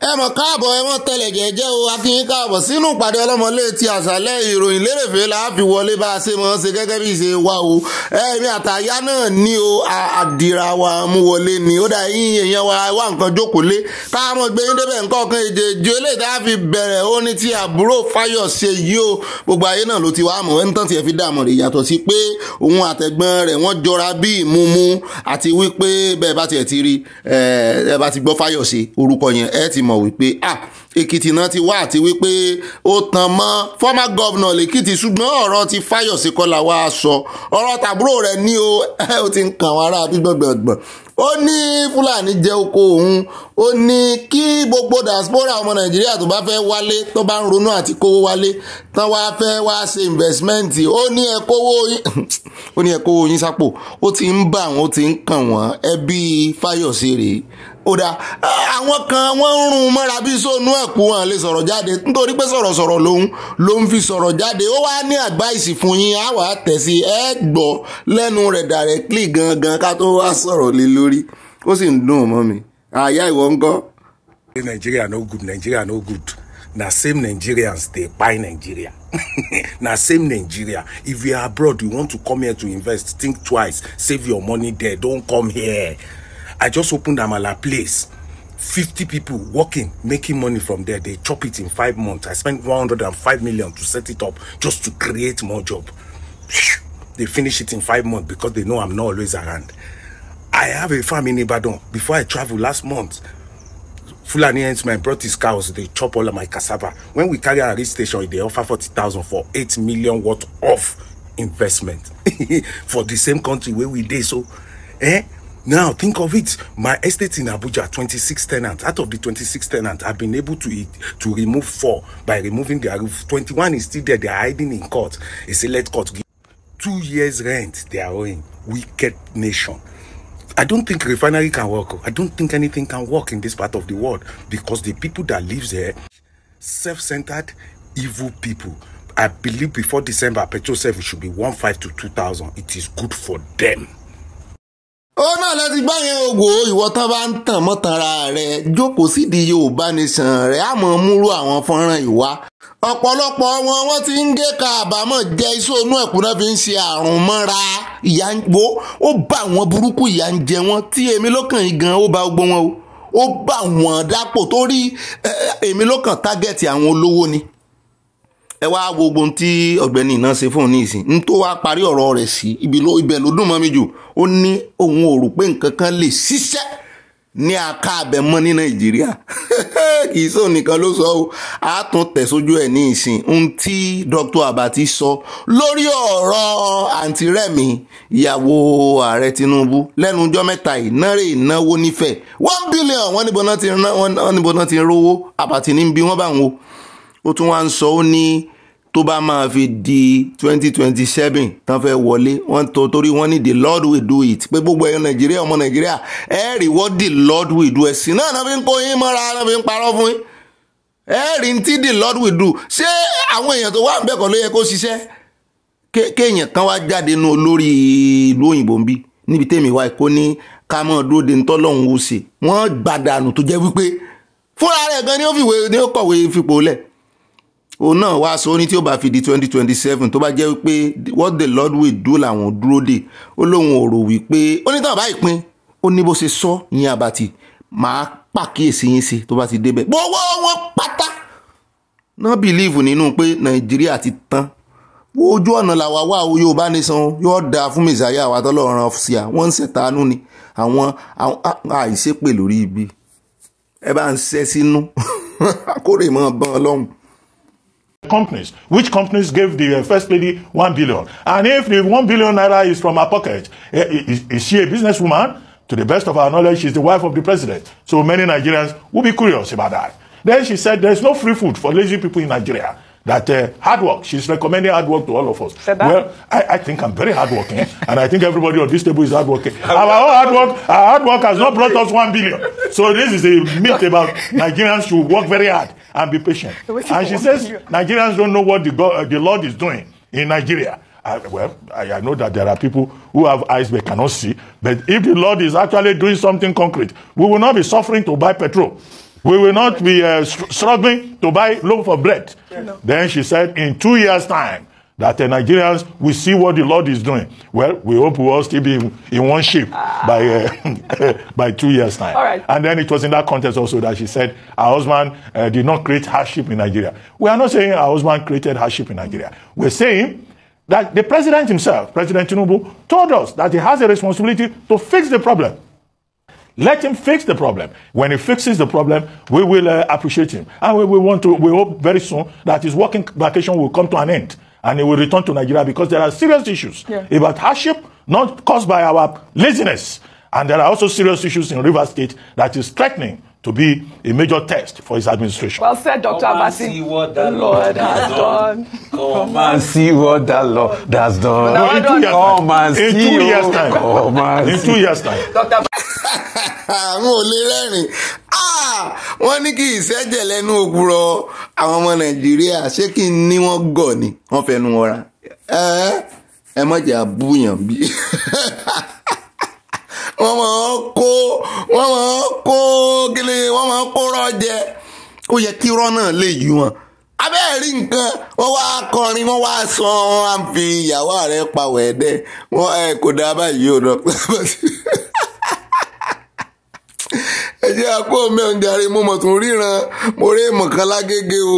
ẹ mọ̀ káàbọ̀ ẹ wọ́n tẹ̀lẹ̀ jẹ́jẹ́ o akínyín káàbọ̀ sínú ìpàdé ọlọ́mọlé ti àṣálẹ́ ìròyìn lérèfé la fi wọlé bá a ṣe mọ̀ ṣe gẹ́gẹ́ bí ṣe wà o ẹ̀mí àtàyá náà ní o àdìrà wa mú wọlé ni ó dà yín èèyàn wa wá nǹkan jókòó lé káàmọ̀ gbé yín débẹ̀ nǹkan kan èdè èjò eléyìí tá a fi bẹ̀rẹ̀ ó ní ti àbúrò Fáyọ̀ṣe yìí o gbogbo ayé náà ló ti wá mọ̀ ẹni tán tiẹ̀ fi dààmú rẹ̀ yàtọ̀ sí pé òun àtẹ̀gbọ́n rẹ̀ wọ́n jọra bí ìmúmú àti wípé bẹ́ẹ̀ bá tiẹ̀ ti rí ẹ bá ti gbọ́ Fáyọ̀ṣe orúkọ yẹn ẹ ti mọ̀ wípé ah èkìtì náà ti wá àti wípé ó tàn mọ́ former governor lèkìtì ṣùgbọ́n ọ̀rọ̀ ti Fáyọ̀sé kọ́lá wá sọ ọ̀rọ̀ tàbúrò rẹ̀ ní o ó ti ń kàn wá ará bí gbọ̀ngbọ̀ngbọ̀n ó ní fúlàní jẹ oko òun ó ní kí gbogbo diaspora ọmọ nàìjíríà tó bá fẹ́ wálé tó bá ń ronú àti kówó wálé tán wá fẹ́ wá ṣe investment ó ní ẹ kówó ó ní ẹ kówó yín sápò ó ti ń bà wọ́n ó ti ń kàn wọ́n ẹbí Fáyọ̀sé rèé ó dáa àwọn kan wọ́n ń rún un mọ́ra bí sóònù ẹ̀kú wọn lè sọ̀rọ̀ jáde nítorí pé sọ̀rọ̀sọ̀rọ̀ lòun ló ń fi sọ̀rọ̀ jáde ó wá ní àgbáìsì fún yín á wàá tẹ̀sí ẹ gbọ́ lẹ́nu rẹ̀ directly gangan ká tó wá sọ̀rọ̀ lé lórí ó sì ń dùn ọmọ mi àyà ìwọ ń kọ́. Nigeria no good Nigeria no good na same Nigerians dey kpai Nigeria na same Nigeria if you are abroad you want to come here to invest think twice save your money there don come here I just opened Amala place. 50 people working, making money from there. They chop it in five months. I spent 105 million to set it up just to create more job. They finish it in five months because they know I'm not always around. I have a farm in Ibadan. Before I travel last month, Fulani herdsman brought his cows, they chop all of my cassava. When we carry our reach station, they offer 40,000 for 8 million worth of investment for the same country where we did. So, eh? Now, think of it. My estate in Abuja, 26 tenants. Out of the 26 tenants, I've been able to eat, to remove four by removing their roof. 21 is still there. They're hiding in court. A let court. Two years rent they are owing. Wicked nation. I don't think refinery can work. Oh. I don't think anything can work in this part of the world because the people that lives there, self-centered, evil people. I believe before December, petrol service should be five to 2,000. It is good for them. ó náà lẹ ti gbá yẹn ògò ìwọ tán bá ń tàn mọ́tara rẹ jókòó sídìí Yorùbá Nation rẹ àmọ́ múrú àwọn fọ́nrán ìwá ọ̀pọ̀lọpọ̀ wọn wọ́n ti ń gé ka àbámọ̀ jẹ iṣẹ́ inú ẹ̀kúná fi ń ṣe àrùn mọ́ra ìyá ń wo ó bá àwọn burúkú ìyá ń jẹ wọn tí èmi lọ́kàn yìí gan ó bá gbọ́ wọn o ó bá wọn dápò torí èmi lọ́kàn tágẹ́ẹ̀tì àwọn olówó ni ẹ wá gbogbo tí ọ̀gbẹ́ni náà ṣe fún un ní ìsìn ní tó wá parí ọ̀rọ̀ rẹ̀ sí ibi ló ibẹ̀ ló dùn mọ́ mi jù ó ní òun ò rò pé nǹkan kan lè ṣiṣẹ́ ní aká abẹ́mọ́ ní nàìjíríà kì í sóun nìkan ló sọ ọ́ á tún tẹ̀sójú ẹ̀ ní ìsìn ohun tí Dr. Abati sọ lórí ọ̀rọ̀ àǹtí Rẹ̀mí ìyàwó ààrẹ Tinubu lẹ́nu ọjọ́ mẹ́ta ìnáre ìnáwó nífẹ̀ẹ́ one billion wọ́n níbo náà ti rówó Abati ní bí wọ́n bá ń wo ó tún wá ń sọ ó ní tó bá máa fi di twenty twenty seven tán fẹ́ wọlé wọ́n tó torí wọ́n ní the lord will do it pé gbogbo ẹ̀yọ́ nàìjíríà ọmọ nàìjíríà ẹ̀ rí what the lord will do ẹ̀sìn náà náà fi ń kó yín mọ́ra náà fi ń parọ́ fún yín ẹ̀ rí tí the lord will do ṣé àwọn èèyàn tó wà ń bẹ̀kọ̀ ló yẹ kó ṣiṣẹ́ kéèyàn kan wá jáde nu olórí ìlú òyìnbó ń bí níbi tèmi wá kó ní ká mọ́ dúró de ń tọ́lọ́hún ó ṣe wọ́n gbàdànù tó jẹ́ wípé fúnra rẹ̀ gan ni ó fìwé ni ó kọ̀wé fipò lẹ̀ òun náà wá aṣọ orin tí ó bá fi di twenty twenty seven tó bá jẹ́ pé what the lord will do làwọn dúró dè ó lóun ò rò wípé ó ní tàn bá ìpín ó ní bó ṣe sọ yín àbàtì màá pàkíyèsí yín sí tó bá ti débẹ̀ gbowó wọn pátá náà bìlíìfù nínú pé nàìjíríà ti tán ojú ọ̀nà làwa wá o yorùbá nation yóò dáa fún mẹsàáyà àwa tọ́lọ́run ọ̀sìn àwọn ń ṣètàánú ni àwọn àìṣépè lórí ibi ẹ bá ń ṣẹ́ sínú kórè mọ́ ọ bọ́n ọlọ́run companies which companies gave the uh, first lady one billion and if the one billion naira is from her pocket eh, is, is she a businesswoman to the best of our knowledge she's the wife of the president so many nigerians will be curious about that then she said there's no free food for lazy people in nigeria that uh, hard work she's recommending hard work to all of us Seba? well I, I think i'm very hardworking and i think everybody on this table is hardworking our own hard work our hard work has not brought us one billion so this is a myth about nigerians should work very hard and be patient. And she says Nigerians don't know what the, God, uh, the Lord is doing in Nigeria. I, well, I, I, know that there are people who have eyes but cannot see. But if the Lord is actually doing something concrete, we will not be suffering to buy petrol. We will not be uh, struggling to buy loaf of bread. Then she said, in two years' time, that the Nigerians will see what the Lord is doing. Well, we hope we will still be in, one ship by, uh, by two years' time. All right. And then it was in that context also that she said our husband uh, did not create hardship in Nigeria. We are not saying our husband created hardship in Nigeria. We're saying that the president himself, President Tinubu, told us that he has a responsibility to fix the problem. Let him fix the problem. When he fixes the problem, we will uh, appreciate him. And we, we want to, we hope very soon that his working vacation will come to an end. and he will return to Nigeria because there are serious issues yeah. about hardship not caused by our laziness. And there are also serious issues in River State that is threatening to be a major test for his administration. Well said, Dr. Come and see what the Lord has done. Come and see what the Lord has done. No, in two years Come oh. time. In two years time. Come and see. In two years time. Dr. Mo lè wọ́n ní kí ìṣẹ́jẹ̀ lẹ́nu òwúrọ̀ àwọn ọmọ nàìjíríà ṣé kí n ní wọ́n gọ̀ ni wọ́n fẹnu wọn ẹ ẹ mọ̀jà àbúyàn bí wọ́n mọ̀ ń kó wọ́n máa kó kíni wọ́n mọ̀ kó ó yẹ kí rọ́ náà lè yí wọn rí nǹkan wọ́n wá kọrin wọ́n wá san wọ́n á ẹ jẹ́ apá omi ọ̀njàre mo mọ̀ tún ríran mo rí mọ̀kànlá gègé o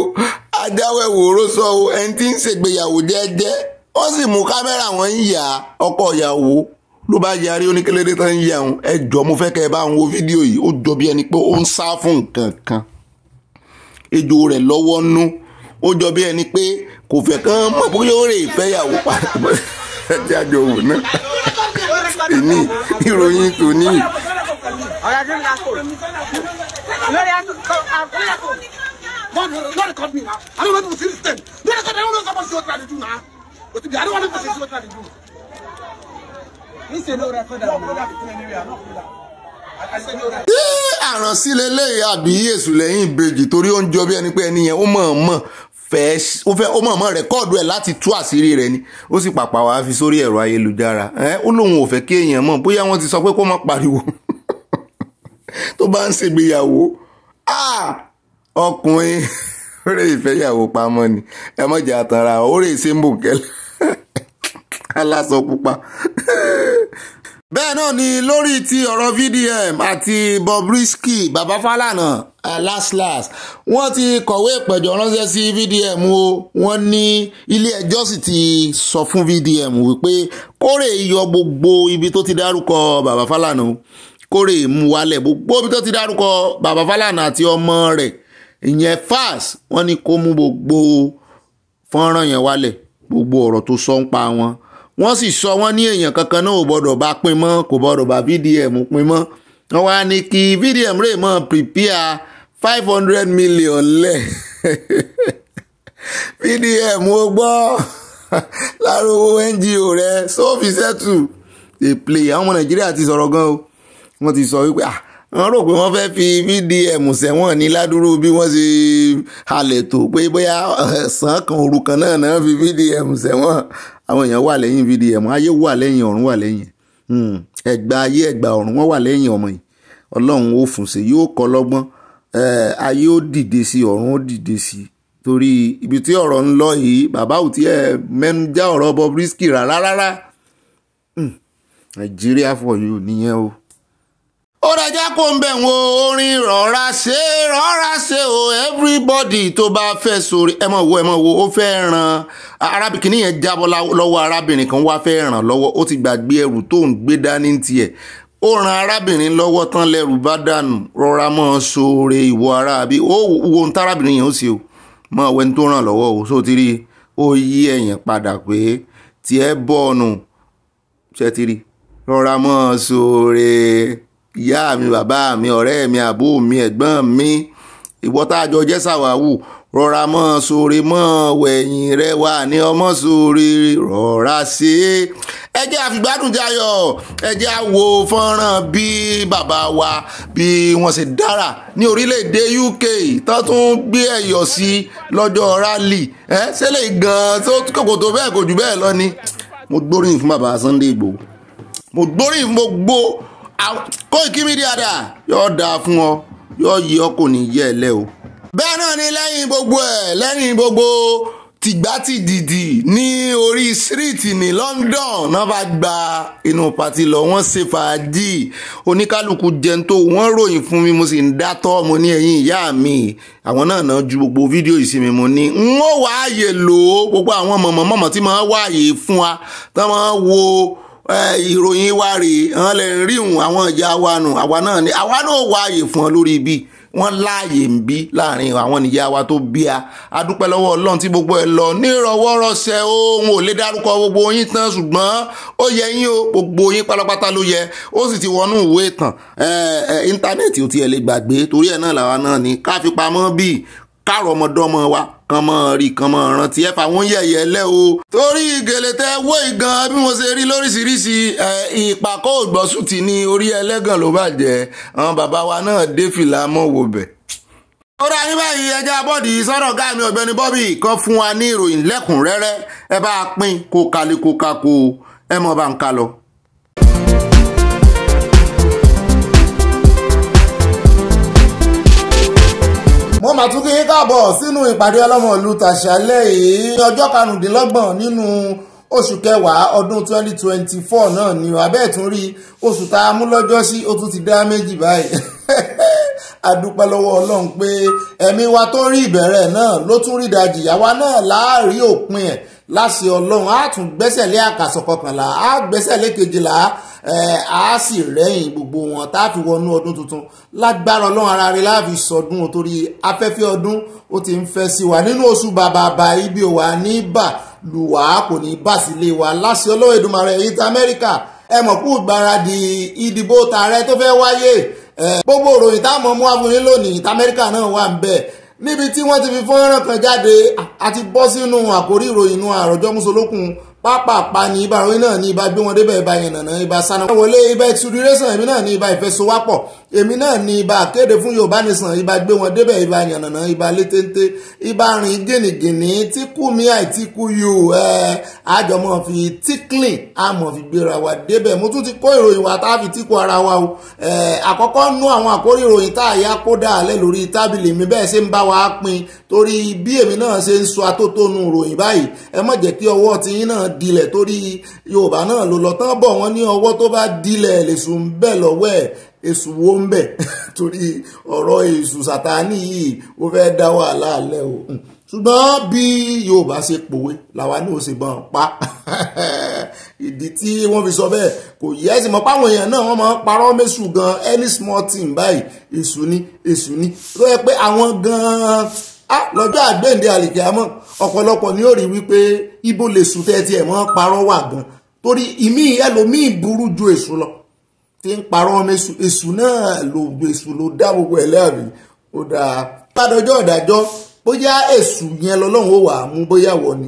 ajáwẹ̀ wòró sọ o ẹni tí ń ṣègbéyàwó jẹ́jẹ́ wọ́n sì mú kámẹ́rà wọn ń yà ọkọ ìyàwó ló bá yarí oníkéléré tán ń yà òun ẹ jọ mo fẹ́ kẹ́ ẹ bá ń wo fídíò yìí ó jọ bí ẹni pé ó ń sá fún nǹkan kan ejò rẹ̀ lọ́wọ́ nú ó jọ bí ẹni pé kò fẹ́ kán mọ̀ bóyá ó rè fẹ́yàwó padà ẹ jáde òun náà ìròyìn tòní. Ọ̀yá dúró ní àpò. Lórí àpò. Lórí àpò. Mom, you don't um, record me now. I don't want to see this thing. You don't record. I don't know what you're trying now. But I don't want to see what you're trying to do. record. No, no, no, no, no. àrànsí leléyìí àbí èṣù lẹ́yìn ìbejì torí ó ń jọ bí ẹni pé ẹni yẹn ó mọ̀ọ́mọ̀ fẹ́ẹ́ ó fẹ́ ó mọ̀ọ́mọ̀ rẹ́kọ́ọ̀dù ẹ̀ láti tú àṣírí rẹ̀ ni ó sì pàpà wá fi sórí ẹ̀rọ ayélujára ẹ̀ ó lóun ò fẹ́ kéèyàn mọ̀ bóyá wọ́n ti sọ pé kó má pariwo tó bá ń ṣègbéyàwó ah! ọkùnrin orí ìfẹ́yàwó pamọ́ ni ẹ mọ̀jẹ̀ àtàrà orí ìsẹ́mbù kẹlẹ́ aláṣọ pupa. bẹ́ẹ̀ náà ni lórí ti ọ̀rọ̀ VDM àti Bobrisky baba Falana ah, laslas wọ́n ti kọ̀wé ìpẹ̀jọ́ ránṣẹ́ sí VDM o wọ́n ní ilé-ẹjọ́ sì ti sọ fún VDM wípé kórè yọ gbogbo ibi tó ti dárúkọ baba Falana o kórè mú wálẹ̀ gbogbo bí tó ti dárúkọ bàbá Fálànà àti ọmọ rẹ̀ ìyẹn fas wọ́n ní kó mú gbogbo fọ́nrán yẹn wálẹ̀ gbogbo ọ̀rọ̀ tó sọ ń pa wọn wọ́n sì sọ wọ́n ní èèyàn kankan náà ò gbọ́dọ̀ bá pín mọ́ kò gbọ́dọ̀ bá VDM pín mọ́ wọ́n wá ní kí VDM rè mọ́ prepare five hundred million lẹ̀ VDM ó gbọ́ lára owó NGO rẹ̀ so fi settle dey play àwọn ọmọ Nàìjíríà ti sọ̀rọ̀ gan o wọ́n ti sọ wípé ah wọ́n rò pé wọ́n fẹ́ fi vdm sẹ́wọ̀n ní ládùúrú bí wọ́n ṣe halẹ̀ tó pé bóyá ẹ̀sán kan òru kan náà náà fi vdm sẹ́wọ̀n àwọn èèyàn wà lẹ́yìn vdm ayé wà lẹ́yìn ọ̀run wà lẹ́yìn hmm, ẹ̀gbà ayé ẹ̀gbà ọ̀run wọ́n wà lẹ́yìn ọmọ yìí ọlọ́run ó fún ṣe yóò kọ́ lọ́gbọ́n ayé ó dìde sí ọ̀run ó dìde sí torí ibi tí ọ̀rọ̀ ń lọ yìí bàbá ò tiẹ̀ mẹ́nu já ọ̀rọ̀ Bobrisky rárá rárá hmm, nàìjíríà for you nìyẹn o ó rẹjá kó ń bẹ̀ ń wo orin rọra ṣe rọra ṣe o everybody tó bá fẹ́ sórí ẹ mọ̀ wo ẹ mọ̀ wo ó fẹ́ ràn arábìnrin nìyẹn jábọ́ lọ́wọ́ arábìnrin kan wá fẹ́ ràn lọ́wọ́ ó ti gbàgbé ẹrù tó ń gbé dání tiẹ̀ ó ran arábìnrin lọ́wọ́ tán lẹ́rù bá dànù rọra mọ́ sóore ìwọ arábí ó wo ohun tárábìnrin yẹn ó ṣe o mọ ọwẹ́ ní tó ràn lọ́wọ́ o só ti rí ó yí ẹ̀yìn padà pé tiẹ̀ bọ̀ ọ̀nù ṣe ti rí rọra mọ́ sóore ìyá mi bàbá mi ọ̀rẹ́ mi àbúrò mi ẹ̀gbọ́n mi ìwọ tá a jọ jẹ́ sàwáwù rọra mọ́ sóore mọ́ wẹ̀yìn rẹ wà ní ọmọ sóore rọra ṣe é ẹ jẹ́ àfìgbádùn jayọ̀ ẹ jẹ́ àwo fọ́nrán bí bàbá wa bí wọ́n ṣe dára ní orílẹ̀-èdè UK tó tún gbé ẹ̀yọ̀ sí lọ́jọ́ rally ẹ ṣe lè gan-an tó kòkò tó bẹ́ẹ̀ kò jù bẹ́ẹ̀ lọ ni mo gbóríyìn fún bàbá Sunday Igboho mo gbóríyìn fún gbogbo Koiki Media dà yóò dáa fún ọ yóò yí ọ kò ní yẹ ẹ o. bẹ́ẹ̀ náà ni lẹ́yìn gbogbo ẹ̀ lẹ́yìn gbogbo tìgbàtìdìdì ní orí síríìtì ní London náà bá gba inú pàtí lọ wọ́n ṣe fàájì oníkálukú jẹun tó wọ́n ròyìn fún mi mo sì ń dátọ́ mo ní ẹ̀yìn ìyá mi àwọn náà náà ju gbogbo fídíò ìsinmi mo ní n ó wáàyè lò ó gbogbo àwọn mọ̀mọ́ mọ̀mọ́ tí máa wáàyè fún wa tá máa wo ìròyìn wa rèé hàn lè rí hùn àwọn ìjà wa nù àwa náà ni àwa náà wá àyè fún ọ lórí ibi wọ́n láàyè ń bí láàrin àwọn ìyá wa tó bí a adúpẹ́ lọ́wọ́ ọlọ́run tí gbogbo ẹ̀ lọ nírọ̀wọ́rọ̀sẹ̀ ohun ò lè dárúkọ gbogbo yín tán ṣùgbọ́n ó yẹ yín o gbogbo yín pátápátá ló yẹ ó sì ti wọnú ìwé ìtàn íńtánẹ́ẹ̀tì ò tiẹ̀ lè gbàgbé torí ẹ̀ náà làwa náà ni ká fi pamọ́ bíi káàrọ̀ ọmọdọ́mọ wa kàn mọ́ rí kàn mọ́ rántí ẹ fà wọ́n yẹ̀yẹ́ lẹ́ o torí gèlè tẹ wọ́ ìgan bí mo ṣe rí lóríṣiríṣi ẹ ìpàkọ́ ògbọ́sùn ti ní orí ẹlẹ́gàn ló bàjẹ́ àwọn bàbá wa náà dé fìlà mọ́ wò bẹ̀. ó dá ní báyìí ẹjẹ́ abọ́dì sọ̀rọ̀ ọ̀gá mi ọ̀gbẹ́ni Bobby kan fún wa ní ìròyìn lẹ́kùnrẹ́rẹ́ ẹ bá a pín kó ẹ mọ̀ bá ń kalọ̀. mo mà tún kí yín káàbọ̀ sínú ìpàdé ọlọ́mọlú tàṣálẹ́ yìí ọjọ́ karùndínlọ́gbọ̀n nínú oṣù kẹwàá ọdún 2024 náà ni abẹ́ẹ̀ tún rí oṣù tá a mú lọ́jọ́ sí ó tún ti dá méjì báyìí adúpẹ́ lọ́wọ́ ọlọ́run pé ẹ̀mí wa tó rí ìbẹ̀rẹ̀ náà ló tún rí ìdajì àwa náà láàrí òpin ẹ̀ láṣẹ ọlọ́run á tún gbẹ́sẹ̀ lé àkàsọ̀ kọkànlá á gbẹ́sẹ̀ lé kejìlá á sì rẹ́yìn gbogbo wọn tá a fi wọnú ọdún tuntun lágbára ọlọ́run ara rẹ láàfi sọdún torí afẹ́fẹ́ ọdún ó ti ń fẹ́ sí wa nínú oṣù bàbàbà ibi ò wá ní bà lù wá kò ní bà sílé wa láṣẹ ọlọ́run Èdùmàrè ìta Amẹ́ríkà ẹ mọ̀ kú gbáradì ìdìbò tààrẹ tó fẹ́ wáyé gbogbo ìròyìn táwọn ọmọ wa fún yín lónìí ìta Amẹ́ríkà náà wà ń bẹ́ẹ̀ níbi tí wọ́n ti fi fọ́nrán kan jáde àti bọ́ sínú àkórí ìròyìn inú àròjọ mùsùlùkùn pápápá ní ibà orin náà ní ibà gbé wọn débẹ̀ ibà ìyànnà ibà sanna wọlé ibà ìtúdúrẹ́sàn èmi náà ní ibà ìfẹsowápọ̀ èmi náà ní ibà kéde fún Yorùbá nìsàn ibà gbé wọn débẹ̀ ibà ìyànnà ibà létéńté ibà rìn gìnìgìnì tí kú mi àìtí kú yò ẹ àjọmọ fi tíklìn àmọ́ fi gbéra wa débẹ̀ mo tún ti kó ìròyìn wa tá a fi tíkù ara wa o ẹ àkọ́kọ́ nú àwọn àkórí ìròyìn tá a yá kó dàálẹ̀ lórí tábìlì mi bẹ́ẹ̀ ṣe ń bá wa pin torí bí èmi náà ṣe ń sọ atótónu ìròyìn báyìí ẹ má jẹ́ kí ọwọ́ tiyín náà dilẹ̀ torí yorùbá náà ló lọ tán bọ̀ wọ́n ní ọwọ́ tó bá dilẹ̀ lèṣù ń bẹ̀ lọ́wọ́ ẹ̀ èṣù wo ń bẹ̀ torí ọ̀rọ̀ èṣù sàtáánì yìí ó fẹ́ dá wàhálà alẹ́ o hmm. ṣùgbọ́n bí yorùbá ṣe pòwe làwa ní òṣèbọn pa ìdí tí wọ́n fi sọ bẹ́ẹ̀ kò yẹ ẹ́ sì mọ́ páwọn èèyàn náà wọ́n máa ń parọ́ méṣù gan any small thing báyìí èṣù ni èṣù ni tó yẹ pé àwọn gan-an lọ́jọ́ àgbéǹde àlìkè àmọ́ ọ̀pọ̀lọpọ̀ ni ó rí wípé ibo lè sùn tẹ́tí ẹ̀ mọ́ parọ́ wà gan torí ìmí ẹlòmíì burú ju èṣù lọ tí ń parọ́ ọmọ èṣù èṣù náà ló èṣù ló dá gbogbo ẹ̀ lẹ́àbí ó dáa. pàdọjọ́ ìdájọ́ bóyá èṣù yẹn lọ́lọ́run ó wà á mú bóyá wọ ni.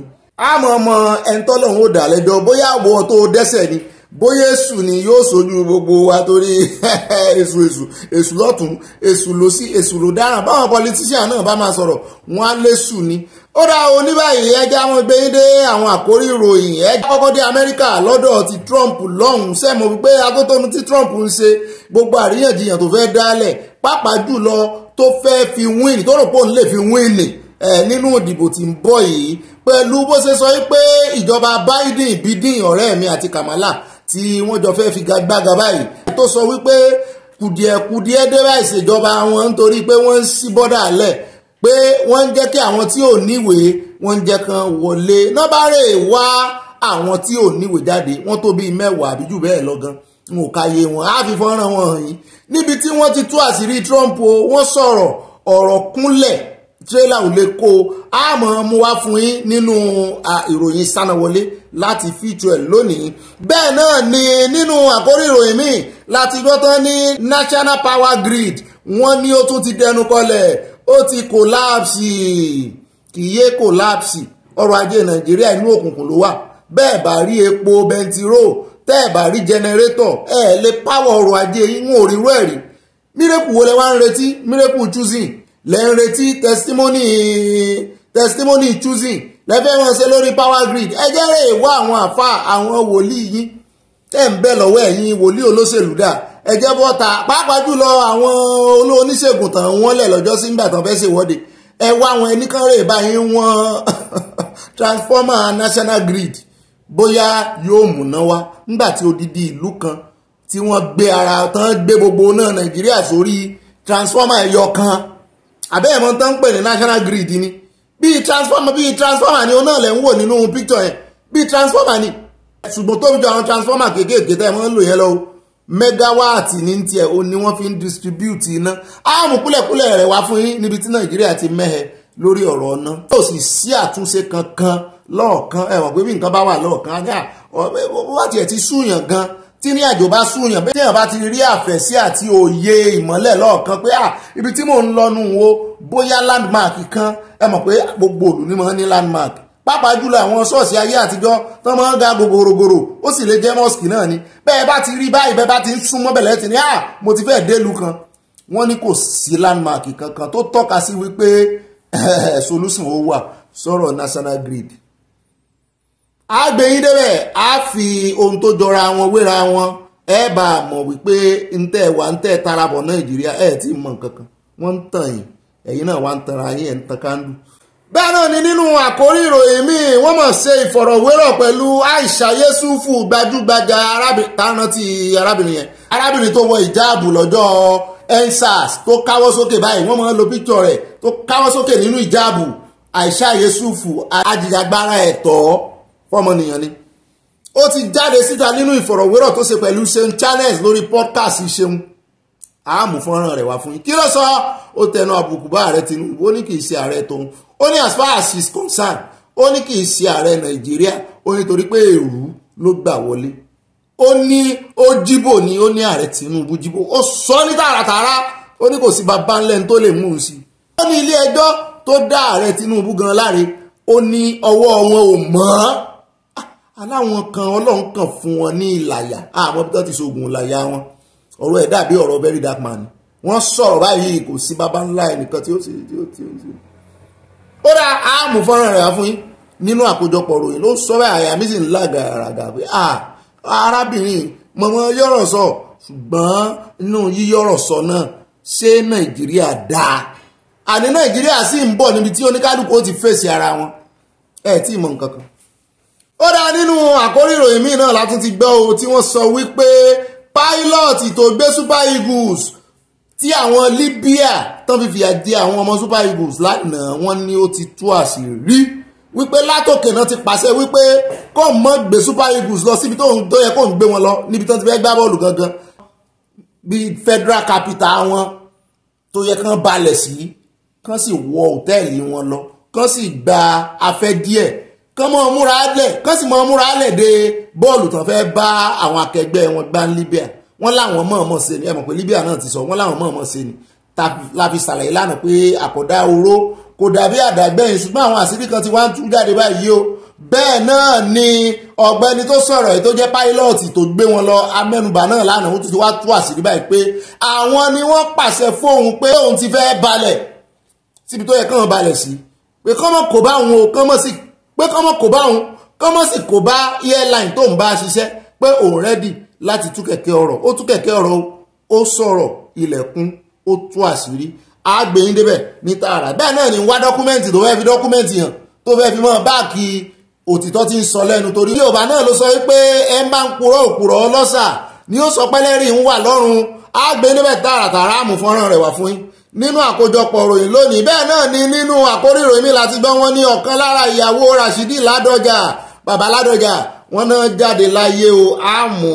àmọ́ ọmọ ẹ̀ńtọ́ ó dà lẹ́jọ́ bóyá wọ́ tó dẹ́sẹ̀ ni bóyá èṣù ni yóò sojú gbogbo wa torí èṣù èṣù èṣù lọ́tún èṣù ló sí èṣù ló dáràn báwọn politician náà bá máa sọ̀rọ̀ wọn á léṣù ni ó dá oní báyìí ẹja wọn gbé dé àwọn àkórí ìròyìn ẹja kọ́kọ́ dé amẹ́ríkà lọ́dọ̀ ti trump lọ́hùn-ún sẹ́mo wípé atótónu tí trump ń ṣe gbogbo àríyànjiyàn tó fẹ́ dálẹ̀ pàápàá jùlọ tó fẹ́ fi win tó rò pé òun lè fi win ni nínú ìdìbò tí ń bọ̀ yìí pẹ̀lú bó ṣe sọ wípé ìjọba biden bidin ọ̀rẹ́ mi àti kamala tí wọ́n jọ fẹ́ẹ́ fi gbàgbàgà báyìí tó sọ wípé kùdìẹ̀kùdìẹ̀ dé bá ìṣèjọba wọn nítorí pé wọ́n ń ṣí bọ́dà lẹ̀ pé wọ́n ń jẹ́ kí àwọn tí ò níwèé wọ́n ń jẹ́ kan wọlé nọ́bàárẹ̀ wá àwọn tí ò níwèé jáde wọ́n tó bíi mẹ́wàá àbí jù bẹ́ẹ̀ lọ gan n ò káyé wọn á fi fọ́nrán wọn hàn níbi tí wọ́n ti tú àṣírí Trump o wọ́n sọ̀rọ̀ ọ̀rọ̀ kúnlẹ̀ tírélà ò lè kó o a mọ̀ mú wá fún yín nínú ìròyìn sánáwọlé láti fíjú ẹ̀ lónìí bẹ́ẹ̀ náà ni nínú àkórí ìròyìn míì láti gbọ́ tán ní national power grid wọ́n ní ó tún ti dẹnu kọlẹ̀ ó ti kòláàpsì kì í yé kòláàpsì ọrọ̀ ajé nàìjíríà inú òkùnkùn ló wà bẹ́ẹ̀ bá rí epo bẹntiró tẹ́ ẹ̀ bá rí jẹnẹrétọ̀ ẹ̀ lè pàwọ̀ ọrọ̀ ajé yín wọn ẹ̀rí mírèkù wo lẹ wá ń retí mírèkù choosing lẹ́ ń retí testimony testimony choosing lẹ́fẹ́ wọn ṣe lórí power grid ẹ jẹ́rẹ̀ ìwọ àwọn àfa àwọn wòlíì yín tẹ́ ń bẹ̀ lọ́wọ́ ẹ̀yin wòlíì olóṣèlú dà ẹ jẹ́ bọ́ta pàápàá jùlọ àwọn olóoníṣègùn tàn wọ́n lẹ̀ lọ́jọ́ sí nígbà tán fẹ́ ṣèwọ́de ẹ wá àwọn ẹnìkanrè báyìí wọ́n transformer national grid bóyá yóò múná wá nígbà tí odidi ìlú kan tí wọ́n gbé ara tán gbé gbogbo náà nàìjíríà sórí transformer ẹyọ kan àbẹ́yẹ̀ mọ́ tán ń pè ní national grid ni bíi transformer bíi transformer ni oná lẹ̀ ń wò nínú picture yẹn bíi transformer ni ṣùgbọ́n tó fi jọ àwọn transformer kéékèèké tẹ́ ẹ mọ́ ń lò yẹn lọ́wọ́ mẹ́gáwáàtì ní tiẹ̀ o ni wọ́n fi ń distribute iná áàmù kúlẹ̀kúlẹ̀ rẹ̀ wá fún yín níbi tí nàìjíríà ti mẹ́hẹ lórí ọ̀rọ̀ ọ̀nà tó sì sí àtúnṣe kankan lọ́ọ̀kan ẹ̀wọ̀n pé bí nǹkan bá wà lọ́ọ̀kan á ní tiẹ̀ ti súyàn gan-an tí ní àjò bá súnyàn bí èèyàn bá ti rí àfẹ̀sí àti òye ìmọ́lẹ̀ lọ́ọ̀kan pé ibi tí mò ń lọ́nu wo bóyá landmark kan ẹ mọ̀ pé gbogbo òlù ni mo ní landmark pàápàá jùlọ àwọn ṣọ́ọ̀ṣì ayé àtijọ́ tó máa ń ga gogorogoro ó sì lè jẹ́ mọ́ọ̀sì náà ni bẹ́ẹ̀ bá ti rí báyìí bẹ́ẹ̀ bá ti ń súnmọ́ bẹ̀lẹ́ ti ní à mo ti fẹ́ẹ̀ délu kan wọ́n ní kò sí landmark kankan tó tọ́ka sí wípé solution ó wà sọ̀rọ̀ national grid a gbé yín débẹ̀ a fi ohun tó jọra wọn wéra wọn ẹ bá a mọ̀ wípé ntẹ̀ wà ntẹ̀ tarabọ̀ nàìjíríà ẹ̀ tí mọ̀ kankan wọ́n ń tàn yín ẹ̀yin náà wà ń tanra yín ẹ̀ ń tan kándù. bẹ́ẹ̀ náà ni nínú àkórí ìròyìn míì wọ́n mọ̀ ṣe ìfọ̀rọ̀wérọ̀ pẹ̀lú Aisha Yesufu gbajúgbajà tánàtì arábìnrin yẹn arábìnrin tó wọ ìjáàbù lọ́jọ́ ensars tó káwọ́ sókè báyìí wọ́n fọmọnìyàn ni ó ti jáde síta nínú ìfọ̀rọ̀wérọ̀ tó ṣe pẹ̀lú Seun Channels lórí podcast Seun àmú fọ́nrán rẹ̀ wá fún yín kí ló sọ ó tẹnu àbùkù bá ààrẹ Tinubu ó ní kì í ṣe ààrẹ tóun ó ní as far as is concern. ó ní kì í ṣe ààrẹ Nàìjíríà ó ní torí pé èrú ló gbà wọlé ó ní ó jíbò ní ó ní ààrẹ Tinubu jíbò ó sọ ní tààràtààrà ó ní kò sí bàbá ńlẹ́ni tó lè mú un sí i ó ní ilé ẹjọ́ tó dá ààrẹ Tinubu gan láre ó ní ọwọ́ wọn ò mọ́ aláwọn kan ọlọ́run kan fún wọn ní ìlàyà àwọn bí wọ́n ti ṣoògùn ìlàyà wọn ọ̀rọ̀ ẹ̀ dàbí ọ̀rọ̀ very dark man wọ́n sọ̀rọ̀ báyìí kò sí baba ńlá ẹnìkan tí ó ti tí ó ti ó ti. ó dá àmú fọ́nrán rẹ̀ wá fún yín nínú àkójọpọ̀ ròyìn ló sọ bẹ́ẹ̀ àyà mi sì ń lágàràgà pé arábìnrin mọ̀mọ́ yọ̀rọ̀ sọ ṣùgbọ́n inú yíyọ̀rọ̀ sọ náà ṣé nàìjíríà dáa àní nàìjíríà sì ń bọ̀ níbi tí oníkálukú ti fèsì ara wọn ẹ̀ tí ì mọ̀ nǹkan kan ó dá nínú àkórí ìròyìn míì náà látún ti gbọ́ o tí wọ́n sọ wípé pilot tó gbé super eagles tí àwọn libya tán fi fìyà jẹ àwọn ọmọ super eagles lánàá wọ́n ní ó ti tú àṣírí wípé látòkè náà ti pàṣẹ wípé kó mọ́ gbé super eagles lọ síbi tó yẹ kó ń gbé wọn lọ níbi tó ti fẹ́ gbá bọ́ọ̀lù gangan bí federal capital wọn tó yẹ kán balẹ̀ sí kán sì wọ òtẹ́ẹ̀lì wọn lọ kán sì gba afẹ́ díẹ̀ kán mọ́ múra lẹ̀ kán sì mọ́ múra lẹ̀ de bọ́ọ̀lù tán fẹ́ẹ́ bá àwọn akẹgbẹ́ wọn gbá ní Libya wọ́n láwọn mọ̀ọ́mọ̀ ṣe ni ẹ mọ̀ pé Libya náà ti sọ wọ́n láwọn mọ̀ọ́mọ̀ ṣe ni láfi ṣàlàyé lánàá pé àkọ́dá oró kò dàbí àdàgbẹ́yìn ṣùgbọ́n àwọn àṣírí kan ti wá ń tú jáde báyìí o bẹ́ẹ̀ náà ni ọ̀gbẹ́ni tó sọ̀rọ̀ yìí tó jẹ́ páílọ́ọ̀tì tó gbé wọn lọ amẹ́nubà náà lánàá ó ti wá tú àṣírí báyìí pé àwọn ni wọ́n pàṣẹ fóun pé òun ti fẹ́ balẹ̀ síbi tó yẹ kán balẹ̀ sí pé kọ́mọ̀ kò bá òun o kọ́mọ̀ sì pé kọ́mọ kò bá òun kọ́mọ sì kò bá airline tó ń bá a ṣiṣẹ́ pé òun rẹ́dì láti tú kẹ̀kẹ́ ọ̀rọ̀ ó tú kẹ̀kẹ́ ọ̀rọ̀ ó sọ̀rọ̀ ilẹ̀kùn ó tú àṣírí àgbẹ̀yìn débẹ̀ ní tààrà bẹ́ẹ̀ náà ni wá dọ́kúmẹ́ǹtì tó fẹ́ fi dọ́kúmẹ́ǹtì hàn tó fẹ́ fi mọ́ báàkì òtítọ́ ti ń sọ lẹ́nu torí Yorùbá náà ló sọ wípé ẹ máa ń purọ́ òpùrọ́ ọlọ́sà ni ó sọ pẹ́lẹ́rì ń wà lọ́rùn àgbẹ̀yìn débẹ̀ tààràtàrà àmùfọ́nrán rẹ̀ wà fún yín nínú àkójọpọ̀ ròyìn lónìí bẹ́ẹ̀ náà ni nínú àkórí ròyìn mi láti gbọ́ wọn ní ọ̀kan lára ìyàwó Rashidi Ládọjà bàbá Ládọjà wọn náà jáde láyé o á mú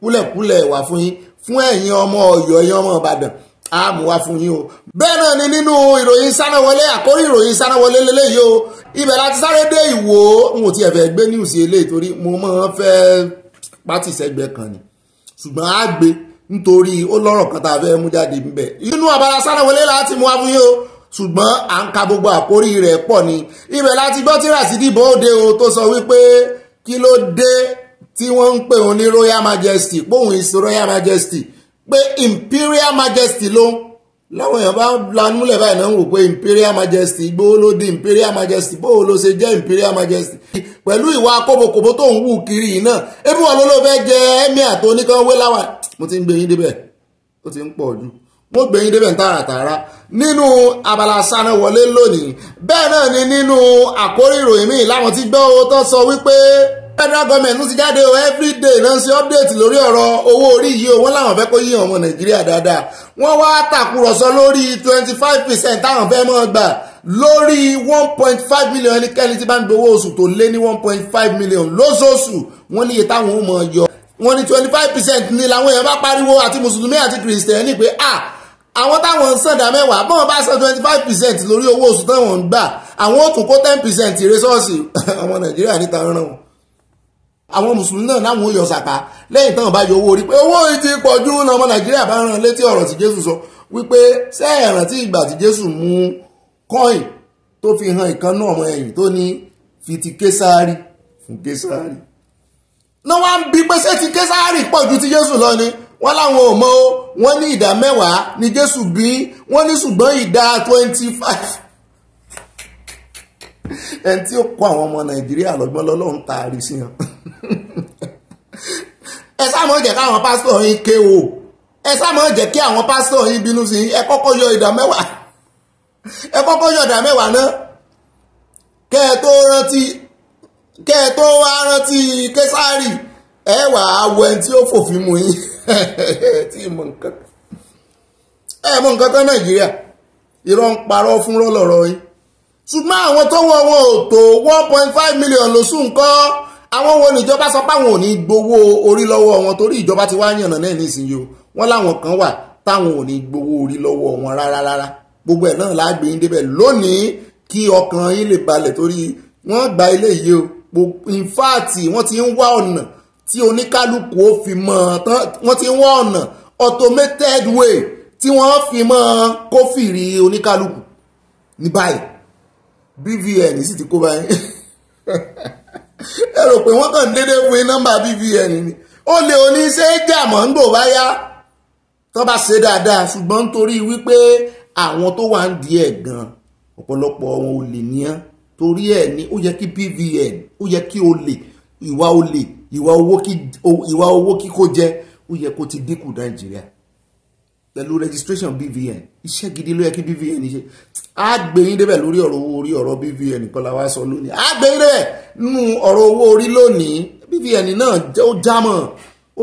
kúlẹ̀kúlẹ̀ wá fún yín fún ẹ̀yin ọmọ Ọ̀yọ́ ẹ̀yin ọmọ Ìbàdàn á mú fún yín o bẹ́ẹ̀ náà ni nínú ìròyìn sánáwọlé àkórí ìròyìn sánáwọlé lélẹ́yìí o ibẹ̀ láti sáré dé Ìwó n ò tiẹ̀ fẹ́ gbé ní ìsì eléyìí torí mo máa ni ṣùgbọ́n á nítorí ó lọ́rọ̀ kan tá a fẹ́ mú jáde ń bẹ̀. inú abala sánáwọlé láti mú abúyé o ṣùgbọ́n à ń ka gbogbo àkórí rẹ̀ pọ̀ ni ibẹ̀ láti gbọ́ tí Rasidi Bọ́ọ̀dé o tó sọ wípé kí ló dé tí wọ́n ń pè òun ní royal majesty póun is royal majesty pé imperial majesty ló ń láwọn èèyàn bá lanú lẹ̀ báyìí náà ń rò pé imperial majesty Ìgbòho ló di imperial majesty bóò ló ṣe jẹ́ imperial majesty pẹ̀lú ìwà kóbokòbó tó ń wù kiri yìí náà ebi wọn ló ló fẹ́ jẹ emir tó ní kán wé láwọn mo ti ń gbé yín débẹ̀ ó ti ń pọ̀ jù mo gbé débẹ̀ tààràtààrà nínú abala sáná wọlé lónìí bẹ́ẹ̀ náà ni nínú àkórí ìròyìn míì láwọn ti gbọ́ owó tó sọ wípé federal government ń ti jáde o everyday náà ṣe update lórí ọ̀rọ̀ owó orí yìí o wọ́n láwọn fẹ́ kó yí ọmọ nàìjíríà dáadáa wọ́n wá tàkùrọ̀sọ lórí twenty five percent táwọn fẹ́ mọ́ gbà lórí one point five million ẹnikẹ́ni tí bá ń gbowó oṣù tó lé ní one point five million lóṣooṣù wọ́n níye táwọn ò mọ̀ yọ wọ́n ní twenty five percent ni làwọn èèyàn bá pariwo àti mùsùlùmí àti kìrìsìtẹ́nì pé ah àwọn táwọn ń sàndà mẹ́wàá bọ́n bá san twenty five percent lórí owó oṣù táwọn ń gbà àwọn ò tún kó ten percent ìrẹsọ́ọ̀sì ọmọ nàìjíríà níta rán wọn àwọn mùsùlùmí náà náwọn yọ sàká lẹ́yìn táwọn bá yọ owó orí pé owó yìí ti pọ̀ jù ọmọ nàìjíríà bá rán létí ọ̀rọ̀ tí jésù sọ wípé ṣé ẹ rántí ìgbà tí jésù mú kọ́ìn tó fi hàn ìkànnú ọmọ ẹ̀yìn tó ní fi ti késàárì fún késàárì náà wá ń bi pé ṣé ti késàárì pọ̀ ju ti jésù lọ ni wọ́n láwọn ò mọ̀ o wọ́n ní ìdá mẹ́wàá ni jésù bí wọ́n ní ṣùgbọ́n ìdá twenty five ẹni tí ó kó àwọn ọmọ nàìjíríà lọ́gbọ́n lọ́lọ́run taari sí hàn ẹ sáà mọ̀ jẹ́ káwọn pásítọ̀ yín ké o ẹ sáà mọ̀ jẹ́ kí àwọn pásítọ̀ yín bínú sí ẹ kọ́kọ́ yọ ìdá mẹ́wàá ẹ kọ́kọ́ yọ ìdá mẹ́wàá náà kẹ́ ẹ tó rántí kẹ́ ẹ tó wá rántí késàrì ẹ wà á wọ ẹni tí ó fòfin mu yín tí mọ̀ nǹkan ẹ mọ̀ nǹkan kan nàìjíríà irọ́ ń parọ́ fún rọ́lọ́rọ́ yín ṣùgbọ́n àwọn tó wọ́n wọn ò tó one point five million lóṣù ńkọ́ àwọn wo níjọba sọ pé àwọn ò ní gbowó orí lọ́wọ́ wọn torí ìjọba ti wá yànnà náà nísìnyí o wọ́n láwọn kan wà táwọn ò ní gbowó orí lọ́wọ́ wọn rárá rárá gbogbo ẹ̀ náà láàgbé yín débẹ̀ lónìí kí ọkàn yín lè balẹ̀ torí wọ́n gba ilé yìí o in fact wọ́n ti ń wá ọ̀nà tí oníkálukú ó fi mọ̀ wọ́n ti ń wá ọ̀nà automated way tí wọ́n fi mọ̀ kófìrí oníkálukú ní báyìí BVN sì ti kó báyìí ẹ rò pé wọ́n kàn déédé fún nọ́mbà BVN ni ó lè oníṣẹ́ jàmọ́ ń gbò báyá tó bá ṣe dáadáa ṣùgbọ́n nítorí wípé àwọn tó wà ń di ẹ̀ gan ọ̀pọ̀lọpọ̀ wọn ò lè ní torí ẹ̀ ni ó yẹ kí BVN ó yẹ kí olè ìwà olè ìwà owó kíkó jẹ ó yẹ kó ti dínkù Nàìjíríà pẹ̀lú registration BVN iṣẹ́ gidi ló yẹ kí BVN ṣe á gbé yín débẹ̀ lórí ọ̀rọ̀ owó orí ọ̀rọ̀ BVN kọ́ la wá sọ lónìí á débẹ̀ nínú ọ̀rọ̀ owó orí lónìí BVN náà ó jámọ̀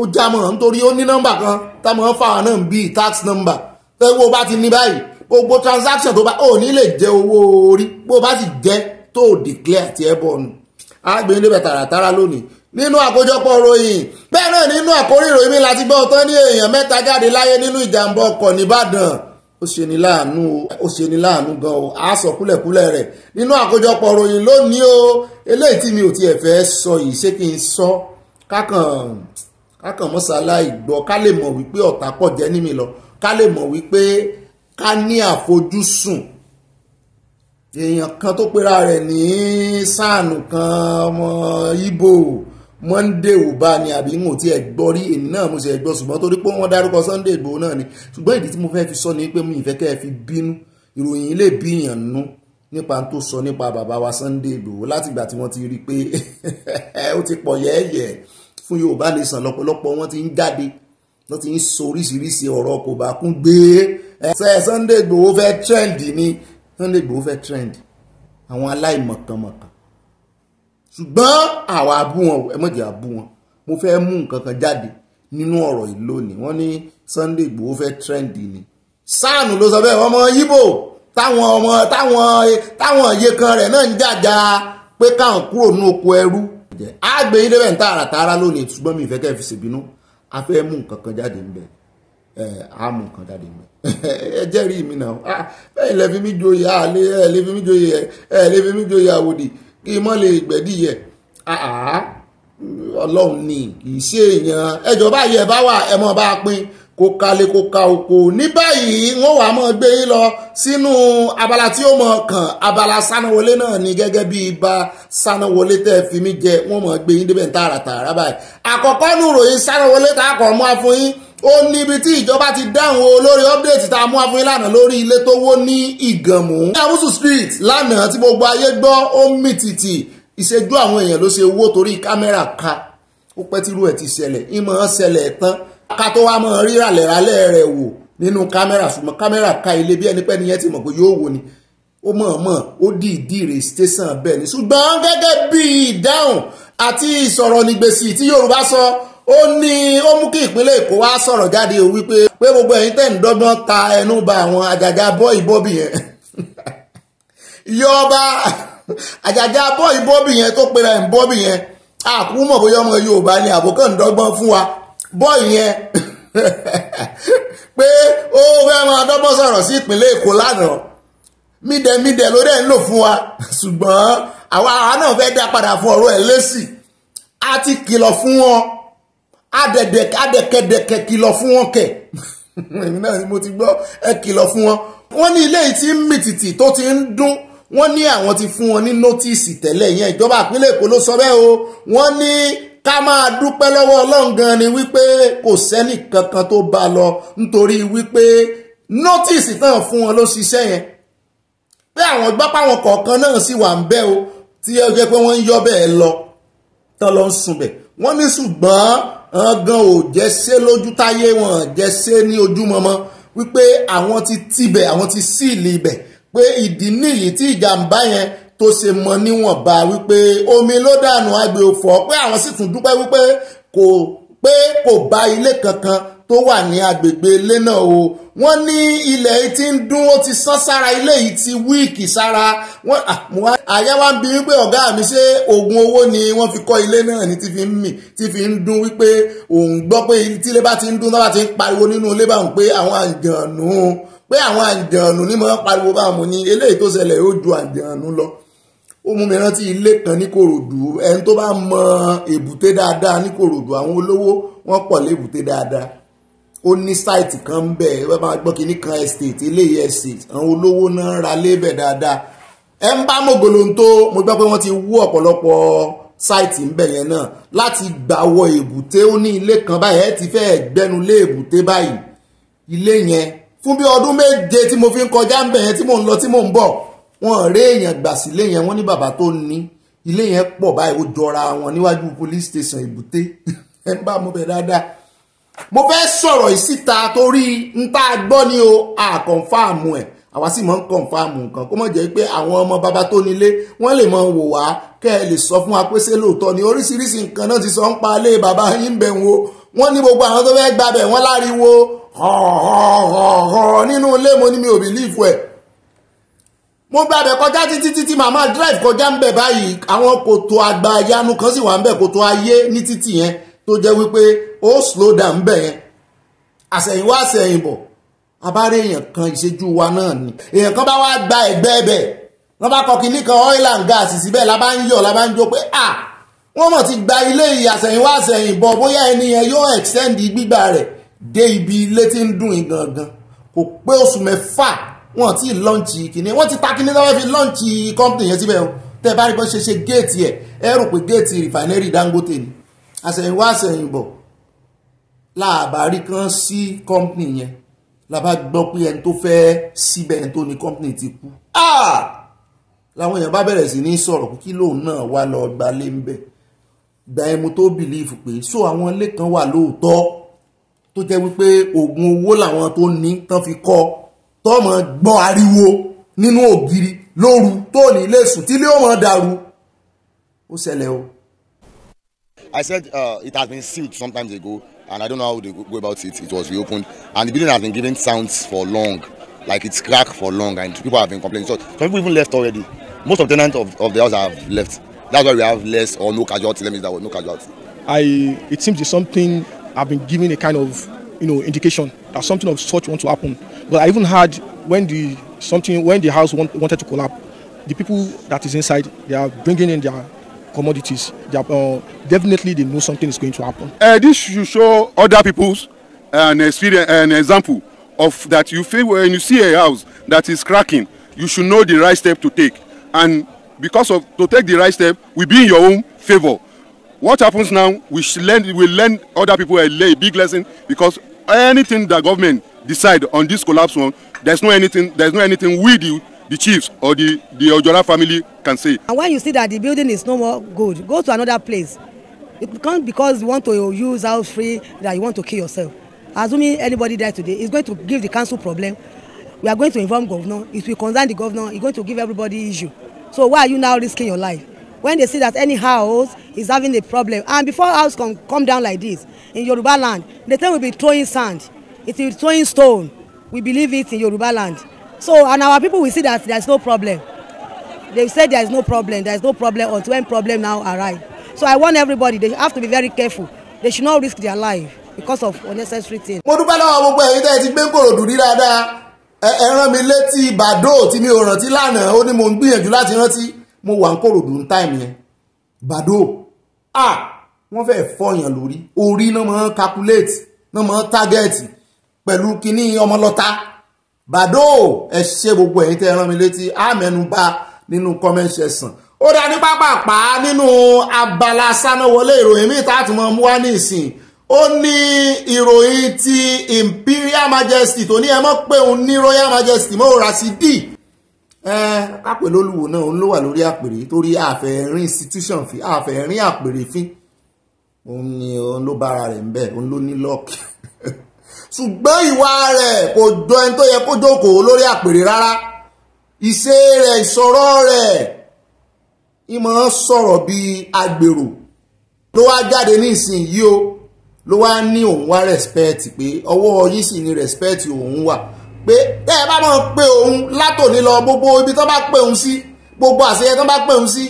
ó jámọ̀ nítorí ó ní nọ́mbà kan táwọn fáwọn náà bí tax number tẹ́wọ́ bá ti ní báyìí gbogbo transaction tó bá ò ní lè jẹ́ owó orí bó bá sì jẹ́ tó declare ti ẹ̀ bọ̀ nù á gbé yín débẹ̀ tààràtàrà lónìí nínú àkójọpọ̀ ròyìn bẹ́ẹ̀ náà nínú àkórí ìròyìn mi láti gbọ́ tán ní èèyàn mẹ́ta jáde láyé nínú ìjàmbá ọkọ̀ nìbàdàn ó ṣeni láàánú ó ṣeni láàánú gan o a sọ kúlẹ̀kúlẹ̀ rẹ̀ nínú àkójọpọ̀ ròyìn lónìí o eléyìí tí mi ò tiẹ̀ fẹ́ sọ yìí ṣé kí n sọ kákan kákan mọ́sálá ìgbọ́ ká lè mọ̀ wípé ọ̀tá pọ̀ jẹ́ ní mi lọ ká lè mọ̀ wípé ká ní àfojúsùn èèyàn kan tó pera rẹ̀ ní sáànù kan ọmọ Ìgbò Monday ò bá ni àbí n ò tiẹ̀ gbọ́ rí èmi náà mo sì ẹ̀ gbọ́ ṣùgbọ́n torí pé wọ́n dárúkọ Sunday Igboho náà ni ṣùgbọ́n ìdí tí mo fẹ́ fi sọ ni pé mi ìfẹ́ kẹ́ ẹ fi bínú ìròyìn ilé bíyàn nú nípa tó sọ nípa bàbá wa Sunday Igboho látìgbà tí wọ́n ti rí i pé ó ti pọ̀ yẹ́ẹ̀yẹ́ fún Yorùbá lè sàn lọ́pọ̀lọpọ̀ wọ́n ti ń jáde wọ́n ti ń sọ oríṣiríṣi ọ̀rọ̀ kò bá kún gbé Sunday Igboho fẹ́ trend ni Sunday Igboho fẹ́ trend àwọn aláìmọ̀kànmọ̀kàn ṣùgbọ́n àwa abú wọn ẹ má jẹ́ abú wọn mo fẹ́ mú nǹkan kan jáde nínú ọ̀rọ̀ yìí lónìí wọ́n ní Sunday Igboho fẹ́ trend ni sáànù ló sọ bẹ́ẹ̀ ọmọ yíbò táwọn ọmọ táwọn táwọn iye kan rẹ̀ náà ń jàjà pé káwọn kúrò ní oko ẹrú á gbé yín débẹ̀ ń tààrà tààrà lónìí ṣùgbọ́n mi ìfẹ́ kẹ́ fi ṣèbínú a fẹ́ mú nǹkan kan jáde ń bẹ̀ a mú nǹkan jáde ń bẹ̀ ẹ jẹ́rìí mi náà ah, bẹ́ẹ̀ lẹ́fi mi joyè ẹ lẹ́fi mi joyè àwòdì kí n mọ́ lè gbẹ̀dí ọlọ́run ni kì í ṣe èèyàn ẹjọ́ báyìí ẹ bá wà ẹ mọ́ bá pín kò kalẹ̀ kò ka òkò ní báyìí wọ́n wàá mọ́ gbé yín lọ sínú abala tí ó mọ̀ kàn abala sanáwọlé náà ni gẹ́gẹ́ bí ibà sanáwọlé tẹ́ fi mí jẹ wọ́n mọ̀ gbé yín débẹ̀ ń tààràtààrà báyìí àkọ́kọ́ nù ròyìn sanáwọlé tá a kọ̀ mọ́ fún yín ó níbi tí ìjọba ti dáhùn olórí update tá a mú afún ìlànà lórí ilé tó wó ní ìgànmú. ní àwùsù street lánàá tí gbogbo ayé gbọ́ ó mì tìtì ìṣẹ́jú àwọn èèyàn ló ṣe wó torí kámẹ́rà ka ó pẹ́ tírú ẹ̀ ti ṣẹlẹ̀ ìmọ̀ ṣẹlẹ̀ tán ká tó wá mọ̀ rírà lẹ́ralẹ́ rẹ̀ wò nínú kámẹ́rà ṣùgbọ́n kámẹ́rà ka ilé bí ẹni pẹ́ niyẹn ti mọ̀ pé yóò wò ni ó mọ̀ọ́mọ̀ ó dìídì rè tẹ̀sán bẹ́ẹ̀ ni ṣùgbọ́n gẹ́gẹ́ bí ìdáhùn àti ìsọ̀rọ̀ nígbèsì tí Yorùbá sọ ó ní ó mú kí ìpínlẹ̀ èkó wá sọ̀rọ̀ jáde o wípé pé gbogbo ẹ̀yin tẹ̀ ń dọ́gbọ́n ta ẹnu ba àwọn àjàgà bọ́ì bọ́bì yẹn yọba àjàgà bọ́ì bọ́bì yẹn tó pera ẹ̀ ń bọ́bì yẹn àkú mọ̀ bóyá ọmọ yorùbá ni àbókàn ń dọ́gbọ́n fún wa bọ́ì yẹn pé ó fẹ́ máa dọ́gbọ́n sọ̀rọ̀ sí ìpínlẹ̀ èkó lánàá mídẹ̀mídẹ̀ ló dẹ̀ ń lò fún wa ṣùgbọ́n àwa náà fẹ́ dá padà fún ọ̀rọ̀ ẹ̀ lẹ́sì á ti kìlọ̀ fún wọn adẹ̀kẹ̀dẹ̀kẹ̀ kìlọ̀ fún wọn kẹ̀ èmi náà ni mo ti gbọ́ ẹ kìlọ̀ fún wọn. wọ́n ní ilé yìí ti ń mìtìtì tó ti ń dún wọ́n ní àwọn ti fún wọn ní nọ́tìsì tẹ́lẹ̀ ìyẹn ìjọba ìpínlẹ̀ èkó ló sọ bẹ́ẹ̀ o wọ́n ní ká máa dúpẹ́ lọ́wọ́ ọlọ́run gan ni wípé kò sẹ́nì kankan tó bá lọ nítorí wípé nọ́tìsì náà fún wọn ló ṣiṣẹ́ yẹn pé àwọn gbápá wọn kọ̀ọ̀kan náà sì wà ń bẹ̀ o tí ó jẹ́ pé wọ́n ń yọ bẹ́ẹ̀ lọ tán lọ ń sunbẹ̀ wọ́n ní ṣùgbọ́n ọ̀gán ò jẹ́sẹ́ lójú táyé wọn jẹ́sẹ́ ní ojúmọmọ wípé àwọn ti tibẹ̀ àwọn ti síìlì ibẹ̀ pé ìdí nìyí tí ìjàmbá yẹn tó ṣe mọ níwọ̀nba wípé omi ló dànù agbèòfò pé àwọn sì tún dúpẹ́ wípé kò pé kò bá ilé kankan tó wà ní agbègbè ilé náà o wọ́n ní ilẹ̀ yìí ti ń dún ó ti sán sára ilé yìí ti wíìkì sára wọ́n àyà wá ń bi wípé ọ̀gá mi ṣé oògùn owó ni wọ́n fi kọ́ ilé náà ní ti fi ń mì ti fi ń dún wípé òun gbọ́ pé tílé bá ti ń dún lọ́ba ti ń pariwo nínú ilé báwọn pé àwọn àjànù pé àwọn àjànù ni mo ń pariwo báwọn mo ní eléyìí tó ṣẹlẹ̀ ó ju àjànù lọ ó mú mi rántí ilé kan ní Kòròdú ẹni tó bá mọ èbúté dáadáa ní Kòròdú àwọn olówó wọ́n pọ̀ lébùté dáadáa ó ní sáìtì kan ń bẹ̀ ẹ máa gbọ́ kínní kan estate eléyìí estate àwọn olówó náà ń ra lébẹ̀ dáadáa ẹ ń bá mògolonto mo gbọ́ pé wọ́n ti wú ọ̀pọ̀lọpọ̀ sáìtì ń bẹ̀ yẹn náà láti gbà wọ èbúté ó ní ilé kan báyìí ẹ ti fẹ́ẹ̀ gbẹ́nu lé èbúté báyìí ilé yẹn fún bí ọdún méje tí mo fi ń kọjá ń bẹ̀ yẹn tí mò ń lọ tí mò ń bọ̀ wọn rí èèyàn gbà sílé yẹn wọ́n ní bàbá tó ní ilé yẹn pọ̀ báyìí ó jọra wọn níwájú police station èbúté ẹ ń bá mo bẹ̀ dáadáa mo fẹ́ sọ̀rọ̀ yìí síta torí n tá a gbọ́ ni o a kọ̀ǹfàmù ẹ̀ àwa sì máa ń kọ̀ǹfàmù nǹkan kó mọ̀ jẹ́ pé àwọn ọmọ baba tó nílé wọ́n lè máa wò wá kẹ́ ẹ lè sọ fún wa pé ṣé lóòótọ́ ni oríṣiríṣi nǹkan náà ti sọ ń pa lé bàbá yín ń bẹ̀ wo wọ́n ní gbogbo àwọn tó fẹ́ gbabẹ̀ wọ́n láriwo họ̀họ̀họ̀họ̀ nínú ilé mo ní mi ò bìlífù ẹ̀ mo gbabẹ̀ kọjá títí títí màmá drive kọjá ń bẹ̀ báyìí àwọn kòtò àgbà yanu kan sì wà ń bẹ̀ kòtò ayé ní títì yẹn tó jẹ́ wípé ó slow down bẹ̀ yẹn àsẹ̀yìnwá àsẹ̀yìnbọ̀ abáré èèyàn kan ìṣẹ́jú wa náà ni èèyàn kan bá wá gba ẹ̀gbẹ́ ẹ̀bẹ̀ wọ́n bá kọ kínní kan oil and gas síbẹ̀ la bá ń yọ̀ la bá ń jó pé à wọ́n mọ̀ ti gba ilé yìí àsẹ̀yìnwá àsẹ̀yìnbọ̀ bóyá ẹni yẹn yóò extend gbígbà rẹ̀ dé ibi ilé tí ń dùn yín gangan kò pé oṣù mẹ́fà wọ́n ti lọ́ǹchì kínní wọ́n ti ta kínní lọ́wọ́ fi lọ́ǹchì company yẹn síbẹ̀ o tẹ́ bá rí bọ́n ṣe ṣe géètì ẹ̀ ẹ rò pé géètì rìfànẹ́rì Dangote ni àsẹ̀yìnwá àsẹ̀yìnbọ̀ láàbárí kan sí company yẹn làbá gbọ́ pé ẹni tó fẹ́ síbẹ̀ ẹni tó ní company ti kú ah! làwọn èèyàn bá bẹ̀rẹ̀ sí ní sọ̀rọ̀ kí lóun náà wá lọ gbalé ń bẹ̀ gba ẹmu tó bìlífù pé so àwọn ilé kan wà lóòótọ́ tó jẹ́ wípé oògùn owó làwọn tó ní tán fi kọ́ tọ́mọ gbọ́ ariwo nínú ògiri lóru tó ní ilé sùn tí ilé ọmọ dàrú ó ṣẹlẹ̀ o. I said uh, it has been sealed some time ago, and I don't know how they go about it. It was reopened, and the building has been giving sounds for long, like it's cracked for long, and people have been complaining. So some people even left already. Most of the tenants of, of the house have left. That's why we have less or no casualty. Let me say that no casualty. I. It seems it's something I've been given a kind of, you know, indication that something of such want to happen. But I even had when the something when the house want, wanted to collapse, the people that is inside they are bringing in their commodities, they are, uh, definitely they know something is going to happen. Uh, this should show other people's uh, an experience, an example of that. You feel when you see a house that is cracking, you should know the right step to take, and because of to take the right step will be in your own favour. What happens now? We should learn. We learn other people a, big lesson because anything the government decide on this collapse one, there's no anything. There's no anything we do the chiefs or the the Ojora family can say. And when you see that the building is no more good, go to another place. It can't because you want to use house free that you want to kill yourself. Assuming anybody die today, it's going to give the council problem. We are going to inform governor. If we concern the governor. It's going to give everybody issue. So why are you now risking your life? When they see that any house is having a problem, and before house can come down like this in Yoruba land, the time will be throwing sand. It will be throwing stone. We believe it in Yoruba land. So, and our people will see that there is no problem. They said is no problem, There is no problem until when problem now arrive. So I warn everybody, they have to be very careful. They should not risk their life because of unnecessary thing. Mo dúpẹ́ lọ́wọ́ gbogbo ẹ̀yin tẹ́ ẹ ti gbé kòròdú rí dáadáa. Ẹ mi létí Bàdó tí mi ò rántí lánàá, ó ní mo ń gbìyànjú láti rántí. Mo wà ń kòròdú ní táìmù yẹn. Bàdó, ah, wọ́n fẹ́ fọyàn lórí. Orí náà máa ń calculate, náà máa ń target pẹ̀lú kinní ọmọlọ́ta bàdó ẹ ṣe gbogbo ẹ̀yin tẹ́ rán mi létí á mẹ́nubà nínú comment section ó dá ní pápápá nínú abala sánáwọlé ìròyìn míì tá a tún mọ mú wá ní ìsìn ó ní ìròyìn ti imperial majesty tó ní ẹ mọ́ pé òun ní royal majesty mọ́ òrà sí d kápẹ́ lólùwò náà òun ló wà lórí àpèrè torí àfẹ́rín institution fi àfẹ́rín àpèrè fín òun ni òun ló bára rẹ̀ ń bẹ̀ òun ló ní lọ́ọ̀kì ṣùgbọ́n ìwà rẹ̀ kò jọ ẹni tó yẹ kó jókòó lórí àpèrè rárá ìṣe rẹ̀ ìsọ̀rọ̀ rẹ̀ ìmọ̀ sọ̀rọ̀ bíi agbèrò ló wá jáde ní ìsinyìí o ló wá ní òun wá rẹ̀spẹ̀tì pé ọwọ́ yìí sì ní rẹ̀spẹ̀tì òun wà pé tẹ́ ẹ bá mọ̀ pé òun látòní lọ gbogbo ibi tó bá pè òun sí gbogbo àṣeyẹ tó bá pè òun sí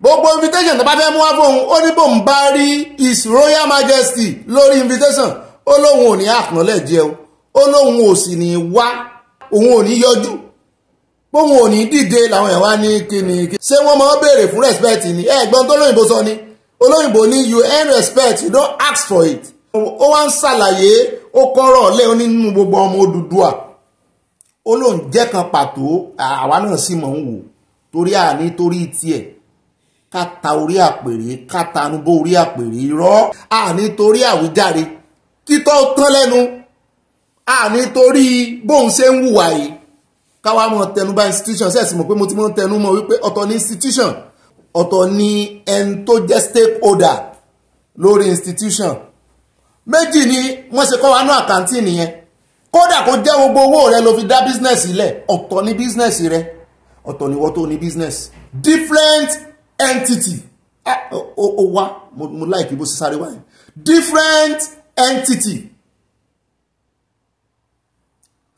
gbogbo invitation tó bá fẹ́ mú wá fóun ó ní bòun bá rí his royal majesty lórí invitation ó lóun ò ní àpọ́nlẹ̀jẹ o ó lóun ò sì ní wá òun ò ní yọjú bóun ò ní dìde làwọn èèyàn wá ní kíni ṣé wọ́n máa béèrè fún respect ni ẹ̀gbọ́n tó lóyìnbó sọ ni olóyìnbó ní you earn respect you don't ask for it ó wá ń ṣàlàyé ó kọ́rọ̀ lẹ́yìn nínú gbogbo ọmọ Odùduwà ó lóun jẹ́ kan pàtó àwa náà sì mọ̀ ń wò torí àní torí tiẹ̀ ká ta orí àpèrè ká tanubó orí àpèrè irọ́ àní torí àwíjàre títọ́ tán lẹ́nu a nítorí bóun ṣe ń wùwà yìí káwa mọ̀ tẹnu institution ṣẹ̀sì mọ̀ pé mo ti mọ̀ tẹnu mọ̀ wípé ọ̀tọ̀ ní institution ọ̀tọ̀ ní ẹni tó jẹ́ stakeholder lórí institution méjì ni wọ́n ṣe kọ́ wa náà àkáǹtì nìyẹn kódà kó jẹ́ gbogbo owó rẹ ló fi dá business lẹ̀ ọ̀tọ̀ ní business rẹ ọ̀tọ̀ ni wọ́n tó ní business different entity ó wá mo like bó ṣe wáyé different entity entity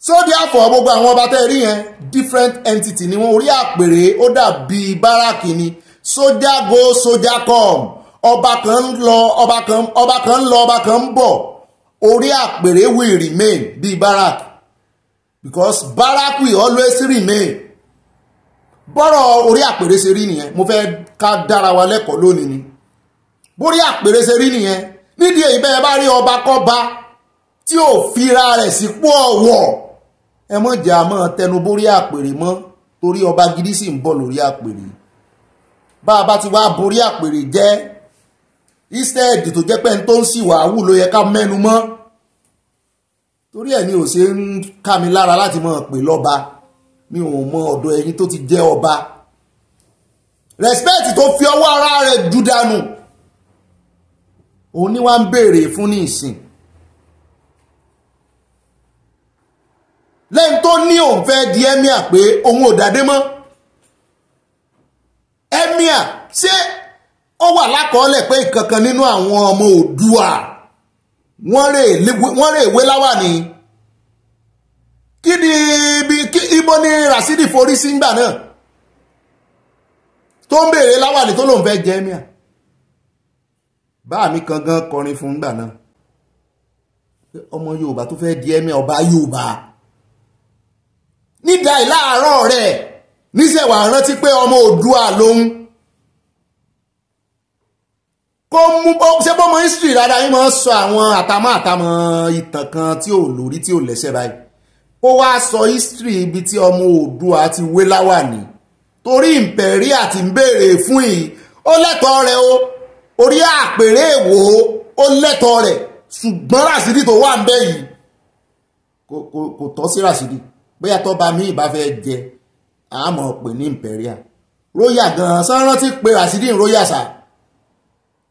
so therefore gbogbo àwọn ọba tẹ́ rí yẹn different entity ni wọ́n orí àpèrè ó dàbí báràkì ni sójà go soja come ọba kan ń lọ ọba kan ọba kan ń lọ ọba kan ń bọ̀ orí àpèrè will remain bíi báràkì because barak will always remain bọ́rọ̀ orí àpèrè ṣe rí nìyẹn mo fẹ́ ká dára wa lẹ́kọ̀ọ́ lónìí ni bórí àpèrè ṣe rí nìyẹn nídìí èyí bẹ́ẹ̀ bá rí ọba kọ́ba tí ò fira rẹ̀ sípò ọ̀wọ̀ ẹ mọ̀ jà mọ́ tẹnubórí àpèrè mọ́ torí ọba gidi sì ń bọ̀ lórí àpèrè bá a bá ti wá borí àpèrè jẹ́ instead tó jẹ́ pé ń tó ń sì wàhù ló yẹ ká mẹ́nu mọ́ torí ẹ̀ ni ò ṣe ń ká mi lára láti mọ̀ pé lọ́ba mi ò mọ ọ̀dọ̀ ẹni tó ti jẹ́ ọba respect tó fi ọwọ́ ara rẹ̀ dúdànù òun ni wọ́n ń béèrè fún ní ìsìn lẹ́yìn tó ní òun fẹ́ di emir pé òun ò dàdé mọ́ emir ṣé ó wà lákọọ́lẹ̀ pé ìkankan nínú àwọn ọmọ Oòduà wọ́n rè wé láwà ni kí ni ibo ni Rasidi forí sí ńgbà náà tó ń béèrè láwà ni tó lòun fẹ́ jẹ́ emir báà mi kan gan kọrin fún gbà náà ọmọ yorùbá tó fẹ́ di ẹ̀mí ọba yorùbá nídà ìláàárọ̀ rẹ̀ níṣẹ̀wà rántí pé ọmọ òdua lòun kó mú ṣe bọ́mọ history rárá yín máa ń sọ àwọn àtàmọ́ àtàmọ́ ìtàn kan tí ò lórí tí ò lẹ́sẹ̀ báyìí kó wá sọ history ibi tí ọmọ òdua ti wé láwà ní torí ìmpẹ̀rí àti ń fún yìí ó lẹ́tọ̀ọ́ rẹ̀ o orí àpèrè èwò ó lẹ́tọ̀ọ́ rẹ̀ ṣùgbọ́n ràṣídì tó wà ń bẹ̀ yìí kò tọ́ sí ràṣídì bóyá tó bá mi ìbá fẹ́ jẹ àmọ́ pè ní imperial royal gan-an ti pe ràṣídì royal sá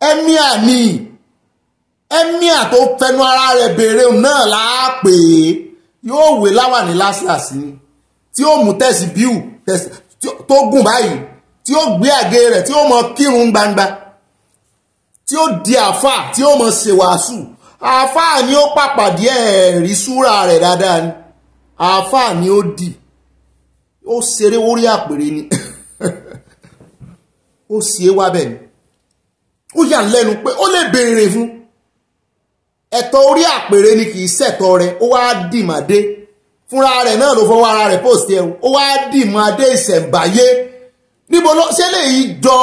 emir ni emir tó fẹnu ara rẹ̀ béèrè náà láàpè yóò wé láwàní lásìlàsì ni tí ó mú tẹ̀sí bíù tó gùn báyìí tí ó gbé àgé rẹ̀ tí ó mọ kírun gbangba tí ó di àáfà tí ó mọ̀ ṣe wàásù àáfà ni ó pàpàdé ẹ̀rí súra rẹ̀ dáadáa ni àáfà ni ó di ó ṣeré wórí àpèrè ni ó sì é wá bẹ́ẹ̀ ni ó yà lẹ́nu pé ó lè béèrè fún ẹ̀tọ́ orí àpèrè ni kì í ṣẹ̀tọ́ rẹ̀ ó wá dìmàdé fúnra rẹ̀ náà ló fọwọ́ ara rẹ̀ post ẹ̀ ó wá dìmàdé ìṣẹ̀ǹbáyé níbo ló ṣe lè yí jọ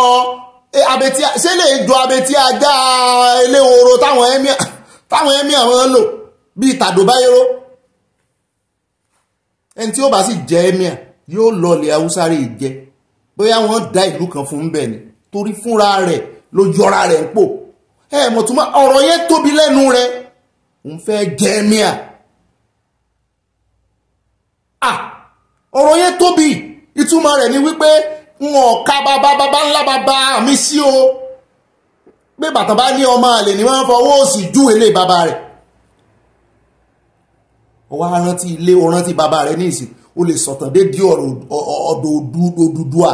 Eh, abetí ṣé lè jọ abetí ajá eléworo táwọn ẹmí táwọn ẹmí àwọn ń lò bíi tàdóbáyéró ẹni tí ó bá sì jẹ ẹmí à yóò lọlẹ̀ haúsá rè jẹ bóyá wọ́n da ìlú kan fún bẹ́ẹ̀ ni torí fúnra rẹ̀ ló yọra rẹ̀ ń pò ẹ mọ̀túnmọ́ ọ̀rọ̀ yẹn tóbi lẹ́nu rẹ̀ òun fẹ́ jẹ ẹmí à ọ̀rọ̀ yẹn tóbi ìtumọ̀ rẹ̀ ni wípé n ò ka bàbá ńlá bàbá mi sí o pé bàtà bá ní ọmọ àlè ní wọ́n fọwọ́ òsì júwe lé bàbá rẹ̀ wá rántí ilé o rántí bàbá ní ìsìn o lè sọ̀tàn dé di ọ̀dọ̀ òdùdúà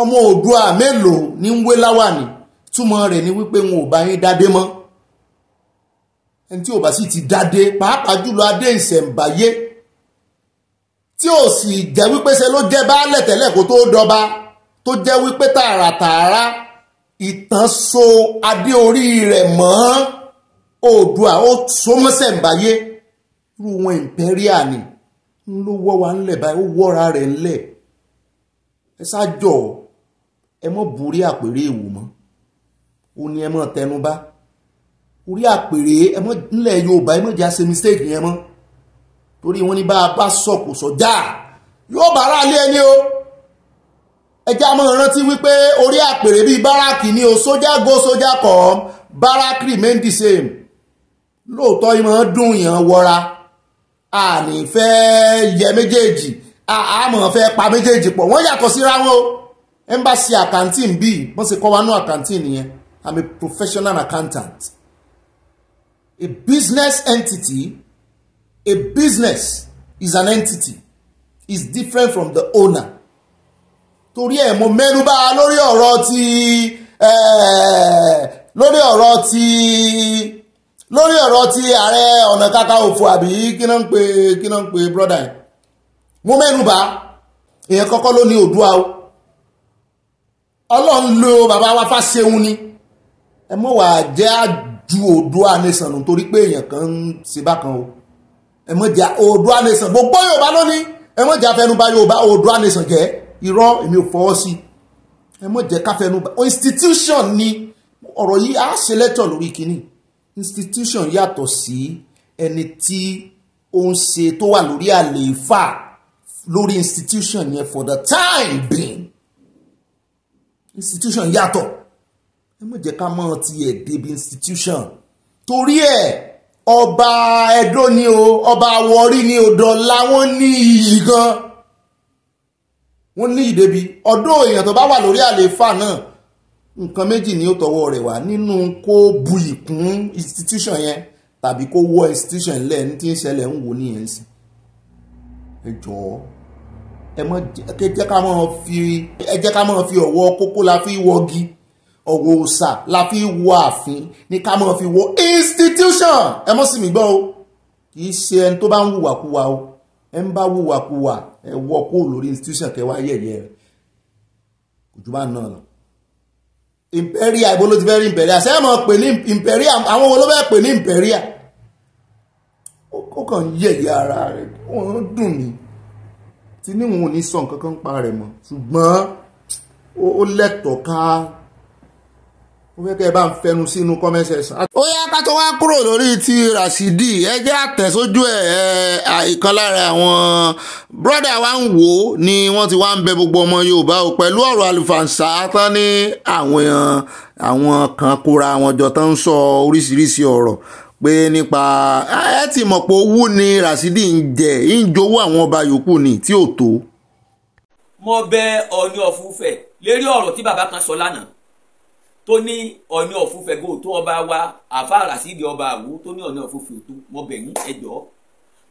ọmọ òdùà mélòó ní ń wé láwàní túmọ̀ rẹ̀ ni wípé wọn ò bá yín dádé mọ́ ẹni tí ò bá sì ti dádé pàápàá jùlọ adé ìṣẹ̀ǹbáyé tí ò sì jẹ́ wípé ṣe ló jẹ́ baálẹ̀ tẹ́lẹ̀ kó tó dọba tó jẹ́ wípé tààràtààrà ìtàn so adé orí rẹ̀ mọ́ oòdùà ó sọmọ́sẹ̀ǹbáyé irú wọn imperial ni ń ló wọ́ wa ńlẹ̀ báyìí ó wọ́ra rẹ̀ ńlẹ̀ ẹ ṣáàjọ ẹ mọ́ borí àpèrè èwò mọ́ ó ní ẹ mọ́ tẹnubá orí àpèrè ẹ mọ́ ńlẹ̀ Yorùbá ẹ mọ́ jẹ́ àṣẹ mistake yẹn mọ́ torí wọn ní bá a bá sọ̀kò sọ̀já yóò bá ara lé ẹni o ẹjẹ́ àmọ́ rántí wípé orí àpèrè bíi báràkì ni o sójà go sójà kọ̀ báràkì remain the same lóòótọ́ ìmọ̀ dùn yàn wọra àní fẹ́ yẹ méjèèjì àmọ̀ fẹ́ pa méjèèjì pọ̀ wọ́n yàtọ̀ síra wọn o embassy accounting bíi wọ́n sì kọ́ wa ní accounting nìyẹn i'm a professional accountant a business entity A business is an entity. It's different from the owner. Torí ẹ̀ mo mẹ́nubà lórí ọ̀rọ̀ ti lórí ọ̀rọ̀ ti lórí ọ̀rọ̀ ti ààrẹ ọ̀nà kakanfò àbí kí náà ń pè kí náà ń pè brọ́dà mo mẹ́nubà èèyàn kọ́kọ́ ló ní òdua o ọlọ́run lo bàbá wa fáṣeun ni ẹ mọ̀ wá jẹ́ àjù òdua nìsànù torí pé èèyàn kan ń ṣe bákan o ẹ̀mọ́jà Oòduà nation gbogbo Yorùbá lónìí ẹ̀mọ́jà fẹnubá Yorùbá Oòduà nation jẹ́ irọ́ èmi ò fọwọ́ sí ẹ̀mọ́jẹ́ káfẹnubá institution ni ọ̀rọ̀ yìí á ṣe lẹ́tọ̀ lórí kínní institution yàtọ̀ sí ẹni tí ó ń ṣe tó wà lórí àlééfà lórí institution yẹn for the time being institution yàtọ̀ ẹ̀mọ́jẹ́ ká mọ̀ ti ẹ̀ débi institution torí ẹ̀ ọba Ẹdó ni o ọba Warri ni o dọ̀la wọ́n ní iyì gan wọ́n ní ìdẹ́bi ọ̀dọ́ èèyàn tó bá wà lórí àlééfà náà nǹkan méjì ni ó tọwọ́ rẹ̀ wá nínú kó bu ìkún institution yẹn tàbí kó wọ institution lẹ̀ ní tí ń ṣẹlẹ̀ ń wò nìyẹn sí ẹ jọ̀ọ́ ẹ mọ̀ ẹ jẹ́ ká mọ̀ fi ọwọ́ kókó la fi wọ́gi ọ̀wọ̀ òòṣà la fi wo ààfin ní ká máa fi wo institution ẹ mọ́ sí mi gbọ́ o kì í ṣe ẹni tó bá ń wùwàkuwà o ẹ ń bá wùwàkuwà ẹ wọ kó lórí institution kẹwàá ayẹyẹ rẹ kò jù bá ń náà lọ imperial ibo ló ti fẹ́ rí imperial ṣé ẹ mọ̀ pè ní imperial àwọn wo ló fẹ́ pè ní imperial ó kàn ń yẹ̀yẹ́ ara rẹ̀ wọ́n dùn ní tí níwọ̀n ò ní sọ nǹkan kan pa rẹ̀ mọ́ ṣùgbọ́n ó lẹ́tọ̀ọ́ ká mo fẹ́ kẹ́ ẹ bá ń fẹnu sínú comment section. ó yá ká tó wá kúrò lórí ti Rasidi ẹ jẹ́ àtẹ̀sójú ẹ̀ ìkan lára àwọn brọ́dà wa ń wò ó ni wọ́n ti wá ń bẹ gbogbo ọmọ Yorùbá o pẹ̀lú ọ̀rọ̀ àlùfàǹsà tán ní àwọn àwọn kan kóra wọn jọ tán ń sọ oríṣiríṣi ọ̀rọ̀ pé nípa ẹ ti mọ̀ pé owó ni Rasidi ń jẹ ń jowó àwọn ọba yòókù ni tí ò tó. mo bẹ Ọọ̀ni of Ife lérí ọ̀rọ̀ tí bàbá kan sọ lánàá tó ní ọ̀ní ọ̀fúnfẹ̀gò tó ọba wa àfa rasidi ọba àwo tó ní ọ̀ní ọ̀fúnfẹ̀ tó mọ̀bẹ̀ yín ẹ̀jọ́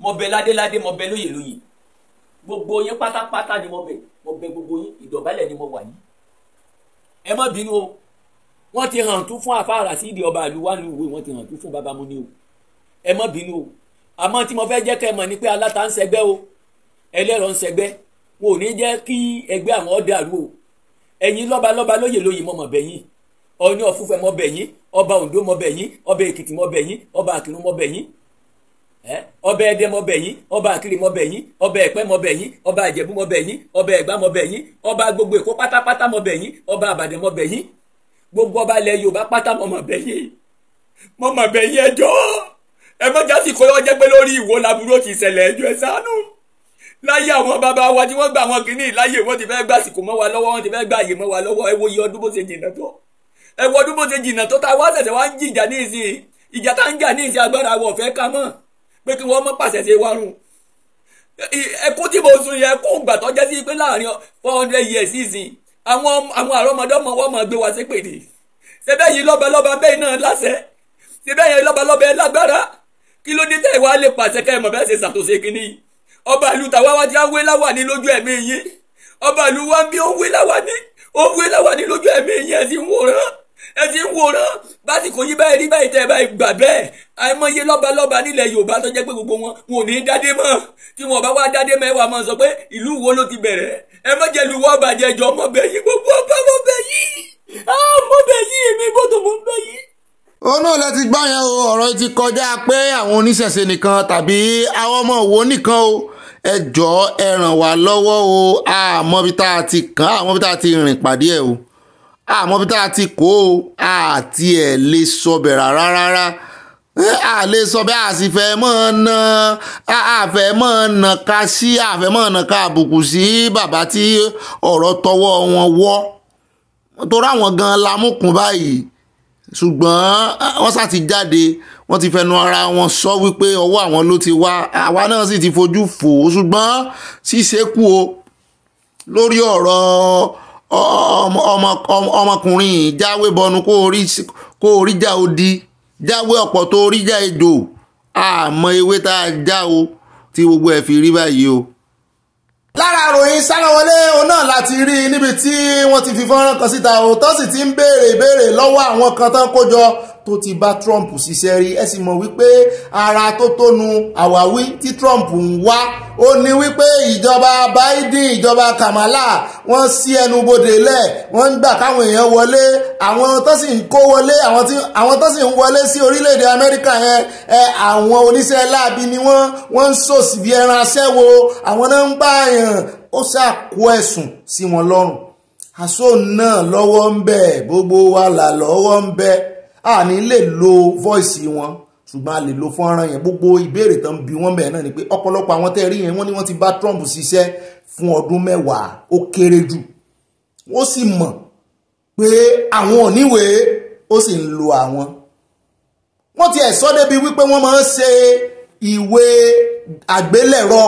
mọ̀bẹ̀ ládéládé mọ̀bẹ̀ lóyè lóyè gbogbo yín pátápátá ni mọ̀bẹ̀ mọ̀bẹ̀ gbogbo yín ìdọ̀bálẹ̀ ni mo wà yín ẹ má bínú o wọ́n ti hàn tún fún àfa rasidi ọba àlù wà ní ìwé wọ́n ti hàn tún fún baba múni o ẹ má bínú o àmọ́ tí mo fẹ́ jẹ́ kẹ́ mọ̀ ni pé aláta ń ṣẹgbẹ́ o ẹlẹ́rọ ń ṣẹgbẹ́ wọn ò ní jẹ́ kí ẹgbẹ́ àwọn ọ̀dẹ àlù o ẹ̀yin lọ́balọ́ba lóyè lóyè mọ̀mọ̀ bẹ̀yìn ọ̀ní ọ̀fúnfẹ́ mọ́ bẹ̀ yín ọba Oǹdó mọ́ bẹ̀ yín ọba Èkìtì mọ́ bẹ̀ yín ọba Àkìrun mọ́ bẹ̀ yín ọba Ẹdẹ mọ́ bẹ̀ yín ọba Àkìrì mọ́ bẹ̀ yín ọba Ẹ̀pẹ́ mọ́ bẹ̀ yín ọba Ìjẹ̀bú mọ́ bẹ̀ yín ọba Ẹ̀gbá mọ́ bẹ̀ yín ọba gbogbo Èkó pátápátá mọ́ bẹ̀ yín ọba Àbàdàn mọ́ bẹ̀ yín gbogbo ọba ilẹ̀ Yorùbá pátá mọ́ mọ́ bẹ̀ yín mọ́ mọ́ bẹ̀ yín ẹjọ́ ẹ mọ́jà sì kó ọjẹ́ pé lórí ìwo laburú ti ṣẹlẹ̀ ẹjọ́ ẹ ṣàánú láyé àwọn bàbá wa tí wọ́n gbà wọn kínní láyé wọ́n ti fẹ́ gbàsìkò mọ́ wa lọ́wọ́ wọ́n ti fẹ́ gbàyè mọ́ wa lọ́wọ́ ẹ wo iye ọdún bó ṣe jìnnà tó ẹ wo ọdún bó ṣe jìnnà tó ta wá ṣẹ̀ṣẹ̀ wá ń jìjà ní ìsìn ìjà tá ń jà ní ìsìn agbára wọ̀ fẹ́ ká mọ̀ pé kí wọ́n mọ́ pàṣẹ ṣe wá rùn tí mo sun yẹn ẹkún ìgbà tó sí pé láàrin four hundred years ìsìn àwọn àwọn wọn mọ̀ gbé wa sí pèdè ṣẹbẹ́ yìí bẹ́ẹ̀ náà ṣẹbẹ́ yẹn ẹ ti ń wòran básìkò yí báyìí rí báyìí tẹ́ ẹ báyìí gbà bẹ́ẹ̀ àìmọye lọ́balọ́ba nílẹ̀ yorùbá tó jẹ́ pé gbogbo wọn wọn ò ní dádé mọ́ tí wọn bá wá dádé mọ́ ẹ wà máa sọ pé ìlú wo ló ti bẹ̀rẹ̀ ẹ má jẹ́ lu wọ́n bàjẹ́ jọ ọmọ bẹ̀ yí gbogbo ọba mo bẹ̀ yí ọmọ bẹ̀ yí èmi gbọ́dọ̀ mo bẹ̀ yí. òun náà lẹ ti gbá yẹn o ọ̀rọ̀ ti kọjá pé àwọn oníṣẹ̀ṣe nìkan tàbí àwọn ọmọ òwò nìkan o ẹ jọ̀ọ́ ẹ ràn wá lọ́wọ́ o àmọ́ bí tá a ti kàn án àmọ́ bí tá a ti rìn pàdé ẹ o àmọ́ bí tá a ti kó o àti ẹ̀ lè sọ bẹ̀rẹ̀ rárá rárá àlè sọ bẹ́ẹ̀ àsìfẹ́ mọ́ na àfẹ́ mọ́ na ká sí àfẹ́ mọ́ na ká àbùkù sí bàbá tí ọ̀rọ̀ tọwọ́ wọn wọ́ torí àwọn gan lamúkùn báyìí ṣùgbọ́n wọ́n sá ti jáde wọ́n ti fẹnu ara wọn sọ wípé ọwọ́ àwọn ló ti wá àwa náà sì ti fojú fò ó ṣùgbọ́n ṣíṣe kú o lórí ọ̀rọ̀ ọmọkùnrin yìí jáwé bọnu kó orí já odi jáwé ọ̀pọ̀ tó orí já ejò àmọ́ ewé tá a já o tí gbogbo ẹ̀ fi rí báyìí o. lára àròyìn sáláwọlé òun náà láti rí i níbi tí wọ́n ti fi fọ́nrán kan síta o tó sì ti ń béèrè ìbéèrè lọ́wọ́ àwọn kan tán kó jọ tó ti bá Trump ṣiṣẹ́ rí ẹ sì mọ̀ wípé ara tó tónu àwáwí tí Trump ń wá ó ní wípé ìjọba Biden ìjọba Kamala wọ́n ṣí ẹnu bodè lẹ̀ wọ́n ń gbà káwọn èèyàn wọlé àwọn tó sì ń kó wọlé àwọn tó sì ń wọlé sí orílẹ̀-èdè Amẹ́ríkà yẹn ẹ àwọn oníṣẹ́ láabi ni wọ́n wọ́n ń sòsì bí ẹran aṣẹ́wó àwọn náà ń báyàn ó ṣàkó ẹ̀sùn sí wọn lọ́rùn àsó náà lọ́wọ́ ń bẹ gbogbo wa là lọ́wọ́ ń bẹ a ní lè lo voice wọn ṣùgbọ́n a lè lo fọ́nrán yẹn gbogbo ìbéèrè tán bí wọ́n bẹ̀rẹ̀ náà ni pé ọ̀pọ̀lọpọ̀ àwọn tẹ́ rí yẹn wọ́n ní wọ́n ti bá Trump ṣiṣẹ́ fún ọdún mẹ́wàá ó kéré jù ó sì mọ̀ pé àwọn òníwèé ó sì ń lo àwọn wọ́n ti ẹ̀sọ́ débi wípé wọ́n máa ń ṣe ìwé àgbélẹ̀rọ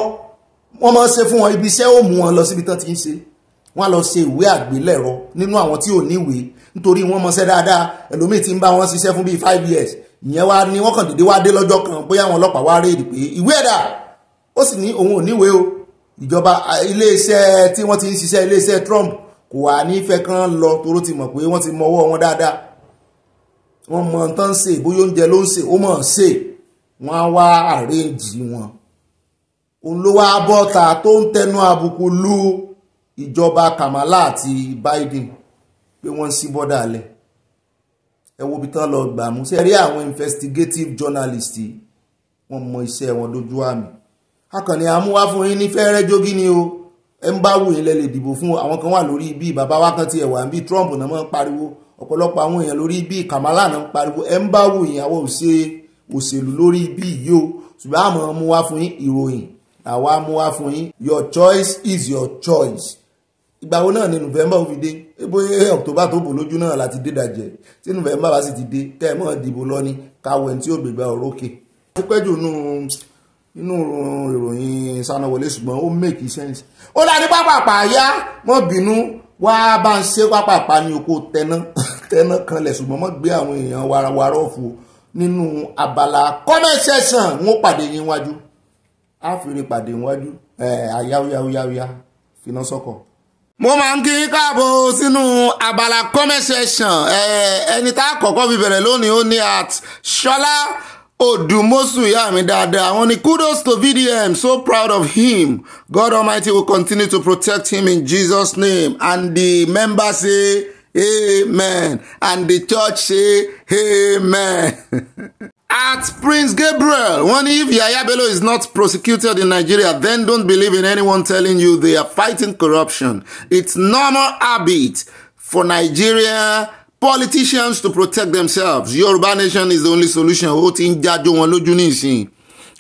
wọ́n máa ń ṣe fún wọn ibi iṣẹ́ ó mú wọn lọ síbi tán ti ń ṣe wọ́n á lọ ṣe ìwé àgbélẹ̀rọ nínú àwọn tí ò níwèé nítorí wọ́n mọṣẹ́ dáadáa ẹlòmíì ti ń bá wọn ṣiṣẹ́ fún bíi five years ìyẹn wá ní wọ́n kàn déédéé wá dé lọ́jọ́ kan bóyá àwọn ọlọ́pàá wá réèdì pé ìwé ẹ̀dà ó sì ní òun ò níwèé o ìjọba iléeṣẹ́ tí wọ́n ti ń ṣiṣẹ́ iléeṣẹ́ Trump kò wà ní fẹ́ kan lọ toró ti mọ̀ pé wọ́n ti mọwọ́ wọn dáadáa wọ́n mọ tán ń ṣe bóyá oúnjẹ ló ń ṣe ó mọ̀ ṣe wọ́n á wá àrèjì wọn òun ló wá bọ́ta tó ń tẹnu àbùkù lu ìjọba Kamala àti Biden pé wọ́n ń sí bọ́dà alẹ́ ẹ wo ibi tán lọ gbà mú ṣe rí àwọn investigative journalist wọ́n mọ iṣẹ́ wọn lójú àmì akànnì àmúwá fún yín ní fẹ́rẹ́ jógí ni o ẹ ń bá wù yín lẹ́lẹ̀ dìbò fún àwọn kan wà lórí ibi bàbá wa kan tiẹ̀ wà bí Trump náà máa ń pariwo ọ̀pọ̀lọpọ̀ àwọn èèyàn lórí ibi Kamala náà ń pariwo ẹ ń bá wù yín àwọn òṣè òṣèlú lórí ibi yìí o ṣùgbọ́n àmọ́ mú wá fún yín ìròyìn àwa mú wá fún yín your choice is your choice ìgbà wo náà ni november ó fi dé bóyá october tó bò lójú náà láti dé dàjẹ́ tí november bá sì ti dé kẹ́ ẹ̀ mọ́ dìbò lọ ni káwọ́ ẹni tí ó gbègbà òrókè. ó pẹ́jù inú ìròyìn sanáwọlé ṣùgbọ́n ó make sense. ó dá ní pápápá yá mọ́ bínú wá bá ń ṣe pápápá ní oko tẹ́ná tẹ́ná kanlẹ̀ ṣùgbọ́n mọ́ gbé àwọn èèyàn warawara ọ̀fù nínú abala comment section wọn pàdé yín wájú á fi rí pàdé mo máa ń kí káàbọ̀ sínú abala comment section ẹni tá a kọ́kọ́ fi bẹ̀rẹ̀ lónìí ó ní at ṣọlá odumosu ìyá mi dáadáa wọ́n ní kudos to vdm so proud of him god almighty will continue to protect him in jesus name and the members say amen and the church say amen. At Prince Gabriel, when if Yaya Bello is not prosecuted in Nigeria, then don't believe in anyone telling you they are fighting corruption. It's normal habit for Nigeria politicians to protect themselves. Yoruba nation is the only solution. Ó ti ń jájú wọn lójú ní ìsìn.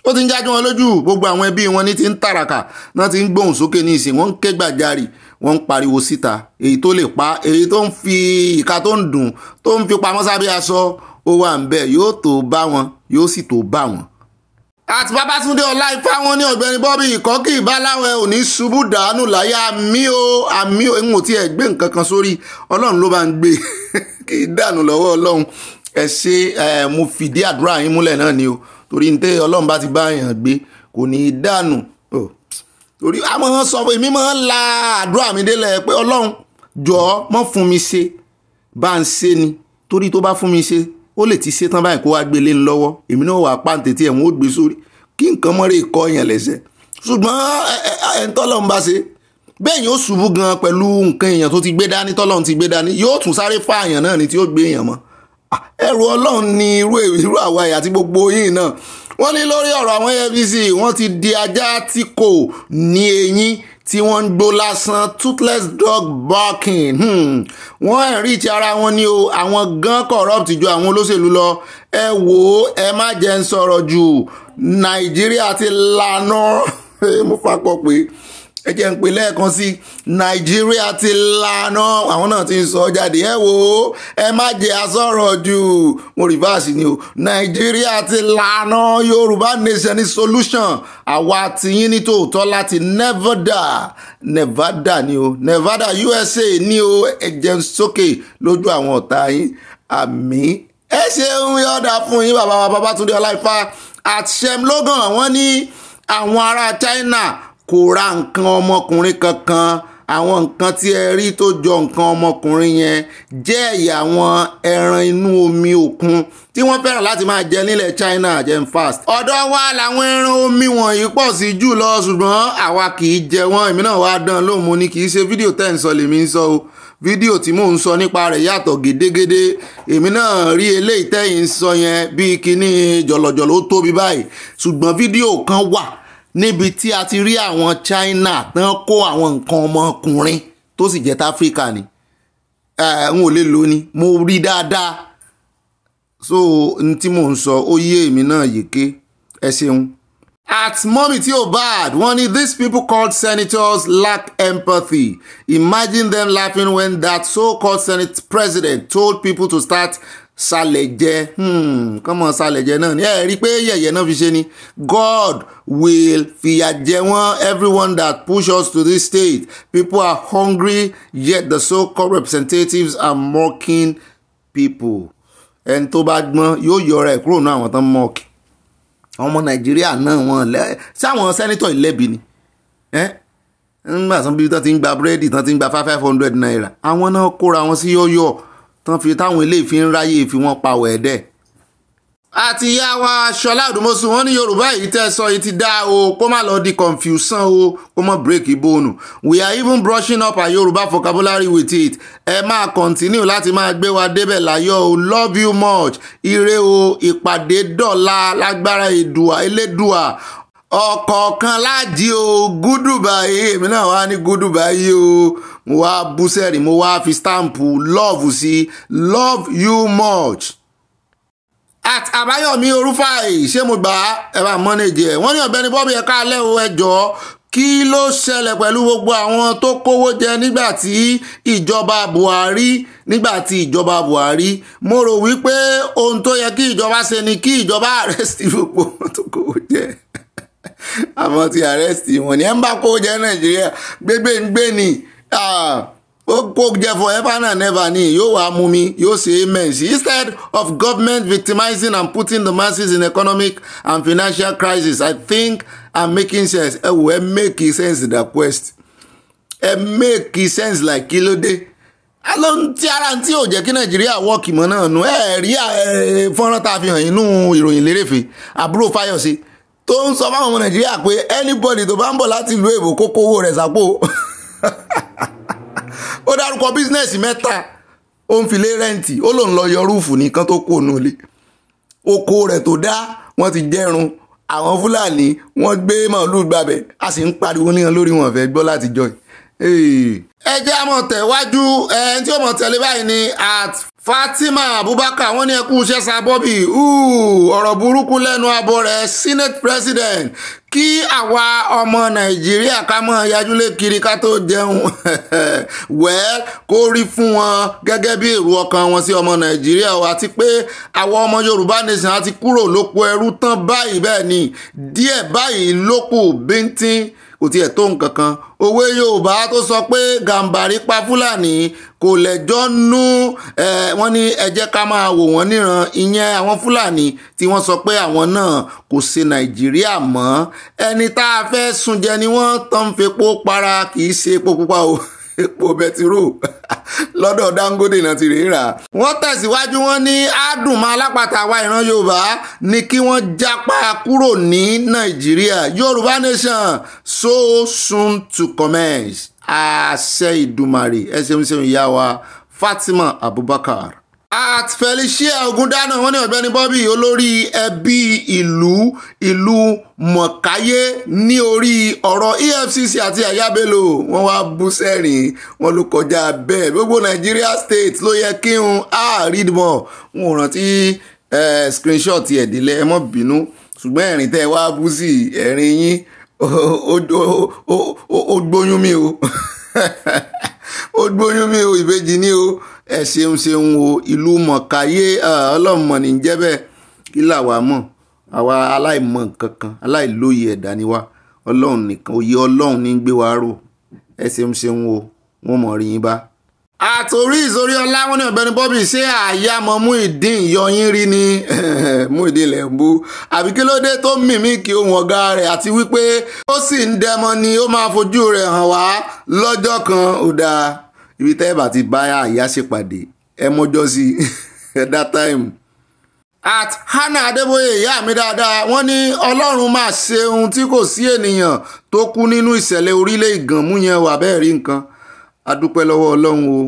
Ó ti ń jájú wọn lójú. Gbogbo àwọn ẹbí wọn ní ti ń tàràkà. Wọ́n ti ń gbóhùn sókè ní ìsìn. Wọ́n ń ké gbàjarì. Wọ́n ń pariwo síta. Èyí tó lè pa, èyí tó ń fi ìka tó ń dùn, tó ń fi pamọ́ sábẹ́ aṣọ ó wà ń bẹ̀ yóò tó bá wọn yóò sì tó bá wọn. àti Babátúndé Ọláifá wọn ní ọ̀gbẹ́ni Bobby ìkọ́kì ìbáláwẹ̀ ò ní ṣubú dànù láyé àmì o àmì o ìwọ̀n tí ẹ̀ gbé nǹkan kan sórí ọlọ́run ló bá ń gbé kì í dànù lọ́wọ́ ọlọ́run ẹ ṣe ẹ mo fìdí àdúrà yín múlẹ̀ náà ni o torí ní tẹ́ ọlọ́run bá ti bá èèyàn gbé kò ní í dànù torí àmọ́ sọ fún mi máa ń la àdúrà mi délẹ̀ pé ọlọ́run jọ̀ọ́ mọ́ fún mi ṣe bá ń ṣe ni torí tó bá fún mi ṣe ó lè ti ṣetán báyìí kó wá gbélé ń lọ́wọ́ èmi náà wà pàǹtẹ̀ tí ẹ̀wọ̀n ó gbé sórí kí nǹkan mọ́rẹ́ ìkọ́ yẹn lẹ́sẹ̀ ṣùgbọ́n ẹ̀ń tọ́lọ́n bá ṣe bẹ́ẹ̀ yóò ṣubú gan pẹ̀lú nǹkan èèyàn tó ti gbé dání tọ́lọ́n ti gbé dání yóò tún sáré fá èèyàn náà ni tí ó gbé èèyàn mọ́ ẹrù ọlọ́run ni irú irú àwa ẹ̀yà àti gbogbo yìí náà wọ́n ní lórí ọ̀rọ̀ àwọn EFCC wọ́n ti di ajá tí kò ní eyín tí wọ́n ń gbó lásán toothless drug barking hmm. wọ́n ẹ̀rí ti ara wọn ni o àwọn gan corrupt ju àwọn olóṣèlú lọ ẹ wò ó ẹ má jẹ́ ń sọ̀rọ̀ jù nàìjíríà ti lanà mo fapọ̀ pé ẹ jẹ́ ń pè lẹ́ẹ̀kan sí nàìjíríà ti lànà àwọn náà ti ń sọ jáde ẹ wò ó ẹ má jẹ́ asọ̀rọ̀ jù mo rìvásì ni o nàìjíríà ti lànà yorùbá nation ní solution àwa tiyín ní tòótọ́ láti nevada nevada ni o nevada usa ni o ẹ jẹun sókè lójú àwọn ọ̀tá yín àmì ẹ ṣeun yọ̀ọ̀dà fún yín bàbá wa Babátúndé Ọláìfá àti Shem Logan àwọn ní àwọn ará China kò ra nǹkan ọmọkùnrin kankan àwọn nǹkan tí ẹ rí tó jọ nǹkan ọmọkùnrin yẹn jẹ́ ẹ̀yà àwọn ẹran inú omi òkun tí wọ́n fẹ́ràn láti máa jẹ nílẹ̀ China jẹun fast. ọ̀dọ̀ wa làwọn ẹran omi wọ̀nyí pọ̀ sí jù lọ ṣùgbọ́n àwa kì í jẹ wọ́n èmi náà wá dán lóhùn mo ní kì í ṣe fídíò tẹ́ ń sọ lèmi ń sọ o fídíò tí mò ń sọ nípa rẹ̀ yàtọ̀ gédégédé èmi náà rí eléyìí tẹ́yìn sọ yẹn bíi kíní jọ̀lọ̀jọ̀lọ̀ ó tóbi báyìí ṣùgbọ́n fídíò kan wà níbi tí a ti rí àwọn China tán kó àwọn nǹkan ọmọkùnrin tó sì jẹ́ táfíríkà ni n ò lè lò ní mo rí dáadáa so n tí mò ń sọ ó yé èmi náà yèké ẹ ṣeun. At Mommy Too Bad, wọ́n ní these people called senators lack empathy. Imagine them laughing when that so-called Senate president told people to start salẹ̀ jẹ hmm, kọ́mọ salẹ̀ jẹ náà ni ẹ rí i pé yẹ̀yẹ̀ náà fi ṣe ni God will fìyà jẹ wọ́n everyone that push us to this state people are hungry yet the so-called representatives are mocking people ẹni tó bá gbọ́n yóò yọra ẹ̀ kúrò náà àwọn tán mock ọmọ nàìjíríà náà wọn lẹ ṣé àwọn sẹ́nitọ̀ ìlẹ́bi ni nígbà tí wọ́n ti ń gba búrẹ́dì tí wọ́n ti ń gba five hundred naira àwọn náà kóra wọn sí yọ̀yọ̀ tán fi táwọn eléyìí fi ráyè fi wọ́n pa wẹ̀ẹ́dẹ̀ àti ìyá wa ṣọlá àdúmọ̀sù wọn ní yorùbá yìí tẹ́ sọ yìí ti dá o kó má lọ di confusion o kó mọ̀ bírèkì bóònù we are even brushing up our yorùbá vocabulary with it ẹ máa continue láti máa gbé wa débẹ̀ láyọ̀ o love you much ire o ìpàdé dọ̀la lágbára èdùà elédùà ọ̀kọ̀ọ̀kan láti o gúdùbà yìí èmi náà wá ní gúdùbà yìí o mo wá bú sẹ́rìn mo wá fi stampu love sí love you much at àbáyọ̀mí orúfàì ṣé mo gbà ẹ bá mọ́nẹ̀jì ẹ̀ wọ́n ní ọ̀gbẹ́ni bọ́bí ẹ̀ka alẹ́ o ẹjọ́ kí ló ṣẹlẹ̀ pẹ̀lú gbogbo àwọn tó kówó jẹ nígbà tí ìjọba Buhari nígbà tí ìjọba Buhari mo rò wípé ohun tó yẹ kí ìjọba ṣe ni kí ìjọba arrest gbogbo àwọn tó kówó jẹ àmọ́ ti àrẹ́sì wọn ni ẹ̀ ń bá kó jẹ́ nàìjíríà gbégbé ń gbé ni ah, ó kó jẹ́ forever and ever ni yóò wá mú mi yóò ṣe amen sí instead of government victimizing and putting the masses in economic and financial crisis i think i'm making sense ẹ wò ẹ make sense the quest ẹ make sense like kí ló dé alóhun tí ara tí ò jẹ́ kí nàìjíríà wọ́ọ̀kì mọ́ náà nu ẹ rí fọ́nrán tá a fi hàn inú ìròyìn lérèfé àbúrò fáyọ̀sí tó ń sọ fáwọn ọmọ nàìjíríà pé anybody tó bá ń bọ̀ láti ìlú èbó kó kówó rẹ̀ sápò ó dárúkọ bísínẹ́sì mẹ́ta ó ń filé rẹ́ǹtì ó lòun lọ yọ rúùfù nìkan tó kó nù lé oko rẹ̀ tó dá wọ́n ti jẹ́run àwọn fúlàní wọ́n gbé màálù gbàbẹ̀ a sì ń pariwo níyan lórí wọn fẹ́ gbọ́ láti jọ yìí ẹ jẹ́ àmọ̀ tẹ̀wájú ẹni tí ó mọ̀ tẹ̀lé báyìí ni at Fatima Abubakar wọ́n ní ẹkú iṣẹ́ sa Bobby ọ̀rọ̀ burúkú lẹ́nu abọ́ rẹ̀ Senate President kí àwa ọmọ Nàìjíríà ká mọ̀ yájúlé kiri ká tó jẹun well kó rí fún wọn gẹ́gẹ́ bí èrò ọkàn wọn sí ọmọ Nàìjíríà o àti pé àwa ọmọ Yorùbá nation àti kúrò lóko ẹrú tán báyìí bẹ́ẹ̀ ni díẹ̀ báyìí lókù bíntín kò tiẹ̀ tó nǹkan kan òwe yorùbá tó sọ pé gàǹbàrí pa fúlàní kò lẹ́jọ́ nú wọ́n ní ẹ jẹ́ ká máa wò wọ́n níran ìyẹn àwọn fúlàní tí wọ́n sọ pé àwọn náà kò ṣe nàìjíríà mọ́ ẹni tá a fẹ́ sun ni wọ́n tán fepo para kì í ṣe epo pupa o epo bẹtiró lọ́dọ̀ Dangote náà ti rèé rà. wọ́n tẹ̀síwájú wọn ní àdùnmọ́ alápàtà wa ìran Yorùbá ni kí wọ́n jápa kúrò ní Nàìjíríà Yorùbá nation so soon to commence àṣẹ Ìdùmarè ẹ ṣeun ṣeun ìyá wa Fatima Abubakar at felicia ogundana wọn ní ọ̀gbẹ́ni bobby olórí ẹbí ìlú ìlú mọ̀káyé ní orí ọ̀rọ̀ efcc àti Yahaya Bello wọ́n wá bú sẹ́rìn wọ́n ló kọjá bẹ́ẹ̀ gbogbo nigeria state ló yẹ kí n á read more n ò rántí screenshot ẹ̀ délẹ̀ ẹ mọ́ bínú ṣùgbọ́n ẹ̀rín tẹ́ ẹ wá bú sí ẹ̀rín yín ó gbóyún mi o ó gbóyún mi o ìbejì ni o ẹ ṣeun ṣeun o ìlú mọ̀káyé ọlọ́mọ ní jẹ́ bẹ́ẹ̀ kí làwa mọ̀ àwa aláìmọ̀ kankan aláìlóye ẹ̀dá ni wa ọlọ́run nìkan òye ọlọ́run ní gbé wa rò ẹ ṣeun ṣeun o wọ́n mọ̀ rí yín bá. àtòrí ìsorí ọlá wọn ní ọ̀gbẹ́ni Bobby ṣé àyàmọ̀ Muyideen yọyín rí ni Muyideen lẹ̀ ń bú àbí kí ló dé tó mímí kí ohun ọ̀gá rẹ̀ àti wípé ó sì ń dẹmọ ni ó máa fojú rẹ̀ hàn wá lọ́jọ́ kan ó dáa ibi tẹ́ ẹ bá ti bá àyà ṣèpàdé ẹ mọ́jọ́ sí ẹ dá táìmù. at hannah adébóyè ìyá mi dáadáa wọ́n ní ọlọ́run máa ṣe ohun tí kò sí ènìyàn tó kú nínú ìṣẹ̀lẹ̀ orílẹ̀ ìgànmú yẹn wà bẹ́ẹ̀ rí nǹkan adúpẹ́ lọ́wọ́ ọlọ́run o.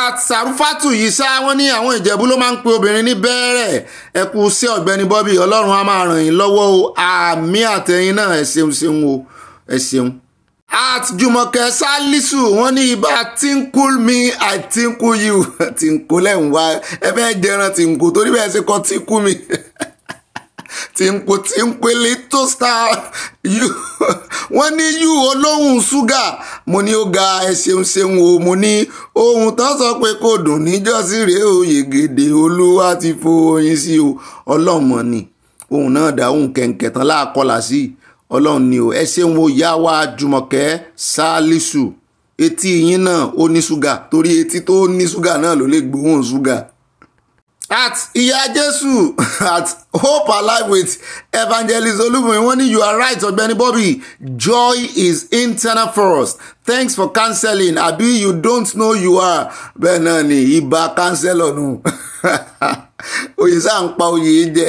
at sarufatu yìí ṣá wọ́n ní àwọn ìjẹ̀bú ló máa ń pe obìnrin ní bẹ́ẹ̀rẹ̀ ẹ kú sí ọ̀gbẹ́ni bobby ọlọ́run á máa ràn yín lọ́wọ́ o àmì àtẹ̀yìn náà ẹ ṣeun ṣeun o ẹ ṣeun at Jùmọ̀kẹ́ Sálísù wọ́n ní ibà tí ń kú mi i think you tí ń kú lẹ́hìn wá ẹ fẹ́ jẹran tí ń kú torí bẹ́ẹ̀ ṣe kọ́ tí kú mi tí ń kú tí ń pè little star you wọ́n ní you olóhùn ṣúgà mo ní ó ga ẹ ṣeun ṣeun o mo ní ohun tán sọ pé kò dùn níjọ́sí rèé o yègèdè olúwa ti fo oyin sí o ọlọ́mọ ni ohun náà dáhùn kẹ̀ǹkẹ̀ tán láàkọlà sí i ọlọ́run ni o ẹ ṣeun o yá wa jùmọ̀kẹ́ sálíṣù etí yín náà ó ní ṣúgà torí etí tó ní ṣúgà náà ló lè gbóhùn ṣúgà. at ìyá jésù at hope alive with evangelist olúmọ̀ọ́ wọ́n ní you are right ọ̀gbẹ́ni bobby joy is internal for us thanks for cancelling abi you don't know you are bẹ́ẹ̀ náà ni ibà kánsẹ́lọ̀ nù òye sáà ń pa oyè jẹ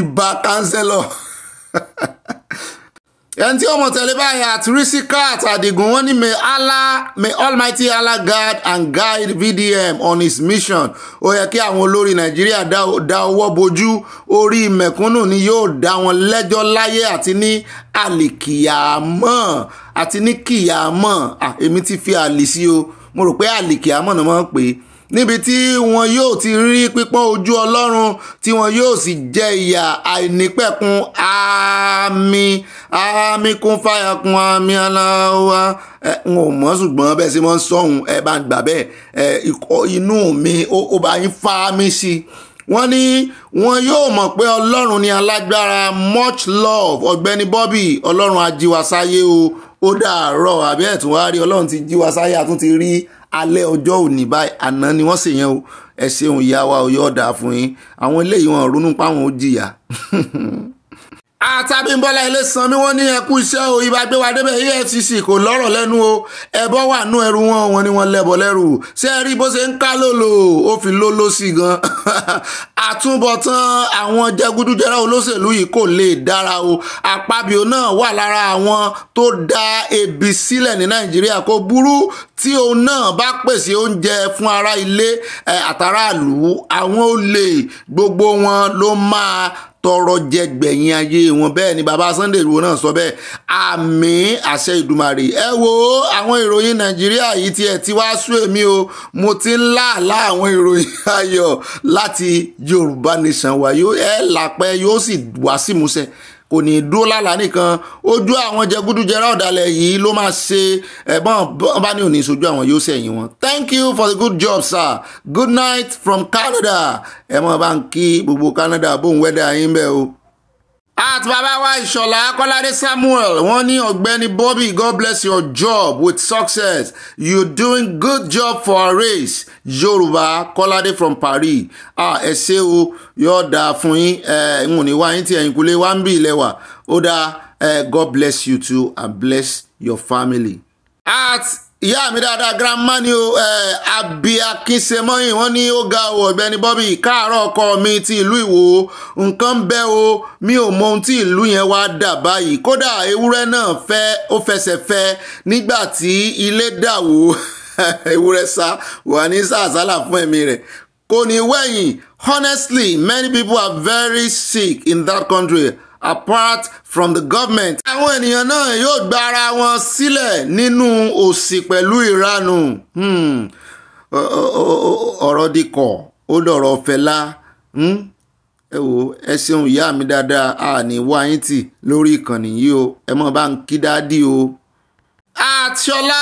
ibà kánsẹ́lọ̀ ẹni tí ọmọ tẹ̀lé báyìí at risikat adigun wọn ni may allah may almighty allah guard and guide vdm on his mission ó yẹ kí àwọn olórí nàìjíríà dá ọwọ́ bojú orí mẹ̀kúnnù ni yóò dá wọn lẹ́jọ́ láyé àti ní àlìkìyàmọ́ àti ní kìyàmọ́ èmi ti fi àlì sí o mo rò pé àlìkìyàmọ́ ni wọ́n pè é níbi tí wọn yóò ti rí pípọ́n ojú ọlọ́run tí wọn yóò sì jẹ ìyà àìnípẹ̀kun àmì àmì kún fàyà kún àmì aláwa ẹ n ò mọ̀ ṣùgbọ́n bẹ́ẹ̀ sì mọ́ sọ́hun ẹ bá ń gbà bẹ́ẹ̀ ẹ inú mi ó bá yín fa mi sí i wọ́n ní wọn yóò mọ̀ pé ọlọ́run ni alágbára much love ọ̀gbẹ́ni Bobby ọlọ́run ajíwasáyé o ó dàárọ̀ àbí ẹ̀ tún wá rí ọlọ́run ti jíwasáyé àtúntì rí alẹ́ ọjọ́ òní báyìí àná ni wọ́n ṣèyẹn o ẹ ṣeun ìyá wa ò yọ ọ̀dà fún yín àwọn eléyìí wọn ronú páwọn ó jìyà àtàbímbọ́lá Ilésanmí wọ́n ní ẹkú iṣẹ́ o ibà gbé wa débẹ̀ EFCC kò lọ́rọ̀ lẹ́nu o ẹbọ wà nú ẹrú wọn wọn ni wọ́n lẹ́bọ̀ lẹ́rù ṣé ẹ rí bó ṣe ń ká lòlò ó fi lóló sí i gan àtúbọ̀tán àwọn jẹgúdújẹrá olóṣèlú yìí kò lè dára o àpábíò náà wà lára àwọn tó dá ebi sílẹ̀ ní Nàìjíríà kò burú tí òun náà bá pèsè oúnjẹ fún ará ilé àtàràlú àwọn olè gbogbo wọn ló máa tọrọ jẹ gbẹ̀yìn ayé wọn bẹ́ẹ̀ ni baba Sunday Igboho náà sọ bẹ́ẹ̀ àmì àṣẹ ìdùmarè ẹ wo àwọn ìròyìn nàìjíríà yìí tiẹ̀ ti wá sú èmi o mo ti ń láàlá àwọn ìròyìn ayọ̀ láti yorùbá nation wa yóò ẹ làpẹ yóò sì wá símúṣẹ kò ní dúró lálàá nìkan ojú àwọn jẹgúdújẹrá ọ̀dàlẹ̀ yìí ló máa ṣe ẹ̀bọ́n bá ní òní ìṣojú àwọn yóò ṣẹ̀yìn wọn. thank you for the good job sir good night from Canada ẹ̀ mọ̀ bá ń kí gbogbo Canada bóun wẹ́dà yín bẹ́ẹ̀ o at baba wa ìṣọ̀lá akọ́ládé samuel wọ́n ní ọ̀gbẹ́ni bobby god bless your job with success you doing good job for our race yorùbá kọ́ládé from paris ah ẹ ṣe o yóò dáa fún yín ẹ ń ní wá yín tí ẹ̀yin kúlé wá ń bí ilẹ̀ ó dáa god bless you too and bless your family. at ìyá mi dáadáa grandma ni o àbí akínsemọ́yìn wọ́n ní ó ga o ọ̀gbẹ́ni Bobby káàárọ̀ ọkọ mi ti ìlú Ìwó nǹkan bẹ́ o mi ò mọ ohun tí ìlú yẹn wá dà báyìí kódà ewúrẹ́ náà fẹ́ ó fẹsẹ̀ fẹ́ nígbà tí ilé dà wó ewúrẹ́ sá wà ní sàásálà fún ẹ̀mí rẹ̀ kò ní wẹ̀yìn honestly many people are very sick in that country apart from the government. àwọn ènìyàn náà yóò gba ara wọn sílẹ̀ nínú òṣì pẹ̀lú ìranù. Hmm. ọ̀rọ̀ dikọ̀ ó dọ̀rọ̀ fẹlá hmm. ẹ wo ẹ ṣeun ìyá mi dáadáa a ní wá yín tì lórí ìkànnì yìí o ẹ mọ bá ń kí dáàdì o. àtìọlá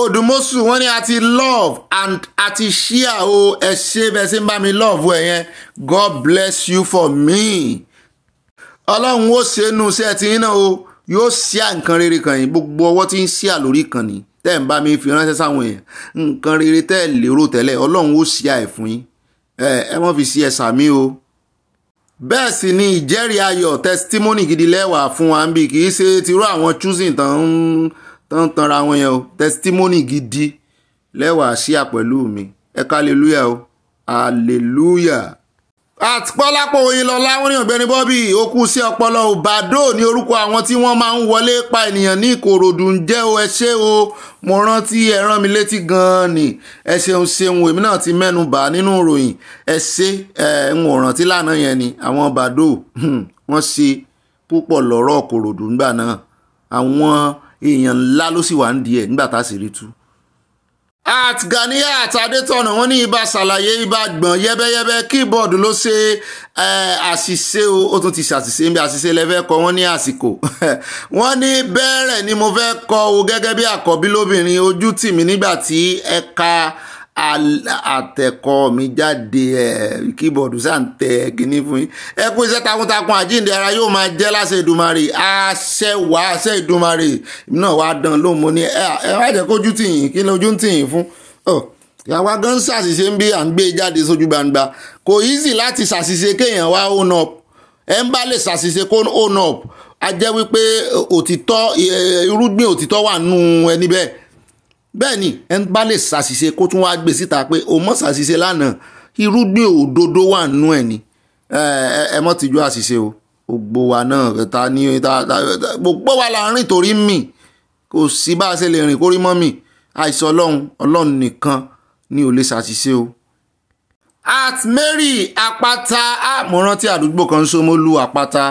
odùmọ́sù wọn ni a ti love and a ti share o ẹ ṣe bẹ́ẹ̀ ṣe ń bá mi love ẹ yẹn God bless you for me ọlọ́run ó ṣe inú iṣẹ́ tí iná o yóò ṣí à nǹkan rere kan yìí gbogbo ọwọ́ tí ń ṣí à lórí kan ni tẹ́ ń bá mi fi ránṣẹ́ sáwọn èèyàn nǹkan rere tẹ́ ẹ̀ lérò tẹ́lẹ̀ ọlọ́run ó ṣí à ẹ̀ fún yín ẹ ẹ mọ́ fi ṣí ẹ sàmí o. bẹ́ẹ̀ sì ni ìjẹ́rìí ayọ̀ testimony gidi lẹ́wàá fún wa níbi kì í ṣe tirú àwọn choosing tán ń tán tanra wọn yẹn o testimony gidi lẹ́wàá ṣí à pẹ̀lú mi ẹ hallelujah o hallelujah àtìpọ́lápọ̀ oyinlọ́lá wọ́n ní ọ̀gbẹ́ni bọ́bí òkú sí ọpọlọ òbàdó ní orúkọ àwọn tí wọ́n máa ń wọlé pa ènìyàn ní ìkòròdú ń jẹ́ o ẹ ṣé o mo rántí ẹ rán mi létí gan-an ni ẹ ṣeun ṣeun èmi náà ti mẹ́nu bà nínú ìròyìn ẹ ṣe ẹ ń wò rántí lánàá yẹn ni àwọn bàdó hmm, wọ́n ṣe púpọ̀ lọ́rọ̀ kòròdú nígbà náà àwọn èèyàn ńlá ló sì wà ń di ẹ̀ nígbà tá a sì rí tú at at Adétọ̀nà wọn ní ibà ṣàlàyé ibà gbọ̀n yẹ́bẹ́yẹ́bẹ́ keyboard ló ṣe àṣìṣe o ó tún ti ṣàṣìṣe níbi àṣìṣe lẹ́fẹ́ kọ wọ́n ní àsìkò wọ́n ní bẹ́ẹ̀rẹ̀ ni mo fẹ́ kọ o gẹ́gẹ́ bí àkọ́bí lóbìnrin ojú tì mí nígbà tí ẹ̀ka. E àtẹ̀kọ́ mi jáde ẹ̀ kíbọ̀dù sáǹtẹ̀ kínní fún yín ẹ kú iṣẹ́ takuntakun àjíǹde ara yóò máa jẹ́ láṣẹ ìdùmarè àṣẹ wà àṣẹ ìdùmarè náà wàá dán lóun mo ní ẹ wá jẹ́ kójú tì yín kí ni ojú ń tì yín fún àwa gan ṣàṣìṣe ń bí à ń gbé jáde sójú gbangba kò easy láti ṣàṣìṣe kéèyàn wá own up ẹ ń bá lè ṣàṣìṣe kó own up a jẹ́ wípé òtítọ́ irúgbìn òtítọ́ wà nù ẹni bẹ́ẹ̀ bẹ́ẹ̀ ni ẹni bá lè ṣàṣìṣe kó tún wáá gbé síta pé o mọ̀ ṣàṣìṣe lánàá irúgbìn òdodo wà nù ẹ̀ ni ẹ mọ̀ tìjú àṣìṣe o gbogbo wa náà ta ni gbogbo wa la rìn torí mì kò sí bá a ṣe lè rìn kórí mọ́ mì àìsàn ọlọ́run ọlọ́run nìkan ni ò lè ṣàṣìṣe o. at Mary Àpáta àmọ́rántí àdúgbò kan Ṣómólú Àpáta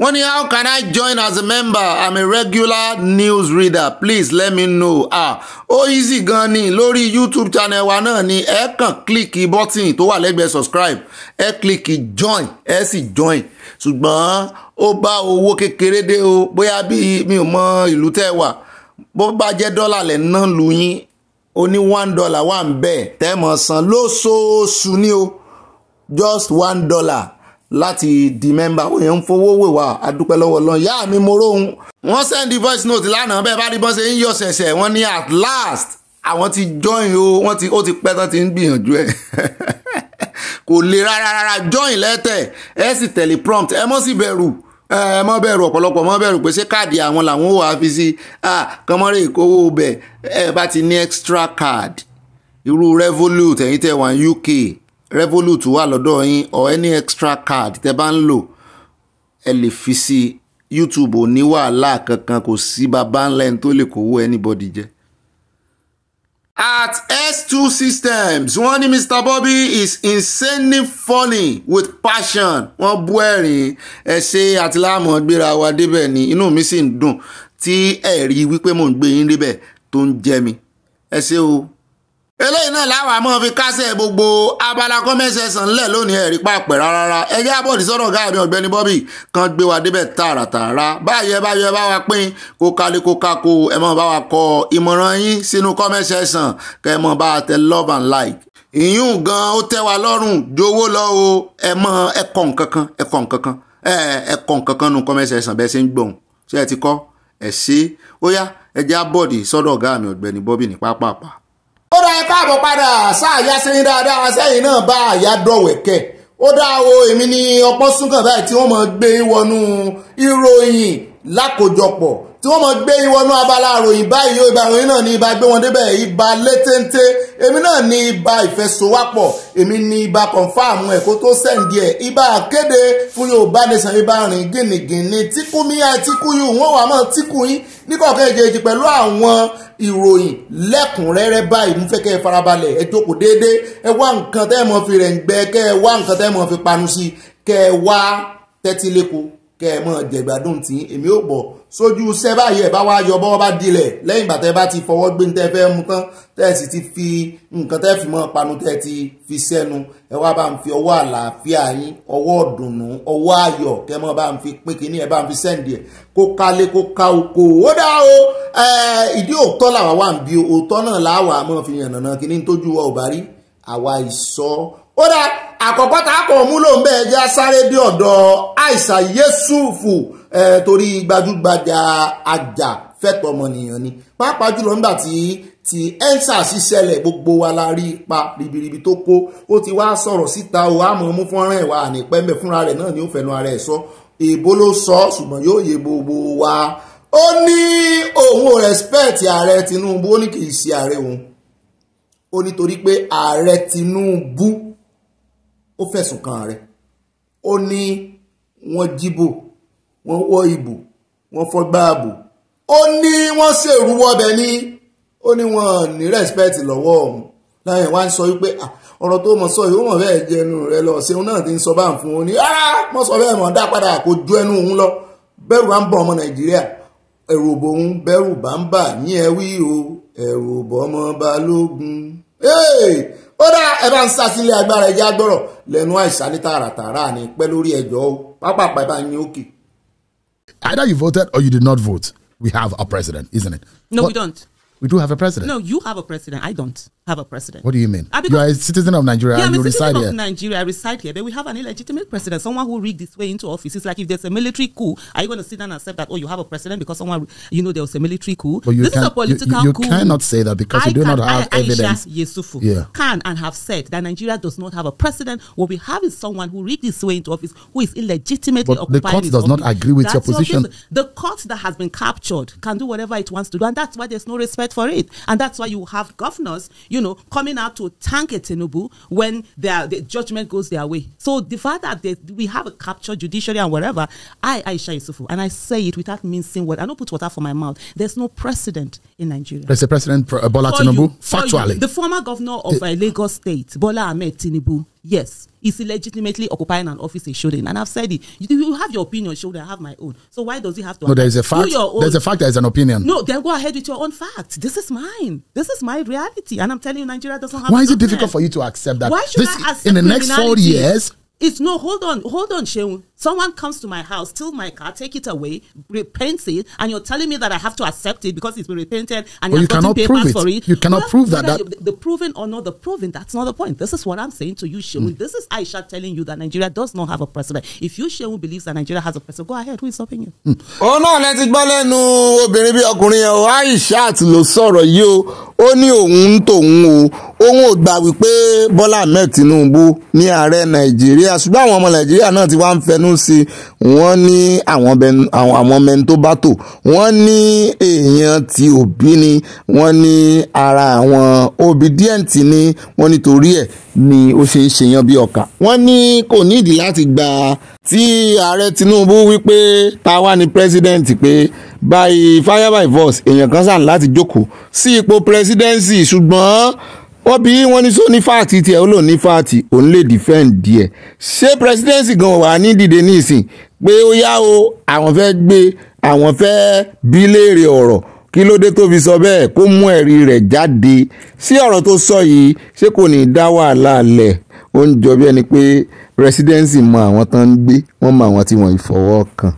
wọ́n ní how can I join as a member I'm a regular news reader please let me know ah ó easy gan ni lórí YouTube channel wa náà ni ẹ kàn kílìkì bọ́tìn tó wà lẹ́gbẹ̀ẹ́ subscribe ẹ click join ẹ sì join ṣùgbọ́n ó bá owó kékeré dé o bóyá bí mi ò mọ ìlú tẹ́ wà bó bá jẹ́ dọ́là lẹ̀ ná lu yín ó ní one dollar wà ń bẹ̀ tẹ́ mọ̀ san lóṣooṣù ni o just one dollar láti di mẹ́mbà àwọn èèyàn ń fowó wè wá àdúpẹ́ lọ́wọ́ lọ́n yá mi mo róhun. wọ́n the voice note lánàá bẹ́ẹ̀ bá rí bọ́n ṣe ń yọ ṣẹ̀ṣẹ̀ wọ́n ní at last àwọn ti join o wọ́n ti ó ti pẹ́ tán ti ń gbìyànjú ẹ̀ kò le rárá rárá join lẹ́tẹ̀ ẹ sì tẹ̀lé prompt ẹ mọ́ sí bẹ̀rù ẹ mọ́ bẹ̀rù ọ̀pọ̀lọpọ̀ mọ́ bẹ̀rù pé ṣé káàdì àwọn làwọn ò wá fi sí kọ́mọ́rẹ́ ìkówó bẹ̀ ẹ bá ti ní extra card irú revolut ẹ̀yin tẹ̀ wá UK revolut wà lọ́dọ̀ yín or any extra card tẹ́ bá ń lò ẹ lè fi sí youtube ò ní wàhálà kankan kò sí bàbá ńlá ẹni tó lè kówó anybody jẹ. At S2 Systems wọ́n ní Mr. Bobby is insanely funny with passion wọ́n bú ẹ̀rín ẹ ṣe àtìláàmú gbéra wa débẹ̀ ni inú mi sì ń dùn tí ẹ̀rí wípé mò ń gbé yín débẹ̀ tó ń jẹ mi ẹ ṣé o eléyìí náà láwọn àmọ́ fi kásẹ̀ gbogbo abala kọ́mẹ́sẹ̀sán ńlẹ̀ lónìí ẹ̀rí pàpẹ́ rárá ẹjẹ́ àbọ̀dì sọ̀rọ̀ ọ̀gá mi ọ̀gbẹ́ni Bobby kan gbé wa débẹ̀ tààràtààrà báyìí ẹ báyìí ẹ bá wa pín kó kalẹ̀ kó kako ẹ mọ̀ bá wa kọ ìmọ̀ràn yín sínú kọ́mẹ́sẹ̀sán kẹ́ ẹ mọ̀ bá a tẹ love and like ìyún gan ó tẹ́ wa lọ́rùn jowó lọ o ẹ mọ ẹkọ nkankan ẹkọ nkankan ẹkọ nkankan nu kọ́mẹ́sẹ̀sán bẹ́ẹ̀ ṣe ń gbọ̀n ṣé ẹ ti kọ́ ẹ ṣe ó yá ẹ jẹ́ àbọ̀dì sọ́dọ̀ ọ̀gá mi ọ̀gbẹ́ni Bobby ní pápápá ó dáa káàbọ̀ padà sáàyà sẹ́yìn dáadáa sẹ́yìn náà bá àyà dọ̀wẹ̀kẹ̀ ó dáa o èmi ni ọpọ́n súnkàn báyìí tí wọ́n mọ̀ gbé wọnú ìròyìn lákòjọpọ̀ tí wọ́n mọ̀ gbé ìwọ́nú abala àròyìn báyìí ìbá àròyìn náà ní ibà gbé wọn débẹ̀ ibà létéńté èmi náà ní ibà ìfẹsowápọ̀ èmi ní ibà kọ̀ǹfàmù ẹ̀kọ́ tó sẹ́ǹdì ẹ̀ ibà kéde fún Yorùbá nation ibà rìn gìnìgìnì tíkú mi ẹ̀ tíkú yìí wọ́n wà mọ́ tíkú yín níkọ̀ọ́kẹ́ ìjẹ́jì pẹ̀lú àwọn ìròyìn lẹ́kùnrẹ́rẹ́ báyìí mú fẹ́ kẹ́ ẹ farabalẹ̀ ẹ jókòó déédéé ẹ wá nǹkan tẹ́ kẹ́ ẹ mọ̀ jẹ̀gbádùn tí èmi ò bọ̀ sójú iṣẹ́ báyìí ẹ̀ bá wá yọ bọ́wọ́ bá dilẹ̀ lẹ́yìn ìgbà tẹ́ bá ti fọwọ́ gbé tẹ́ fẹ́ mu tán tẹ́ sì ti fi nǹkan tẹ́ fi mọ́ panu tẹ́ ti fi sẹ́nu ẹ wá bá ń fi ọwọ́ àlàáfíà yín ọwọ́ ọ̀dùnnú ọwọ́ ayọ̀ kẹ́ mọ́ bá ń fi pín kínní ẹ bá ń fi sẹ́ǹdì ẹ̀ kó kálé kó ká oko ó dá o ìdí òótọ́ làwa wà ń bi òótọ́ náà láwàá mọ́ fi yànnàná kínní tójú wa ò bá rí àwa ìsọ ó dáa àkọ́kọ́ tá a kọ̀ mú lòún bẹ́ẹ̀ jẹ́ sáré dé ọ̀dọ̀ àìsà yéṣùfù torí gbajúgbajà àjà fẹ́tọ̀ ọmọnìyàn ni pàápàá jùlọ nígbà tí ti ẹ́ńsà sì ṣẹlẹ̀ gbogbo wa la rí ipa ribiribi tó kó ó ti wá sọ̀rọ̀ síta o àmọ́ mú fọ́nrán ẹ̀wà ànípẹ́ńbẹ̀ fúnra rẹ̀ náà ni ó fẹnu ara ẹ̀ sọ èèbó ló sọ ṣùgbọ́n yóò yé gbogbo wa ó ní òun ò rẹ́spẹ̀tì ààrẹ Tinubu ó ní kì í ṣe ààrẹ òun ó nítorí pé ààrẹ Tinubu ó fẹ̀sùn kàn rẹ̀ ó ní wọ́n jíbò wọ́n wọ́ ìbò wọ́n fọ́gbá ààbò ó ní wọ́n ṣèrú wọ́bẹ̀ ní ó ní wọ́n ní respect lọ́wọ́ ọ̀hún láyìn wá ń sọ wípé ọ̀rọ̀ tó mọ̀ sọ yìí ó mọ̀ bẹ́ẹ̀ jẹ ẹnu rẹ lọ ṣeun náà ti ń sọ bá ń fún un ní rárá mọ̀ sọ bẹ́ẹ̀ mọ̀ dá padà kó ju ẹnu òun lọ bẹ́rù bá ń bọ̀ ọmọ nàìjíríà ẹ̀rù òbò ń bẹ́rù bá ń bà ní ẹ̀wí o ẹ̀rù òbò ọmọ balógun ó dá ẹ ń sá agbára ẹjẹ agbọ́rọ̀ lẹ́nu àìsàn ní tààràtààrà ni pẹ́ lórí ẹjọ́ o pápápá ẹ ń yín òkè. Either you voted or you did not vote. We have a president, isn't it? No, but we don't. We do have a president. No, you have a president. I don't. have a president. What do you mean? Ah, you are a citizen of Nigeria. Yeah, I'm a citizen of here. Nigeria. I reside here. Then we have an illegitimate president, someone who rigged his way into office. It's like if there's a military coup, are you going to sit down and accept that? Oh, you have a president because someone you know there was a military coup. But you this can, is a political you, you coup. You cannot say that because I you do can, not have I, evidence. Aisha Yesufu yeah. can and have said that Nigeria does not have a president. What we have is someone who rigged his way into office who is illegitimately but occupying. The court does office. not agree with that's your position. Your the court that has been captured can do whatever it wants to do, and that's why there's no respect for it, and that's why you have governors. You you know, coming out to thank Tinubu when their the judgment goes their way. So the fact that they, we have a captured judiciary and whatever, I, Aisha Yusufu, and I say it without mincing words. I don't put water for my mouth. There's no precedent in Nigeria. There's a precedent for uh, Bola Tinubu, factually. You, the former governor of uh, Lagos State, Bola Ahmed Tinubu, yes, is he legitimately occupying an office he shouldn't? And I've said it. You, you have your opinion, should I have my own? So why does he have to? No, there is a fact. There's a fact. There is an opinion. No, then go ahead with your own fact. This is mine. This is my reality, and I'm telling you, Nigeria doesn't have. Why is it difficult for you to accept that? Why should this, I accept in the next four years? It's no, hold on, hold on, Sheun. Someone comes to my house, steal my car, take it away, repaint it, and you're telling me that I have to accept it because it's been repainted and well, you cannot prove it. for it. You cannot well, prove that. that. You, the, proven or not the proven, that's not the point. This is what I'm saying to you, Sheun. Mm. This is Aisha telling you that Nigeria does not have a president. If you, Sheun, believes that Nigeria has a president, go ahead. Who is stopping you? Mm. Oh, no, let's gbọ́ lẹ́nu obìnrin bí oh, Aisha ló sọ̀rọ̀ yìí o oh, ó ní òun tòun o oh, òun toun o wipe Bọ́lá Ahmed Tinubu ní are, Nigeria. nàìjíríà ṣùgbọ́n àwọn ọmọ nàìjíríà náà ti wá ń fẹnu sí wọ́n ní àwọn mẹ́ntóbátò wọ́n ní èèyàn ti òbí ni wọ́n ní ara àwọn obedient ni wọ́n nítorí ẹ̀ ni ó ṣe ń ṣèyàn bí ọkà wọ́n ní kò nídìí láti gba tí ààrẹ tinubu wípé ta wá ní pírẹsidẹ́ǹtì pé by fire by force èèyàn kan sàn láti jókòó sí ipò pírẹsidẹ́ǹsì ṣùgbọ́n wọ́n bí wọ́n ní sọ ní fáàtì tiẹ̀ ó lò ní fáàtì òun lè defend díẹ̀ ṣé presidency gan wà ní dìde nísìn pé ó yá o àwọn fẹ́ gbé àwọn fẹ́ bí léèrè ọ̀rọ̀ kí ló dé tó fi sọ bẹ́ẹ̀ kó mú ẹ̀rí rẹ̀ jáde sí ọ̀rọ̀ tó sọ yìí ṣé kò ní dá wàhálà lẹ̀ ó ń jọ bí ẹni pé presidency mọ àwọn tán ń gbé wọ́n mọ àwọn tí wọ́n ì fọwọ́ kàn.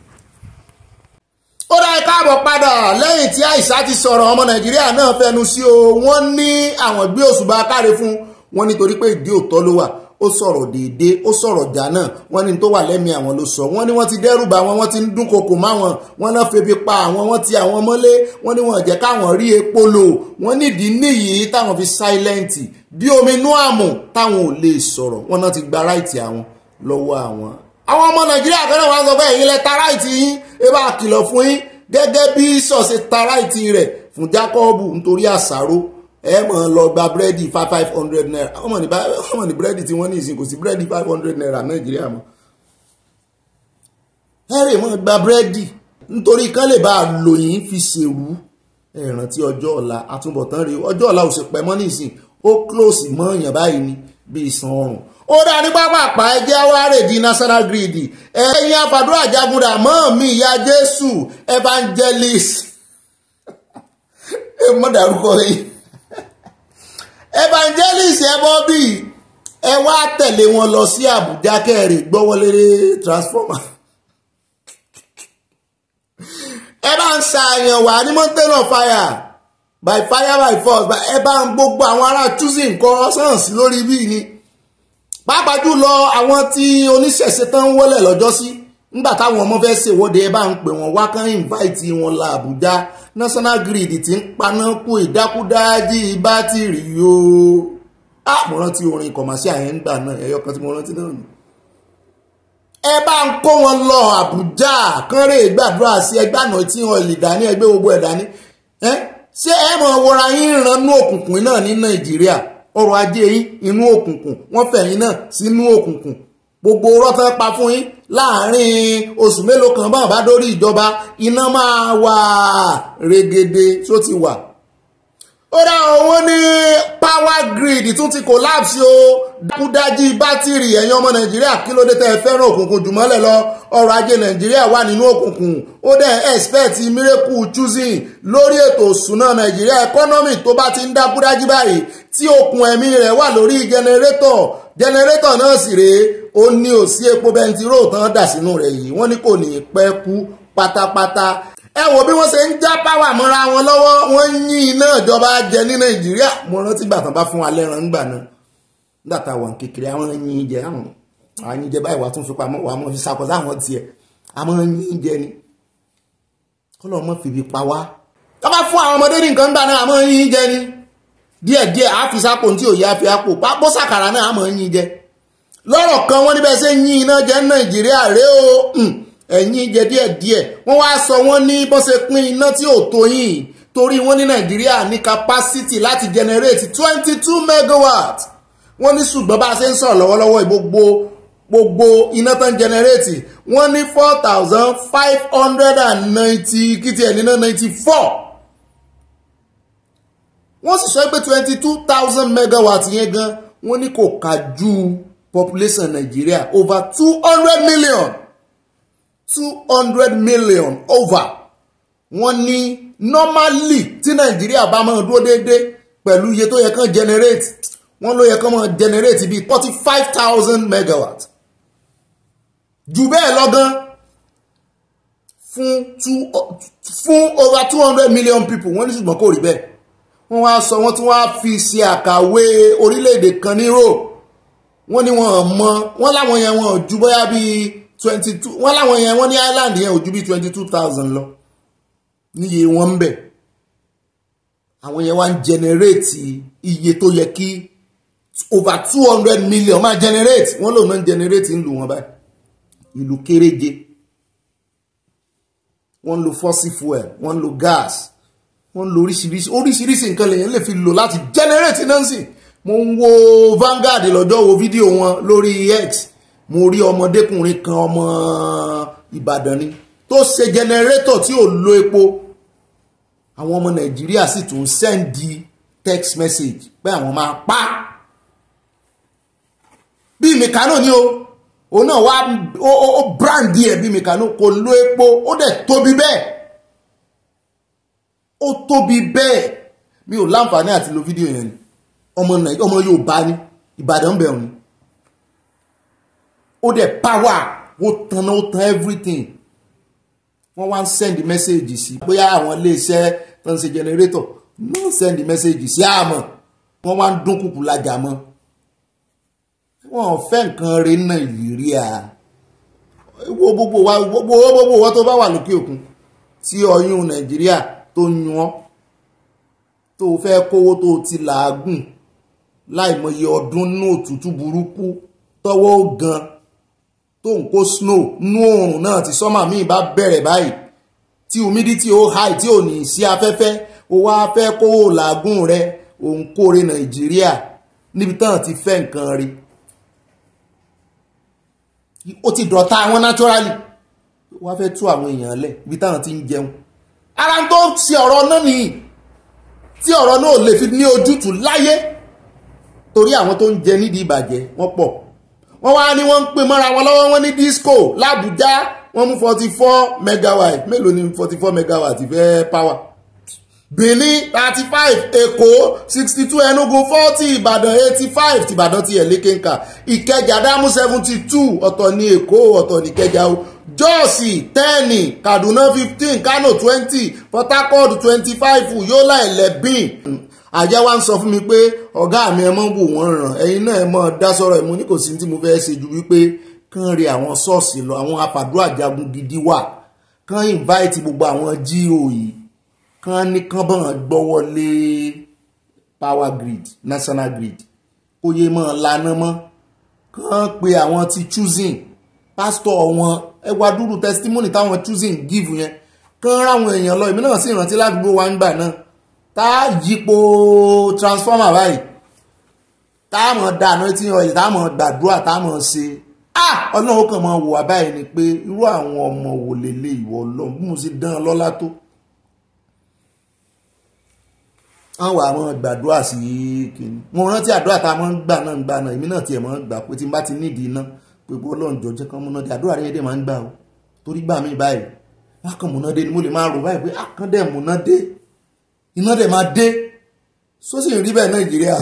ó dáa káàbọ̀ padà lẹ́yìn tí àìsà ti sọ̀rọ̀ ọmọ nàìjíríà náà fẹnu sí o wọ́n ní àwọn gbé òṣùbà káre fún wọn nítorí pé ìdí òótọ́ ló wà ó sọ̀rọ̀ déédéé ó sọ̀rọ̀ jánà wọ́n ní tó wà lẹ́mìí àwọn ló sọ wọ́n ní wọ́n ti dẹ́rùbà wọn wọ́n ti ń dúnkokò máwọn wọ́n náà febi pa àwọn wọ́n ti àwọn mọ́lé wọ́n ní wọ́n jẹ́ káwọn rí epo lò wọ́n nídìí níyìí táwọn fi sáílẹ́ǹtì bí omi inú àmù táwọn ò lè sọ̀rọ̀ wọ́n náà ti gba ráìtì àwọn lọ́wọ́ àwọn. àwọn ọmọ nàìjíríà kan wá sọ fún ẹ̀yin lẹ́ta ráìtì yín ẹ bá kìlọ̀ fún yín gẹ́gẹ́ bí Esau ṣe ta ráìtì rẹ̀ fún Jákọ́ọ̀bù nítorí àṣàrò ẹ mọ̀ lọ gba búrẹ́dì five five hundred naira ọmọ ní ọmọ ní búrẹ́dì tí wọ́n ní ìsìn kò sí búrẹ́dì five hundred naira Nàìjíríà mọ́ ẹ̀rẹ̀ mọ́ gba búrẹ́dì nítorí kán lè bá a lò yín fi ṣèrú ẹ̀rántí ọjọ́ ọ̀la àtúbọ̀tán rèé ọjọ́ ọ̀la ò sì pẹ́ mọ́ ní ìsìn ó close mọ́ èèyàn báyìí ni bí ìsan ọrùn ó dá ní pápápá ẹ jẹ́ wá rèdí national grid ẹ̀yin e afàdúrà jagunra mọ́ mi evangelis evangelis evangelist ẹ mọ́ dárúkọ wọn lọ sí àbújá kẹrì gbọ́wọ́lérè transformer ẹ bá ń ṣàyàn wà of fire by fire by force ebe bá gbogbo awọn ará túsí nǹkan lori sí pàápàá jùlọ àwọn tí oníṣẹ̀ṣe tán ń wọlé lọ́jọ́ sí nígbà táwọn ọmọ fẹ́ ṣèwọ́de ẹ bá ń pè wọ́n wá kán invite wọn la Àbújá National Grid ti ń paná kú ìdákúdájí bátìrì o mo rántí orin kọ̀másíà yẹn ń gbà náà ẹ̀yọ́ kan tí mo rántí náà nù ẹ bá ń kó wọn lọ Àbújá kánrè gbàdúrà sí ẹgbàna tí wọn lè dání ẹgbẹ́ gbogbo ẹ̀ dání ṣé ẹ mọ̀ wọra yín ranú òkùnkùn náà ní Nàìjíríà ọrọ̀ ajé yín inú òkùnkùn wọ́n fẹ̀yìn náà sínú òkùnkùn gbogbo rọ́tán pa fún yín láàrin oṣù mélòó kan bá bá dórí ìjọba iná máa wà règèdè tó ti wà ó dá wọn ní power grid tún ti collapse o dákúdájí bátìrì ẹ̀yin ọmọ nàìjíríà kí ló dé tẹ́ ẹ fẹ́ràn òkùnkùn jùmọ́lẹ̀ lọ ọrọ̀ ajé nàìjíríà wà nínú òkùnkùn ó dẹ̀ expect miracle choosing lórí ètò ìṣúná nàìjíríà economy tó bá ti ń dákúdájí báyìí tí okùn ẹ̀mí rẹ̀ wà lórí generator generator náà sì rèé ó ní òsí epo bẹntiróò tán dà sínú rẹ̀ yìí wọ́n ní kò ní pẹ́ kú pátápátá ẹ wò bí wọ́n ṣe ń já páwà mọ́ra wọn lọ́wọ́ wọ́n ń yín iná ìjọba jẹ ní nàìjíríà mo rántí gbàtàn bá fún wa lẹ́ran ńgbà náà nígbà tá a wà ní kékeré àwọn yín jẹ àwọn yín jẹ báyìí wà tún fi pamọ́ wà mọ́ fi ṣàkóso àwọn tiẹ̀ àwọn yín jẹ ni kọ́lọ́ mọ́ fìbí pa wá tó bá fún àwọn ọmọdé ní nǹkan gbà náà àwọn yín jẹ ni díẹ̀díẹ̀ á fi sápò tí òye á fi àpò pápó sàkàrà náà àwọn yín jẹ lọ́rọ̀ kan wọ́n níbẹ̀ ṣe yín iná jẹ nàìjíríà rèé o hmm ẹ̀yin jẹ díẹ̀díẹ̀ wọ́n wá sọ wọ́n ní bọ́n ṣe pín iná tí ò tó yìí torí wọ́n ní nàìjíríà ní capacity láti generate twenty two megawatt wọ́n ní ṣùgbọ́n bá a ṣe ń sọ̀rọ̀ lọ́wọ́lọ́wọ́ gbogbo gbogbo iná tán generate wọ́n ní four thousand five hundred and ninety kìtì ẹ̀ níná ninety four wọ́n sì sọ pé twenty two thousand megawatt yẹn gan wọ́n ní kò kájú population nàìjíríà over two hundred million two hundred million over wọ́n ní normally tí nàìjíríà bá máa dúró déédéé pẹ̀lú iye tó yẹ kán generate wọ́n ló yẹ kán máa generate bíi forty five thousand megawatt jù bẹ́ẹ̀ lọ fún two fún over two hundred million people wọ́n ní ṣùgbọ́n kò rí bẹ́ẹ̀ wọ́n wá sọ wọ́n tún wá fi ṣe àkàwé orílẹ̀-èdè kan ní rò wọ́n ní wọ́n mọ wọ́n láwọn yẹn wọ́n ju bóyá bíi twenty two wọ́n láwọn yẹn wọ́n ní island yẹn ò ju bí twenty two thousand lọ níye wọn ń bẹ̀ àwọn yẹn wá ń generate iye tó yẹ kí over two hundred million máa generate wọ́n lòun náà ń generate ń lù wọ́n báyìí ìlú kéréje wọ́n ń lo fossil fuel wọ́n ń lo gas wọ́n ń lo oríṣiríṣi oríṣiríṣi nǹkan lèyìn lè fi lò láti generate náà sí mo ń wo Vanguard lọ́jọ́ wo fídíò wọn lórí X mo rí ọmọdékùnrin kan ọmọ Ìbàdàn ni tó ṣe jẹnẹrétọ̀ tí ò lo epo àwọn ọmọ Nàìjíríà sì tún sẹ́ǹdì text message pé àwọn máa pa bí mẹkánò ni o òun náà wá ó brandi ẹ̀ bí mẹkánò kò lo epo ó dẹ̀ tóbi bẹ́ẹ̀ ó tóbi bẹ́ẹ̀ mi ò láǹfààní àti lo fídíò yẹn ni ọmọ Yorùbá ni Ìbàdàn bẹ̀rù ni ó dẹ̀ power ó tan náà ó tan everything wọ́n wá ń send message sí bóyá àwọn iléeṣẹ́ tó ń ṣe generator ló ń send message sí àmọ́ wọ́n wá ń dún kùkù lajà mọ́ wọn ò fẹ́ nǹkan rẹ̀ náà ìlérí à wo gbogbo wa gbogbo owó gbogbo owó tó bá wà lókè òkun tí ọyún nàìjíríà tó yún ọ́ tó fẹ́ kówó tó ti làágùn láìmọye ọdún ní òtútù burúkú tọwọ́ gan-an tó ń kó snow nú oòrùn náà tí sọ́mà míì bá bẹ̀rẹ̀ báyìí tí humidity ó high tí ò ní sí afẹ́fẹ́ ó wá fẹ́ kó o làágùn rẹ òun kóore nàìjíríà níbi tán ti fẹ́ nǹkan rí ó ti dọ̀tá àwọn naturally wá fẹ́ tú àwọn èèyàn lẹ̀ ibi táwọn ti ń jẹun ara ń tó ṣe ọ̀rọ̀ náà nìyí tí ọ̀rọ̀ náà lè fi ní ojútùú láyé torí àwọn tó ń jẹ nídìí ìbàjẹ́ wọ́n pọ̀ wọ́n wá ní wọ́n ń pè mọ́ra wọn lọ́wọ́ wọn ní disco làbújá wọ́n mú forty four megawatt mélòó ni forty four megawatt fẹ́ power benin thirty five èkó sixty two enugu forty ìbàdàn eighty five tìbàdàn ti ẹ̀lẹ́kẹ̀ ń kà ìkẹjà dámú seventy two ọ̀tọ̀ ní èkó ọ̀tọ̀ ní kẹjà o jọ́ọ̀sì tẹ́ẹ̀nì kaduna fifteen kano twenty port harcourt twenty five yọ́là ẹ̀lẹ́bìn àjá wa ń sọ fún mi pé ọ̀gá mi ẹ mọ́ wò wọ́n ràn ẹ̀yin náà ẹ mọ́ dá sọ̀rọ̀ ẹ̀ mo ní kò sí tí mo fẹ́ ṣe ju wípé kán rí àwọn ṣọ́ọ̀ṣì lọ àwọn apàdúrà jagun gidi wà kán invite gbogbo àwọn GO yìí kán ní kán bọ̀ gbọ́wọ́ lé power grid national grid kó yé mọ́ lana mọ́ kán pe àwọn ti choosing pásítọ̀ wọn ẹ wá dúró testimony táwọn choosing give yẹn kán ráwọn èèyàn lọ èmi náà sì rántí ládùúgbò wa ń gbà náà tá a yípo transformer báyìí tá a mọ̀ dànù tí ọyẹ tá a mọ̀ gbàdúrà tá a mọ̀ ṣe ọlọ́run kàn máa wò àbáyé ni pé irú àwọn ọmọ wò lélẹ̀ ìwọ ọlọ́run bí mo sì dán an lọ́lá tó wọ́n wà mọ́ gbàdúrà sí kìíní mo rántí àdúrà tá a mọ́ ń gbà náà ń gbà náà èmi náà tiẹ̀ mọ́ ń gbà pé tí n bá ti nídìí iná pé bó ọlọ́run jọ jẹ́ kán múná dé àdúrà rẹ̀ máa ń gbà o torí gbà mí báyìí wọ́n múná dé ni mo lè máa rò báyìí pé àkàndẹ̀ múná dé iná dẹ̀ máa dé sósì rí bẹ́ẹ̀ nàìjíríà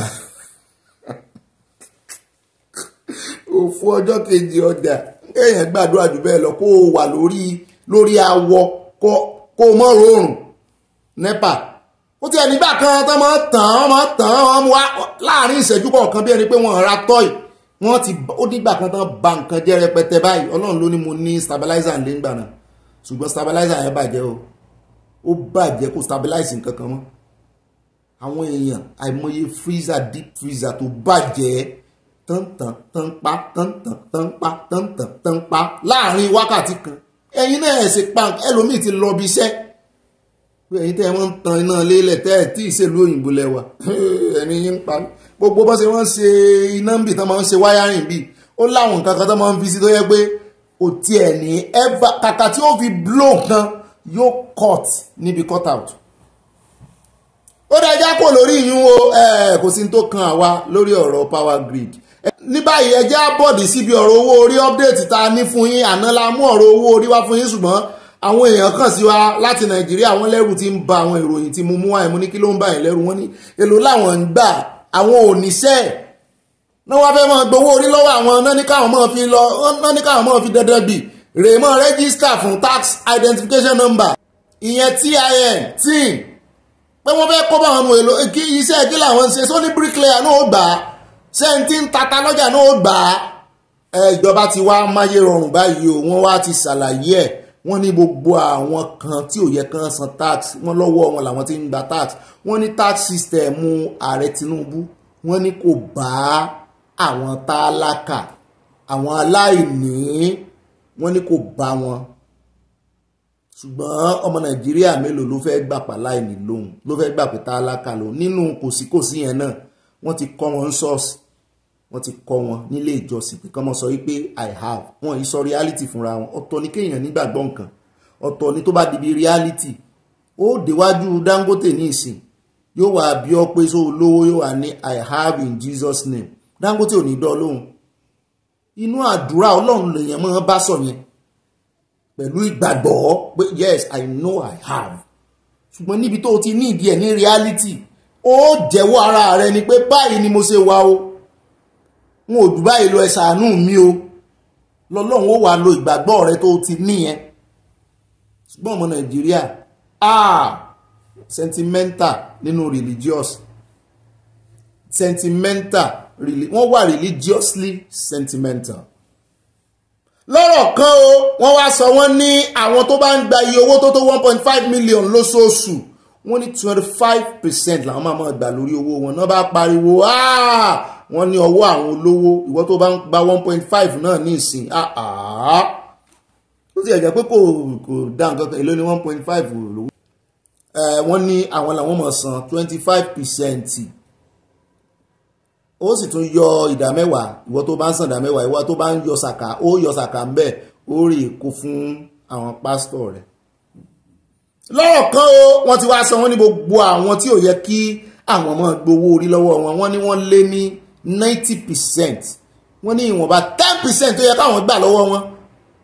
òfu ọjọ́ kejì ọjà kéèyàn gbàdúrà jù bẹ́ẹ̀ lọ kó o wà lórí lórí awọ kó o mọ̀ rọrùn nepa ó ti ẹ̀nígbà kan tán máa tàn án máa tàn án wọn wá láàrin ìṣẹ́jú kọ̀ọ̀kan bí ẹni pé wọ́n ra tọ́ì wọ́n ti ó dìgbà kan tán ba nǹkan jẹ́ rẹpẹtẹ báyìí ọlọ́run ló ní mo ní stabilizer ńlẹ́ ńgbà náà ṣùgbọ́n stabilizer yẹn bàjẹ́ o ó bàjẹ́ kò stabilize nǹkan kan mọ́ àwọn èèyàn àìmọye freezer deep freezer tó bàjẹ́ tọ̀ntàn tọ̀npa tọ̀ntàn tọ̀npa tọ̀ntàn tọ̀npa láàrin wákàtí kan ẹ̀yin náà ẹ̀ sì pa ẹlòmíì ti lọ bí iṣẹ́ pé ẹ̀yin tẹ́ ẹ wọ́n tan iná lélẹ̀ tẹ́ ẹ tí ìṣèlú òyìnbó lẹ́wà ẹni yín ń pa gbogbo bọ́n ṣe wọ́n ṣe iná ń bì tán máa ń ṣe wáyárìn bì ó láwọn nǹkan kan tán máa ń fi sí tó yẹ pé òtí ẹ̀ ní ẹ̀ bá kàkà tí ó fi blow kan yóò cut níbi cut out ó dájá kò lórí ìyún o kò sí tó kan àwa lórí ọ̀rọ̀ power grid ní báyìí ẹ jẹ́ àbọ̀dì síbi ọ̀rọ̀ owó orí update ta ní fún yín àná la mú ọ̀rọ̀ owó orí wá fún yín ṣùgbọ́n àwọn èèyàn kàn sí wa láti nàìjíríà wọ́n lẹ́rù ti ń ba àwọn ìròyìn tí mo mú wáyé mo ní kí ló ń bá yẹn lẹ́rù wọ́n ní èlò làwọn ń gbà àwọn oníṣẹ́ náà wá fẹ́ máa gbowó orí lọ́wọ́ àwọn náà ní káwọn máa fi lọ bì rèmọ́ rẹ́gísítà fún tax identification number ìyẹn tin tin pé wọ́n fẹ́ kó bá àwọn ọmọ èlò kí iṣẹ́ kí làwọn ṣe sóní bricklayer náà ó gbà á sẹ́ńtì ń tata lọ́jà náà ó gbà á ìjọba ti wá máyé rọrùn báyìí o wọ́n wá ti ṣàlàyé ẹ̀ wọ́n ní gbogbo àwọn kan tí ò yẹ kán san tax wọ́n lọ́wọ́ wọn làwọn ti ń gba tax wọ́n ní tax system ààrẹ Tinubu wọ́n ní kò bá àwọn tálákà àwọn aláìní wọ́n ní kò bá wọn ṣùgbọ́n ọmọ nàìjíríà mélòó ló fẹ́ẹ́ gbà pàláì ní lóhùn ló fẹ́ẹ́ gbà pé tálákà lòun nínú kòsíkòsí yẹn náà wọ́n ti kọ́ wọn ṣọ́ọ̀ṣì wọ́n ti kọ́ wọn nílé ìjọsìn pé kọ́mọ sọ wípé i have wọn yìí sọ reality fúnra wọn ọ̀tọ̀ ni kéèyàn nígbàgbọ́ nǹkan ọ̀tọ̀ ni tó bá di bí reality ó déwájú dangote ní ìsìn yóò wá bí ọ pé sóò lówó yóò wá ní i have in jesus name dangote ò ní dán lóhùn inú àdúrà ọlọ́run lèèyàn máa bá sọ yẹn pẹ̀lú ìgbàgbọ́ pé yes i know i have ṣùgbọ́n níbi tó o ti ní ìdí ẹ̀ ní reality ó jẹ́wọ́ ara rẹ ni pé báyìí ni mo ṣe wà o n ò jù báyìí lọ ẹ ṣàánú mi o lọ́lọ́run ó wà lo ìgbàgbọ́ rẹ tó o ti ní yẹn ṣùgbọ́n ọmọ nàìjíríà ah sentimental nínú religious sentimental wọ́n wà religiously sentimental lọ́rọ̀ kan o wọ́n wá sọ wọ́n ní àwọn tó bá ń gba iye owó tó tó one point five million lóṣooṣù wọ́n ní twenty five percent làwọn máa máa gbà lórí owó wọn náà bá pariwo ah! wọ́n ní ọwọ́ àwọn olówó ìwọ tó bá ń gba one point five náà ní ìsìn ah, ah! ó sì ẹ̀jẹ̀ pé kò kò dá nǹkan kan èló ní one point five wọ́n ní àwọn làwọn máa san twenty five percent ó sì tún yọ ìdá mẹ́wàá ìwọ tó bá ń san ìdá ìwọ tó bá ń yọ sàkà ó yọ sàkà ń bẹ̀ ó rí ìkó fún àwọn pásítọ̀ rẹ̀ lọ́rọ̀ kan o wọ́n ti wá san wọ́n ní gbogbo àwọn tí ò yẹ kí àwọn ọmọ gbowó orí lọ́wọ́ wọn wọ́n ní wọ́n lé ní ninety percent wọ́n ní ìwọ̀nba ten percent tó yẹ káwọn gbà lọ́wọ́ wọn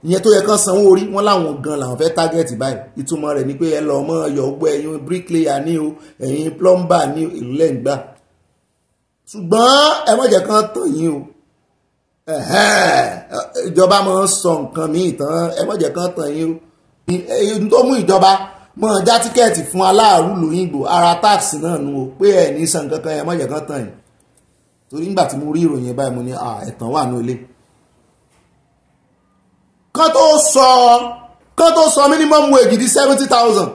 ìyẹn tó yẹ kán sanwó orí wọn láwọn gan làwọn fẹ́ tágẹ́ẹ̀tì báyìí ìtumọ̀ rẹ̀ ni pé ẹ lọ́ọ́ mọ́ ọyọ̀ gbọ́ ẹ̀yin bíríkìlẹ́yà ní o ẹ̀yin plọ́mbà ní ìlú lẹ́ǹgbà ṣùgbọ́n ẹ má jẹ́ kán tàn yín o ìjọba máa ń sọ nǹkan míì tán ẹ má jẹ́ tàn yín o èyí tó mú ìjọba máa já tíkẹ́ẹ̀tì fún aláàrú lóyìnbó ara táàsì náà nu o pé ẹ̀ ní san kankan ẹ má jẹ́ kán tàn yín torí nígbà tí mo rí ìròyìn báyìí mo ní ẹ̀tàn wà ní ilé kán tó sọ kán tó sọ minimum wage di seventy thousand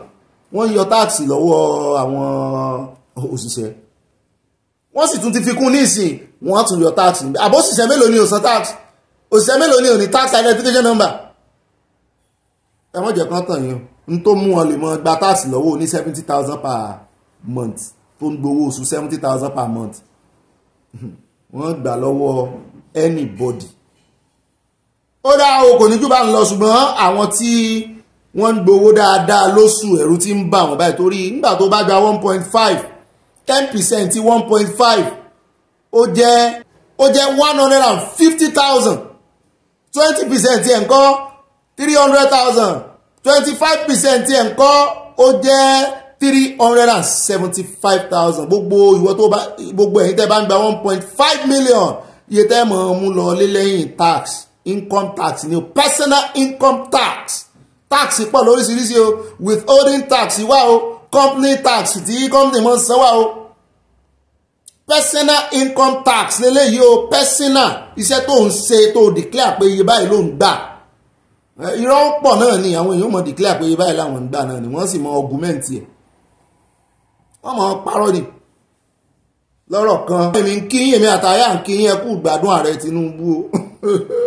wọ́n yọ táàsì lọ́wọ́ àwọn òṣìṣẹ́ wọ́n sì tún ti fi kún ní ìsìn wọ́n á tún yọ tax níbẹ̀ àbọ̀ òṣìṣẹ́ mélòó ni ò san tax òṣìṣẹ́ mélòó ni ò ní tax identification number ẹ wọ́n jẹ́ kán tàn yín n tó mú wọn lè mọ gba tax lọ́wọ́ ní seventy thousand per month tó ń gbowó oṣù seventy thousand per month wọ́n gbà lọ́wọ́ anybody ó dá o kò ní jù bá ń lọ ṣùgbọ́n àwọn tí wọ́n ń gbowó dáadáa lóṣù ẹ̀rù ti ń bà wọ́n báyìí torí nígbà tó bá gba one point five ten percent sí one point five ó jẹ́ ó jẹ́ one hundred and fifty thousand twenty percent ẹ̀ ń kọ́ three hundred thousand twenty five percent ẹ̀ ń kọ́ ó jẹ́ three hundred and seventy five thousand gbogbo ìwọ tó bá gbogbo ẹ̀yin tẹ́ bá ń gba one point five million iye tẹ́ mọ̀ ọ́n mú lọ lé lẹ́yìn tax income tax ni o personal income tax tax pọ̀ lóríṣiríṣi o withholding tax wà o. Wow company tax tí company mọ́ san wá o personal income tax lélẹ́yìí o personal iṣẹ́ tó ń ṣe tó declare pé iye báyìí ló ń gbà irọ́ pọ̀ náà ni àwọn èèyàn mọ̀ declare pé iye báyìí làwọn ń gbà náà ni wọ́n sì mọ ọgùmẹ́ǹtì ẹ̀ wọ́n mọ̀ parọ́ ni lọ́rọ̀ kan èmi ń kí èmi àtàyà ń kí ẹkú gbádùn ààrẹ Tinubu o.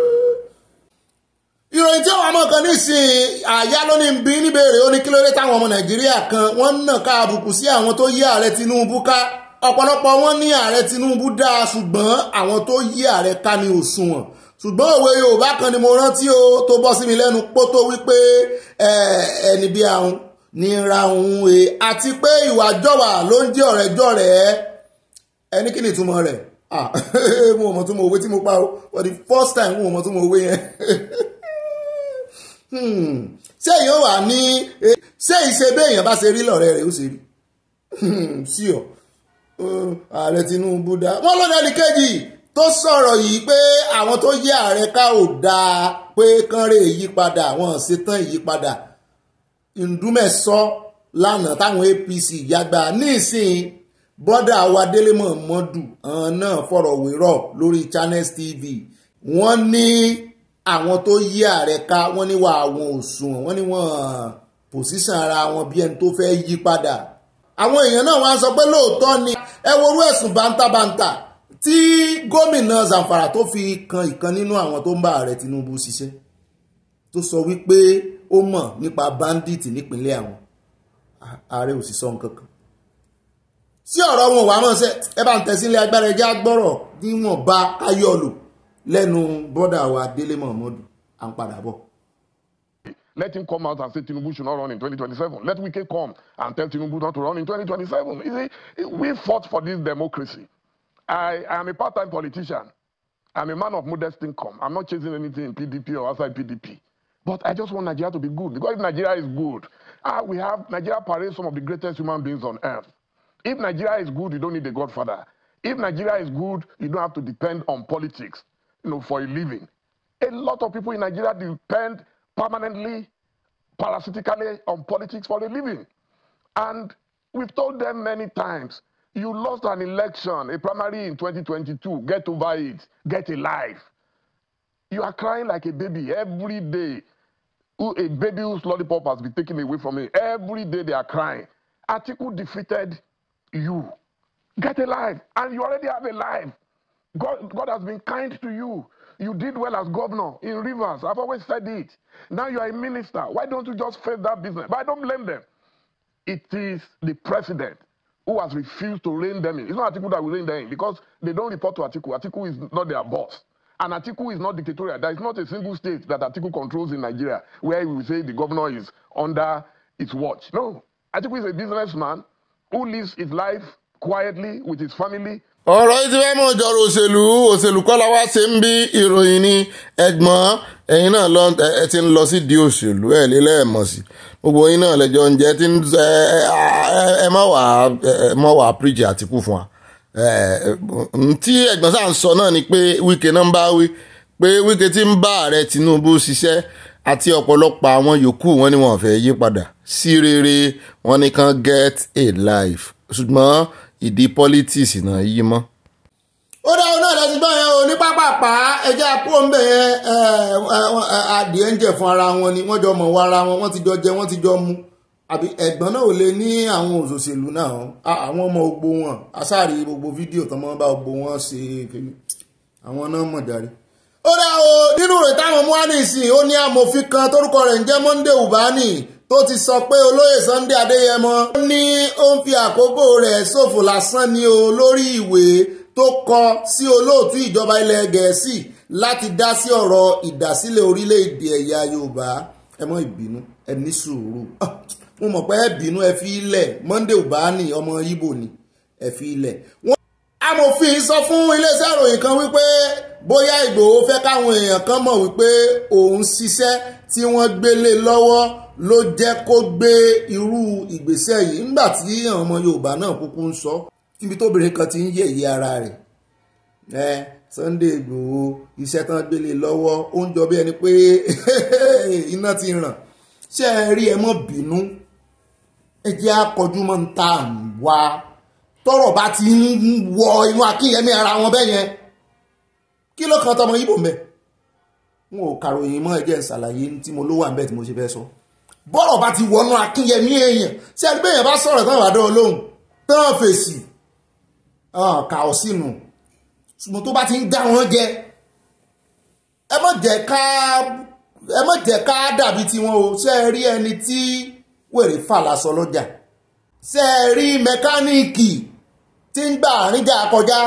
ìròyìn tí àwọn ọmọ kan nísìn àyá ló ní bí níbèrè ó ní kí ló dé táwọn ọmọ nàìjíríà kan wọ́n ń nàka àbùkù sí àwọn tó yí ààrẹ tinubu ká ọ̀pọ̀lọpọ̀ wọn ní ààrẹ tinubu dáa ṣùgbọ́n àwọn tó yí ààrẹ ká ní òṣùwọ̀n ṣùgbọ́n òwe yorùbá kan ni mo rántí o tó bọ́ sí mi lẹ́nu pótó wípé ẹni bí ahun ní ra òun e àti pé ìwà jọ̀wà ló ń jẹ́ ọ̀rẹ́ jọ̀rẹ́ ẹni kí ni ìtumọ̀ rẹ̀ ah mo mọ̀ tó mo òwe tí mo pa o for the first time mo mọ̀ tó mo òwe yẹn Hmm. ṣé èèyàn wà ní ṣé ìṣe béèyàn bá ṣe rí lọ́rẹ́ rẹ̀ ó ṣe rí hmm, sí ọ ààrẹ Tinubu dá wọn lọ́dọ̀ ní kejì tó sọ̀rọ̀ yìí pé àwọn tó yẹ ààrẹ ká ò dáa pé kánrè yípadà wọn ṣetán ìyípadà ndúmẹ̀sọ lánàá táwọn APC yàgbà nísìnyí bọ́dà wa Délé Mọ̀mọ́dù àwọn náà fọ̀rọ̀ wérọ̀ lórí Channels TV wọ́n ní. Ni àwọn tó yí ààrẹ ká wọ́n ní wà àwọn òṣùwọ̀n wọ́n ní wọ́n pòsíṣàn ara wọn bí ẹni tó fẹ́ yí padà àwọn èèyàn náà wọ́n á sọ pé lóòótọ́ ni ẹ worú ẹ̀sùn bántabanta tí gómìnà Zamfara tó fi kan ìkan nínú àwọn tó ń bá ààrẹ Tinubu ṣiṣẹ́ tó sọ wípé ó mọ̀ nípa bandit nípínlẹ̀ àwọn ààrẹ ò sì sọ nǹkan kan sí ọ̀rọ̀ wọn wà mọ̀ ṣe ẹ bá ń tẹ̀sílẹ̀ agbára ẹjẹ́ agbọ́rọ̀ níwọ̀nba káyọ̀ lẹ́nu bọ́dà wa délé mọ̀mọ́dù à ń padà bọ̀. Let him come out and say Tinubu should not run in 2027. Let Wike come and tell Tinubu not to run in 2027. You see, we fought for this democracy. I am a part-time politician. I am a man of modest income. I am not chasing anything in PDP or outside PDP. But I just want Nigeria to be good. Because if Nigeria is good, ah, we have Nigeria parades some of the greatest human beings on earth. If Nigeria is good, you don't need a godfather. If Nigeria is good, you don't have to depend on politics you know, for a living. A lot of people in Nigeria depend permanently, parasitically on politics for a living. And we've told them many times, you lost an election, a primary in 2022, get over it, get a life. You are crying like a baby every day. A baby whose lollipop has been taken away from him. Every day they are crying. Atiku defeated you. Get a life. And you already have a life. God, God has been kind to you. You did well as governor in Rivers. I've always said it. Now you are a minister. Why don't you just face that business? But I don't blame them. It is the president who has refused to rein them in. It's not Atiku that will rein them in because they don't report to Atiku. Atiku is not their boss. And Atiku is not dictatorial. There is not a single state that Atiku controls in Nigeria where we say the governor is under his watch. No. Atiku is a businessman who lives his life quietly with his family ọ̀rọ̀ yìí ti fẹ́ mọ̀ jọ̀rọ̀ òṣèlú òṣèlú kọ́lá wá ṣe ń bí ìròyìn ní ẹgbọ́n ẹ̀yin náà lọ ẹ ti ń lọ sí di òṣèlú ẹ̀ lílẹ̀ mọ̀ sí gbogbo yín náà lẹ́jọ́ ń jẹ́ ti ń ẹ mọ̀ wá ẹ mọ̀ wá píríjì àtìkù fún wa. tí ẹ̀gbọ́n sáà ń sọ náà ni pé Wíkẹ́ náà ń bá wí pé Wíkẹ́ tí ń bá ààrẹ Tinubu ṣiṣẹ́ àti ọ̀pọ̀lọpọ̀ àwọn yòókù wọn ni wọ́n fẹ́ yí padà sí rere wọn ni kan get a life ṣùgbọ́n ìdí politics náà yí mọ́. ó dáhùn náà lẹ́sìn gbọ́ yẹn o ní pápápá ẹja kó ń bẹ̀ adìẹ ń jẹ fún ara wọn ni wọ́n jọ mọ̀ wọ ara wọn wọ́n ti jọ jẹ wọ́n ti jọ mu àbí ẹ̀gbọ́n náà ò lè ní àwọn òṣòṣèlú náà àwọn ọmọ gbogbo wọn asáàrí gbogbo fídíò tó máa bá gbogbo wọn ṣe àwọn náà mọ̀ dárí. ó dá o nínú rẹ̀ táwọn mú wá nísìnyí ó ní amòfin kan tórúkọ rẹ̀ ń jẹ́ Monday Ubani tó ti sọ pé olóyè Sunday Adéyẹmọ ní ó ń fi àkókò rẹ̀ ṣòfò lásán ni o lórí ìwé tó kọ sí olóòtú ìjọba ilẹ̀ gẹ̀ẹ́sì láti dá sí ọ̀rọ̀ ìdásílẹ̀ orílẹ̀-èdè ẹ̀yà Yorùbá ẹ mọ́ ìbínú ẹ ní sùúrù ah, mo mọ̀ pé ẹ bínú ẹ fi ilẹ̀ Monday Ubani ọmọ Ìgbò ni ẹ fi ilẹ̀. amòfin sọ fún iléeṣẹ́ ìròyìn kan wípé bóyá Ìgbòho fẹ́ káwọn èèyàn kan mọ̀ wípé òun ṣiṣẹ́ tí wọ́n gbélé lọ́wọ́ ló jẹ́ kó gbé irú ìgbésẹ̀ yìí nígbà tí àwọn ọmọ Yorùbá náà kúkú ń sọ níbi tóbìnrin kan ti ń yẹ̀yẹ́ ara rẹ̀ ẹ Sunday Igboho iṣẹ́ tán gbélé lọ́wọ́ ó ń jọ bí ẹni pé iná ti ràn ṣé ẹ rí ẹ mọ́ bínú ẹ jẹ́ àkọjú mọ́ ń ta wá tọ́rọ̀ bá ti ń wọ inú akínyẹmí ara wọn bẹ́ẹ̀ yẹn kí ló kan tọmọ yìí bò mẹ́ wọn ò kàròyìn mọ́ ẹ jẹ́ ń ṣàlàyé tí mo ló wà ń bẹ́ẹ̀ tí mo ṣe fẹ́ sọ. So bọ́rọ̀ bá ti wọnú akínyẹmí èèyàn tí ẹni bẹ́ẹ̀ yẹn bá sọ̀rọ̀ tán ìwádọ́ olóhùn tán fèsì kà ó sínú ṣùgbọ́n tó bá ti ń dá wọn jẹ ẹ má jẹ́ ká ẹ má jẹ́ ká dàbí tiwọn o ṣe é rí ẹni tí wèrè fà lásọ lọ́jà ṣe é rí mẹkáníìkì tí ń gbà àríjà kọjá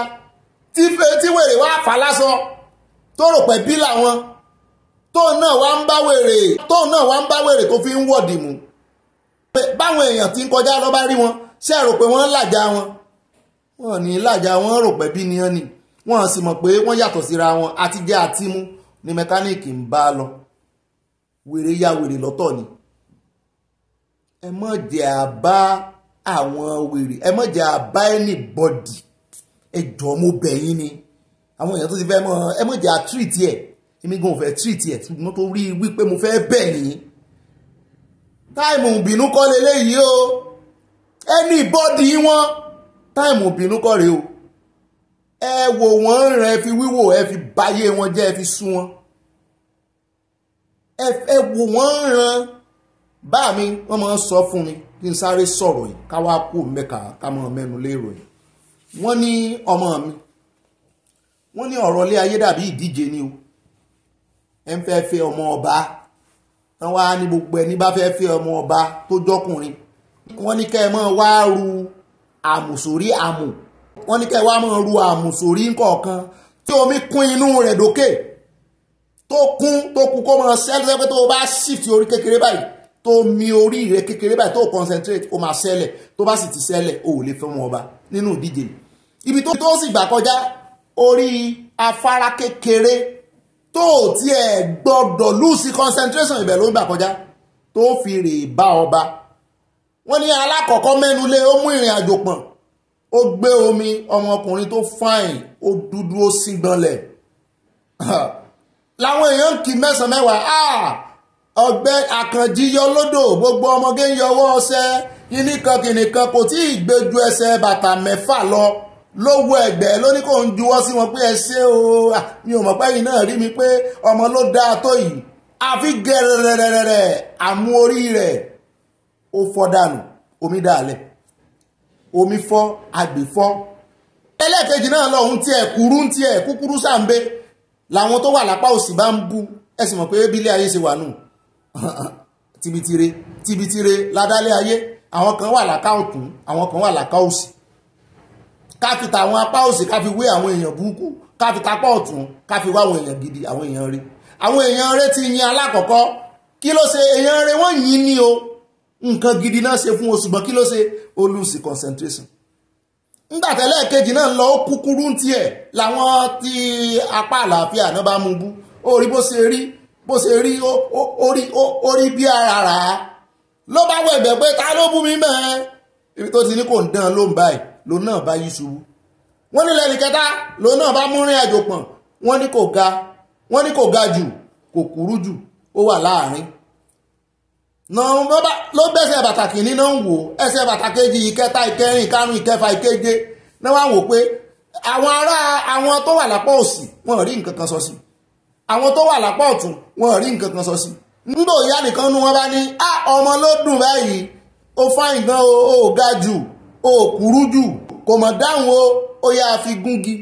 tí wèrè wá fà lásọ tó rò pẹ́ bí làwọn tóun náà wá ń bá wèrè tóun náà wá ń bá wèrè tó fi ń wọ̀dì mú báwọn èèyàn ti ń kọjá lọ bá rí wọn ṣe rò pé wọ́n làjà wọn wọn ní làjà wọn rò pé bí ni wọn ni wọn sì mọ̀ pé wọ́n yàtọ̀ síra wọn àti jẹ́ àti mú ni mẹkáníìkì ń bá lọ wèrè ya wèrè lọ́tọ̀ ni ẹ mọ̀ jẹ́ àbá àwọn wèrè ẹ mọ̀ jẹ́ àbá anybody ẹ jọ̀ọ́ mo bẹ̀ ni àwọn èèyàn tó ti fẹ́ mọ̀ ẹ mọ̀ jẹ́ àtúìtì ẹ̀ èmi gan ò fẹ́ treat ẹ̀ mo tó rí wípé mo fẹ́ bẹ̀ yín táìmù ìbínú kọ́ leléyìí o ẹni bọ́dì wọn táìmù ìbínú kọ́ rèé o ẹ wò wọ́n rẹ̀ ẹ fi wíwò ẹ fi báyé wọn jẹ́ ẹ fi sún wọn ẹ wò wọ́n ràn bá mi wọ́n máa ń sọ fún mi kí n sáré sọ̀rọ̀ yìí ká wá kó mẹ́ka ká máa mẹ́nu lérò yìí wọ́n ní ọmọ mi wọ́n ní ọ̀rọ̀ ilé ayé dàbí ìdíje ni o ẹ ń fẹ́ fẹ́ ọmọ ọba wọ́n wá ní gbogbo ẹni bá fẹ́ fẹ́ ọmọ ọba tó jọkùnrin wọ́n ní kẹ́ ẹ máa wá ru àmùsórí àmù wọ́n ní kẹ́ ẹ wá máa ru àmùsórí kọ̀ọ̀kan tí omi kún inú rẹ̀ dókè tó kún tó kún kó máa ṣẹlẹ̀ pé tó o bá ṣìfì orí kékeré báyìí tó mi orí rẹ̀ kékeré báyìí tó o concentrate ó máa ṣẹlẹ̀ tó bá sì ti ṣẹlẹ̀ o ò lè fẹ́ ọmọ ọba nínú ìdíje ibi tó sì gbà kọjá orí afárá kékeré tó o tiẹ̀ gbọ́dọ̀ lùsí concentration ibẹ̀ ló ń gbà kọjá tó fi rè bá ọba wọ́n ní alákọ̀ọ́kọ́ mẹ́nulé ó mú ìrìn àjò pọ̀n ó gbé omi ọmọkùnrin tó fine ó dúdú ó sì gbọ́nlẹ̀ làwọn èèyàn ń kí mẹ́sàn-án mẹ́wàá ah! ọgbẹ́ àkànjì yọ lódò gbogbo ọmọge ń yọwọ́ ọsẹ kíníkan kíníkan kò tí ì gbé ju bàtà mẹ́fà lọ ló wo ẹgbẹ́ ló ní kó ń juwọ́ sí wọn pé ẹ ṣe o mi ò mọ̀ pẹ́yìn náà rí mi pé ọmọ ló dáa tó yìí àfi gẹ̀rẹ̀rẹ̀rẹ̀ àmú orí rẹ̀ ó fọ́ dànù omi dàlẹ̀ omi fọ́ agbè fọ́ ẹlẹ́ẹ̀kejì náà lọ́hùn tiẹ̀ kúrú ń tiẹ̀ kúkúrú sàǹbẹ làwọn tó wà lápá òsì bá ń bú ẹ sì mọ̀ pé bílé ayé ṣe wà nù tibitire tibitire ládàlẹ́ ayé àwọn kan wà láká ọ̀tún àwọn kan wà láká òsì ká fi tàwọn apá òsì ká fi wé àwọn èèyàn burúkú ká fi tapá ọ̀tún ká fi wá àwọn èèyàn gidi àwọn èèyàn rẹ̀ àwọn èèyàn rẹ̀ ti yin alákọ̀ọ́kọ́ kí ló ṣe èèyàn rẹ̀ wọ́n yin ni o nǹkan gidi náà ṣe fún oṣù ṣùgbọ́n kí ló ṣe ó lùsì concentration nígbà tẹ́lẹ̀ kejì náà lọ ó kúkúrú tiẹ̀ làwọn ti apá àlàáfíà náà bá mú bú ó rí bó ṣe rí bó ṣe rí ó rí bí ara rà á ló bá wọ ẹ̀bẹ̀ pé ta ló bú mi mẹ́ ibi tó ti ní kò ń dán ló báyìí lòun náà bá yí ṣubú wọ́n ní lẹ́nu kẹta lòun náà bá mú rìn àjò pọ̀n wọ́n ní kò ga wọ́n ní kò ga jù kò kúrú jù ó wà láàrin ló bẹ́sẹ̀ bàtà kìíní náà ń wò ẹsẹ̀ bàtà kejì ìkẹta ìkẹrin ìkarùn ìkẹfà ìkeje náà wà wò pé àwọn ará àwọn tó wà lápá òsì wọn rí nǹkan kan sọ sí àwọn tó wà lápá ọ̀tún wọn rí nǹkan kan sọ sí nígbò ìyá nìkan nu wọn bá ní ah, ọmọ ló dùn báyìí ó fáìn gan o ó ga jù òkúrú jù kò mọ̀ dáhùn o ó yá a fi gúngi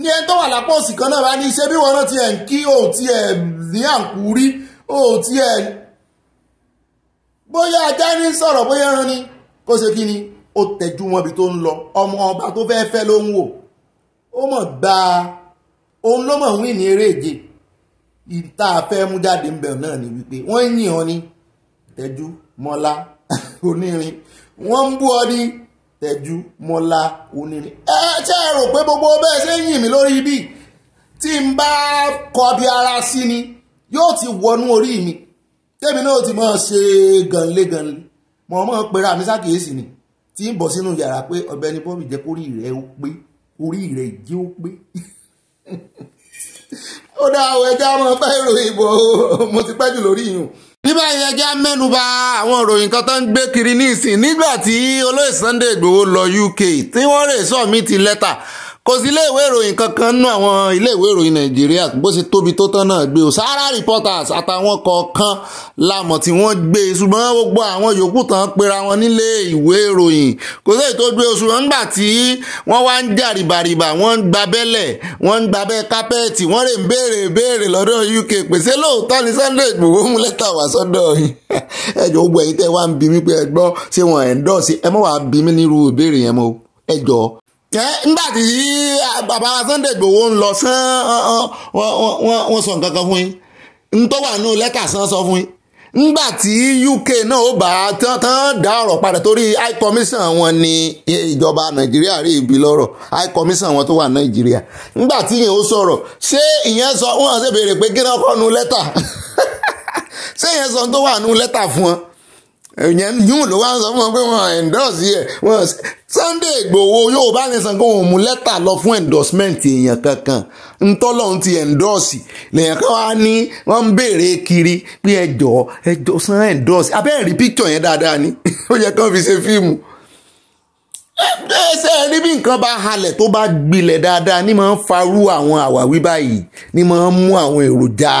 ní ẹni tó wà lápò òsì kan náà bá ní ṣé bí wọn náà tiẹ̀ ń kí o tiẹ̀ ní àǹkú rí o tiẹ̀ bóyá ajá ní sọ̀rọ̀ bóyá ẹran ni kó ṣe kí ni ó tẹjú wọn ibi tó ń lọ ọmọ ọba tó fẹ́ fẹ́ ló ń wò ó mọ̀ gba òun ló mọ̀ wí ní eré ìta fẹ́ mú jáde ń bẹ̀rù náà ni wípé wọ́n yìn ọ́ ní tẹ́jú mọ́lá onírin wọ́n ń bú ọ ní tẹ̀jú mọ́lá onírin ẹ ṣe é rò pé gbogbo bẹ́ẹ̀ ṣe ń yìn mí lórí ibi tí n bá kọbi ara sí ni yóò ti wọnú orí mi tẹ́mi náà ti máa ṣe gànlégànlé mọ̀ mọ́ pera mi sákèésì ni tí ń bọ̀ sínú yàrá pé ọ̀gbẹ́ni Bobby jẹ́ kórì rẹ̀ ó pé orí rẹ̀ jẹ́ ó pé ó dáa ẹja mọ́ pẹ́ ìròyìn mo ti pẹ́ jù lórí yìí o bíbá yẹ jẹ́ mẹ́nuba àwọn ìròyìn kan tó ń gbé kiri ní ìsìn nígbà tí olóyè Sunday Igboho lọ UK tí wọ́n rè sọ̀mí ti lẹ́tà kò sí ilé ìwé ìròyìn kankan nínú àwọn ilé ìwé ìròyìn nàìjíríà bó ṣe tóbi tó tán náà gbé o Sahara Reporters àtàwọn kọ̀ọ̀kan lámọ̀ tí wọ́n gbé e ṣùgbọ́n gbogbo àwọn yòókù tán pera wọn nílé ìwé ìròyìn kò sí èyí tó gbé o ṣùgbọ́n nígbà tí wọ́n wá ń jà rìbàrìbà wọ́n ń gba bẹ́lẹ̀ wọ́n ń gba bẹ́ẹ̀ kápẹ́ẹ̀tì wọ́n rè ń béèrè béèrè lọ́dọ̀ UK pèsè lóòótọ́ ni Sunday Igboho mú lẹ́tà wá sọ́dọ̀ yìí ẹ̀jọ̀ gbogbo ẹ̀yin tẹ́ wá ń bí mi pé ẹ nígbà tí bàbá Sunday Igboho ń lọ sán wọ́n sọ nǹkan kan fún yín n tó wà nínú lẹ́tà sán sọ fún yín nígbà tí UK náà ó bá tán tán dá ọ̀rọ̀ padà torí high commission wọn ní ìjọba Nàìjíríà rí ibi lọ́rọ̀ high commission wọn tó wà Nàìjíríà nígbà tí yẹn ó sọ̀rọ̀ ṣé ìyẹn sọ wọ́n ṣe béèrè pé kí náà kọ́ nu lẹ́tà ṣé ìyẹn sọ tó wà nínú lẹ́tà fún wọn ìyẹn yún ló wá ń sọ fún wọn pé wọn endorse yẹ wọn Sunday Igboho yóò bá ní san kó wọn mú lẹ́tà lọ fún endorsement èèyàn kankan ntọ́lọ́hún ti endorse lèèyàn kan wá ní wọ́n ń béèrè kiri pé ẹjọ́ ẹjọ́ san endorse abẹ́rẹ́ rí picture yẹn dáadáa ni ó yẹ kí wọ́n fi ṣe fíìmù ẹsẹ̀ rí bí nǹkan bá halẹ̀ tó bá gbilẹ̀ dáadáa ní máa ń farú àwọn àwàwí báyìí ní máa ń mú àwọn èròjà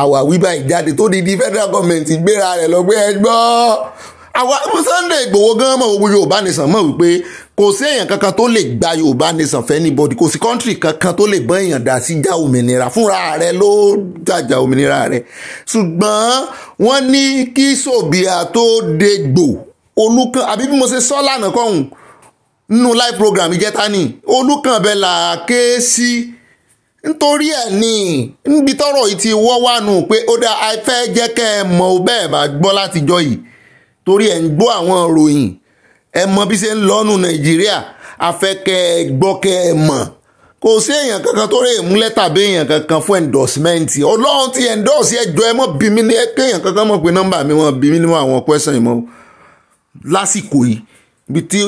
àwàwí báyìí jáde tó di di federal government gbéra rẹ̀ lọ pé àwa Sunday Ìgbòho gan mọ̀ gbogbo Yorùbá nìsàn mọ̀ wípé kò sí èèyàn kankan tó lè gba Yorùbá nìsàn fẹ́ níbọ̀dì kò sí kọ́ńtìrì kankan tó lè bọ́ èèyàn dà sí ìjà òmìnira fúnra rẹ̀ ló jàjà òmìnira rẹ̀ ṣùgbọ́n wọ́n ní kí Sòbìà tó dégbò olùkọ́ àbí bí mo ṣe sọ́ lánàá kọ́hún nínú live program ìjẹta ni olùkànbẹ là ké sí nítorí ẹ̀ ní níbi tọ́rọ̀ yìí ti wọ́ wà nù pé ó dá a fẹ́ jẹ́ kẹ́ ẹ mọ̀ ó bẹ́ẹ̀ bá gbọ́ látijọ́ yìí torí ẹ̀ ń gbọ́ àwọn ìròyìn ẹ mọ̀ bí ṣe ń lọ́nu nàìjíríà afẹ́kẹ́ gbọ́kẹ́ ẹ mọ̀ kò sí èèyàn kankan tó rè múlẹ̀ tàbí èèyàn kankan fún endorsement ọlọ́run ti endorse ẹjọ́ ẹ mọ̀ bí mi ní kéèyàn kankan mọ̀ pé nọ́mbà mi wọ́n bí mi ní àwọn question yìí lásìkò yìí bí tí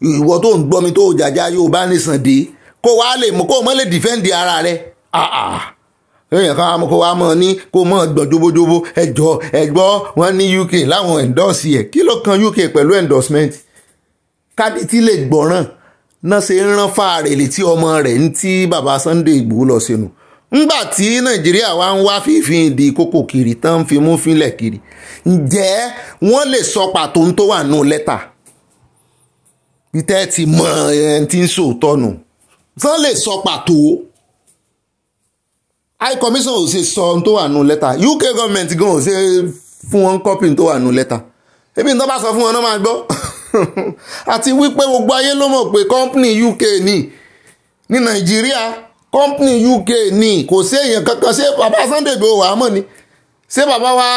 ìwọ tó ń gbọ́ mi tó jàjà yóò bá nìsàn dé kó wá lè mú kó mọ́ lè dìfẹ́ǹdì ara rẹ̀ ah, ah. èèyàn kan kó wá mọ̀ ní kó mọ̀ gbọ̀n jóbójóbó ẹ̀jọ̀ ẹ̀gbọ́ wọn ní UK láwọn endorse ẹ̀ kí ló kan UK pẹ̀lú endorsement kábí tí lè gbọ́ràn náà ṣe ń rán fáàrè létí ọmọ rẹ̀ ní tí bàbá Sunday Ìgbòho lọ sínú ńgbà tí nàìjíríà wa ń wá fífin di kókò kiri tán fi mú fínlẹ̀ kiri ǹjẹ́ wọ́n lè sọ pàtó ń tó wà nù lẹ́tà bí tẹ́ ẹ ti mọ ẹni tí ń sòótọ́ nù sàn lè sọ pàtó high commission ò ṣe sọ ohun tó wà nù lẹ́tà UK government gan ò ṣe fún wọn copy tó wà nù lẹ́tà ebi ní tó bá sọ fún wọn náà máa gbọ́ àti wípé gbogbo ayé ló mọ̀ pé company UK ni ní Nàìjíríà company UK ni kò sí èèyàn kankan ṣé bàbá Sunday Igboho wàá mọ̀ ni ṣé bàbá wa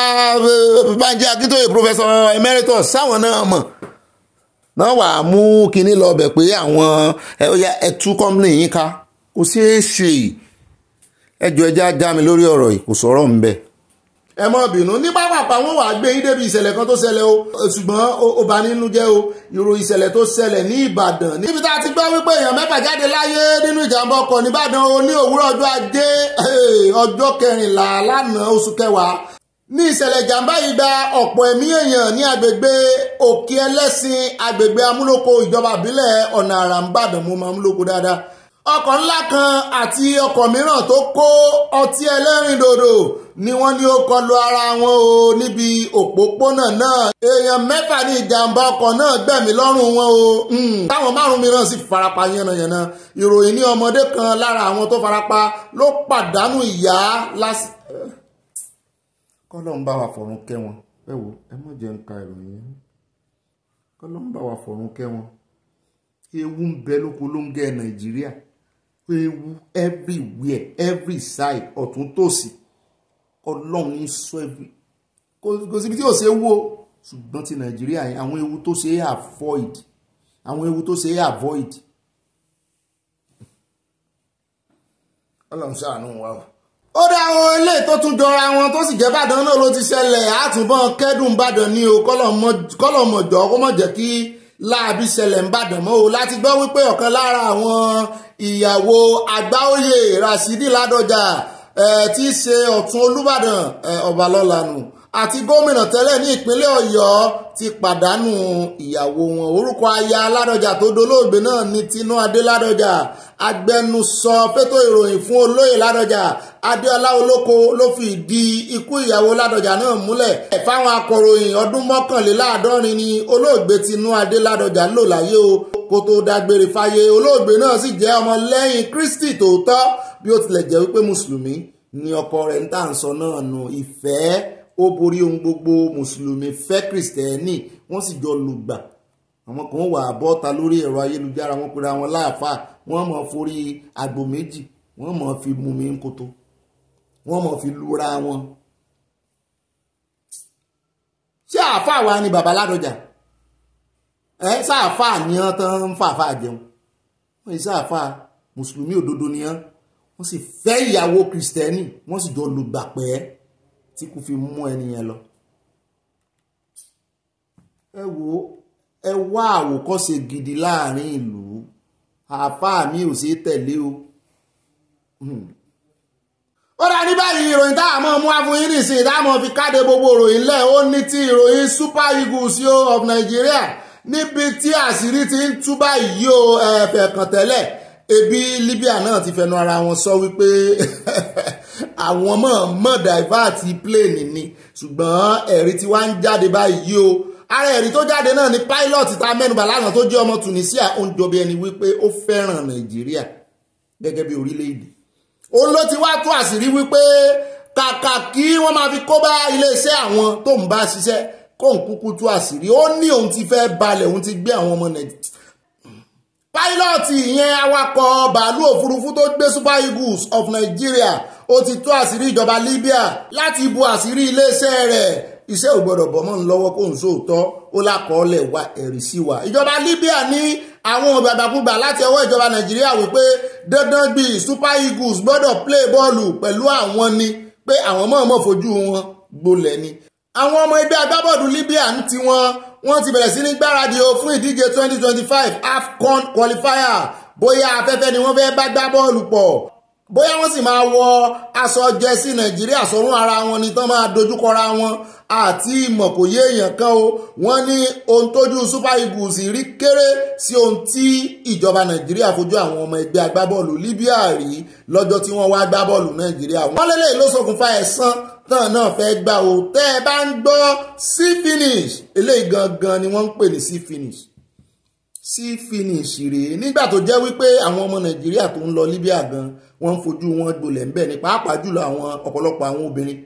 eh, Banji Akíntóyè professor emeritus sáwọn náà mọ̀ náà wà á mú kinní lọ bẹ̀ pé àwọn ẹtú kọ́mìnì yín ká kò ṣeé ṣe ẹjọ́ ẹjẹ́ ajá mi lórí ọ̀rọ̀ yìí kò sọ̀rọ̀ ń bẹ̀. ẹ mọ bínú ní pápápá wọn wàá gbé yín débi ìṣẹ̀lẹ̀ kan tó ṣẹlẹ̀ o ṣùgbọ́n ó bà nínú jẹ́ o ìrò ìṣẹ̀lẹ̀ tó ṣẹlẹ̀ ní Ìbàdàn níbi tá a ti gbọ́ wípé èèyàn mẹ́fà jáde láyé nínú ìjàmbá ọkọ̀ nìbàdàn o ní òwúrọ̀ ọjọ́ ajé ọjọ́ kẹrìnlá lánàá oṣù kẹwàá ní ìṣẹ̀lẹ̀ ìjàmbá yìí gba ọ̀pọ̀ ẹ̀mí èèyàn ní agbègbè òkè ẹlẹ́sìn agbègbè amúlòkọ ìjọba ìbílẹ̀ ọ̀nà àrà ńbàdàn mú amúlòkọ dáadáa ọkọ̀ ńlá kan àti ọkọ̀ mìíràn tó kó ọtí ẹlẹ́rìndòdò ni wọ́n ní ó kọlu ara wọn o níbi òpópónà náà èèyàn mẹ́fà ní ìjàmbá ọkọ̀ náà gbẹ̀mí lọ́rùn wọn o hmm. táwọn márùn mìíràn sì farapa yánnayànna ìròyìn ní ọmọdé kan lára àwọn tó farapa ló pàdánù ìyá lásìkò kọ́lọ́n bá wa fọ̀run kẹ́ wọn ẹ wo ẹ mọ̀ jẹ́ ń ka ìròyìn yẹn bá wa fọ̀run kẹ́ wọn ewu ń bẹ lóko ló ń gẹ nàìjíríà ewu everywhere every side ọ̀tún tòsì ọlọ́run ń sọ ẹbí kò síbi tí ò ṣe wo ṣùgbọ́n ti nàìjíríà yẹn àwọn ewu tó ṣe é avoid àwọn ewu tó ṣe é avoid ọlọ́run ṣàánú wa o ó dá àwọn ilé tó tún jọra wọn tó sì jẹ́ bàdàn náà ló ti ṣẹlẹ̀ àtúbọ̀n kẹ́dùn bàdàn ni o kọ́lọ̀mọ̀jọ́ kó mọ̀ jẹ́ kí láàbí ṣẹlẹ̀ ń bàdàn mọ́ o láti gbọ́ wípé ọ̀kan lára àwọn ìyàwó àgbáòye Rasidi Ládọjà tí í ṣe ọ̀tún Olúbàdàn ọ̀bàlọ́lá nù àti gómìnà tẹ́lẹ̀ ní ìpínlẹ̀ Ọ̀yọ́ ti pàdánù ìyàwó wọn orúkọ aya Ládọjà tó dolóògbé náà ni Tinú Adé Ládọjà agbẹnusọ fẹ́tọ̀ ìròyìn fún olóyè ládọjà adéọlá olóko ló fi ìdí ikú ìyàwó ládọjà náà múlẹ̀ fáwọn akọ̀ròyìn ọdún mọ́kànléláàádọ́rin ni olóògbé tinú adé ládọjà lò láyé o kó tó dágbére fáyé olóògbé náà sì jẹ́ ọmọ lẹ́yìn kristi tòótọ́ bí ó tilẹ̀ jẹ́ wípé mùsùlùmí ni ọkọ rẹ̀ ń tà ń sọ náà nù ìfẹ́ ó borí ohun gbogbo mùsùlùmí fẹ́ kristẹni wọ́n sì jọ lùgbà àwọn kan wà bọ́ta lórí ẹ̀rọ ayélujára wọn pera wọn láàfáà wọ́n mọ̀ forí àgbò méjì wọ́n mọ̀ fi mú mi ń koto wọ́n mọ̀ fi lura wọn. ṣé àáfàá wa ni bàbá ládọjà ẹ sáàfáà ni wọn tán ń fàáfáà jẹun wọn yìí sáàfáà mùsùlùmí òdodo ni wọn wọn sì fẹ́ ìyàwó kìrìsìtẹ́nì wọ́n sì jọ lùgbàpẹ́ tí kò fi mú ẹnìyẹn lọ. ẹ wo ẹ wá àwòkọ́ṣe gidi láàrin ìlú àáfàá mi ò ṣe tẹ̀lé o. Hmm. ó dá ní báyìí ìròyìn tá a mọ̀ mú àfọyín nìsín tá a mọ̀ fi káde gbogbo ìròyìn lẹ̀ ó ní ti ìròyìn super eagles yóò of Nigeria níbi tí àṣírí ti ń tú báyìí o ẹ̀fẹ̀ kan tẹ́lẹ̀ ebi Libya náà ti fẹnu ara wọn sọ wípé àwọn mọ̀ mọ̀ divert plane ni ṣùgbọ́n ẹ̀rí tí wá ń jáde báyìí o ara ẹ̀rí tó jáde náà ni pilot ta mẹ́nubà lánàá tó jẹ́ ọmọ Tunisia ó ń jọ bí ẹni wípé ó fẹ́ràn Nàìjíríà gẹ́gẹ́ bí orílẹ̀-èdè òun ló ti wá tú àṣírí wípé kàkà kí wọ́n máa fi kó bá iléeṣẹ́ àwọn tó ń bá ṣiṣẹ́ kó ń kúkú tú àṣírí ó ní òun ti fẹ́ balẹ̀ òun ti gbé àwọn ọmọ Nàìjíríà pilot ìyẹn awakọ̀ bàálù òfurufú tó gbé Super Eagles of Nigeria ó ti tú àṣírí ìjọba Libya láti bu àṣírí iléeṣẹ́ rẹ̀ iṣẹ́ ò gbọ́dọ̀ bọ́ mọ́ ń lọ́wọ́ kóhùn sóòótọ́ ó lákọọ́lẹ̀ wa ẹ̀rí sí wa ìjọba Libya ní àwọn ògbàgbàkúgbà láti ọwọ́ ìjọba Nàìjíríà wípé dandan bíi Super Eagles gbọ́dọ̀ play bọ́ọ̀lù pẹ̀lú àwọn ni pé àwọn mọ̀ọ́mọ̀ fojú wọn gbolẹ̀ ni àwọn ọmọ ẹgbẹ́ agbábọ́ọ̀lù Libya ń ti wọn wọ́n ti bẹ̀rẹ̀ sí ní gbáradì o fún ìdíje 2025 AFCON qualifier bóyá afẹ́fẹ́ ni wọ́n fẹ́ bá gbá bọ́ọ̀lù pọ̀ bóyá wọ́n sì máa wọ aṣọ jẹ́sí nàìjíríà sọ́run ara wọn ni tán máa dojúkọra wọn àti ìmọ̀ kò yé èèyàn kan o wọ́n ní ohun tójú super eagles rí kéré sí ohun tí ìjọba nàìjíríà fojú àwọn ọmọ ẹgbẹ́ agbábọ́ọ̀lù libya rí lọ́jọ́ tí wọ́n wá agbábọ́ọ̀lù nàìjíríà wọ́n lélẹ̀ ló ṣokùnfà ẹ̀san tán náà fẹ́ gbà o tẹ́ ẹ bá ń gbọ́ sí finish eléyìí gangan ni wọ́n ń pè ní sí finish sí finish rèé nígbà tó jẹ́ wípé àwọn ọmọ nàìjíríà tó ń lọ libya gan-an wọ́n ń fojú wọn gbolẹ̀ ń bẹ̀ ni pàápàá jùlọ àwọn ọ̀pọ̀lọpọ̀ àwọn obìnrin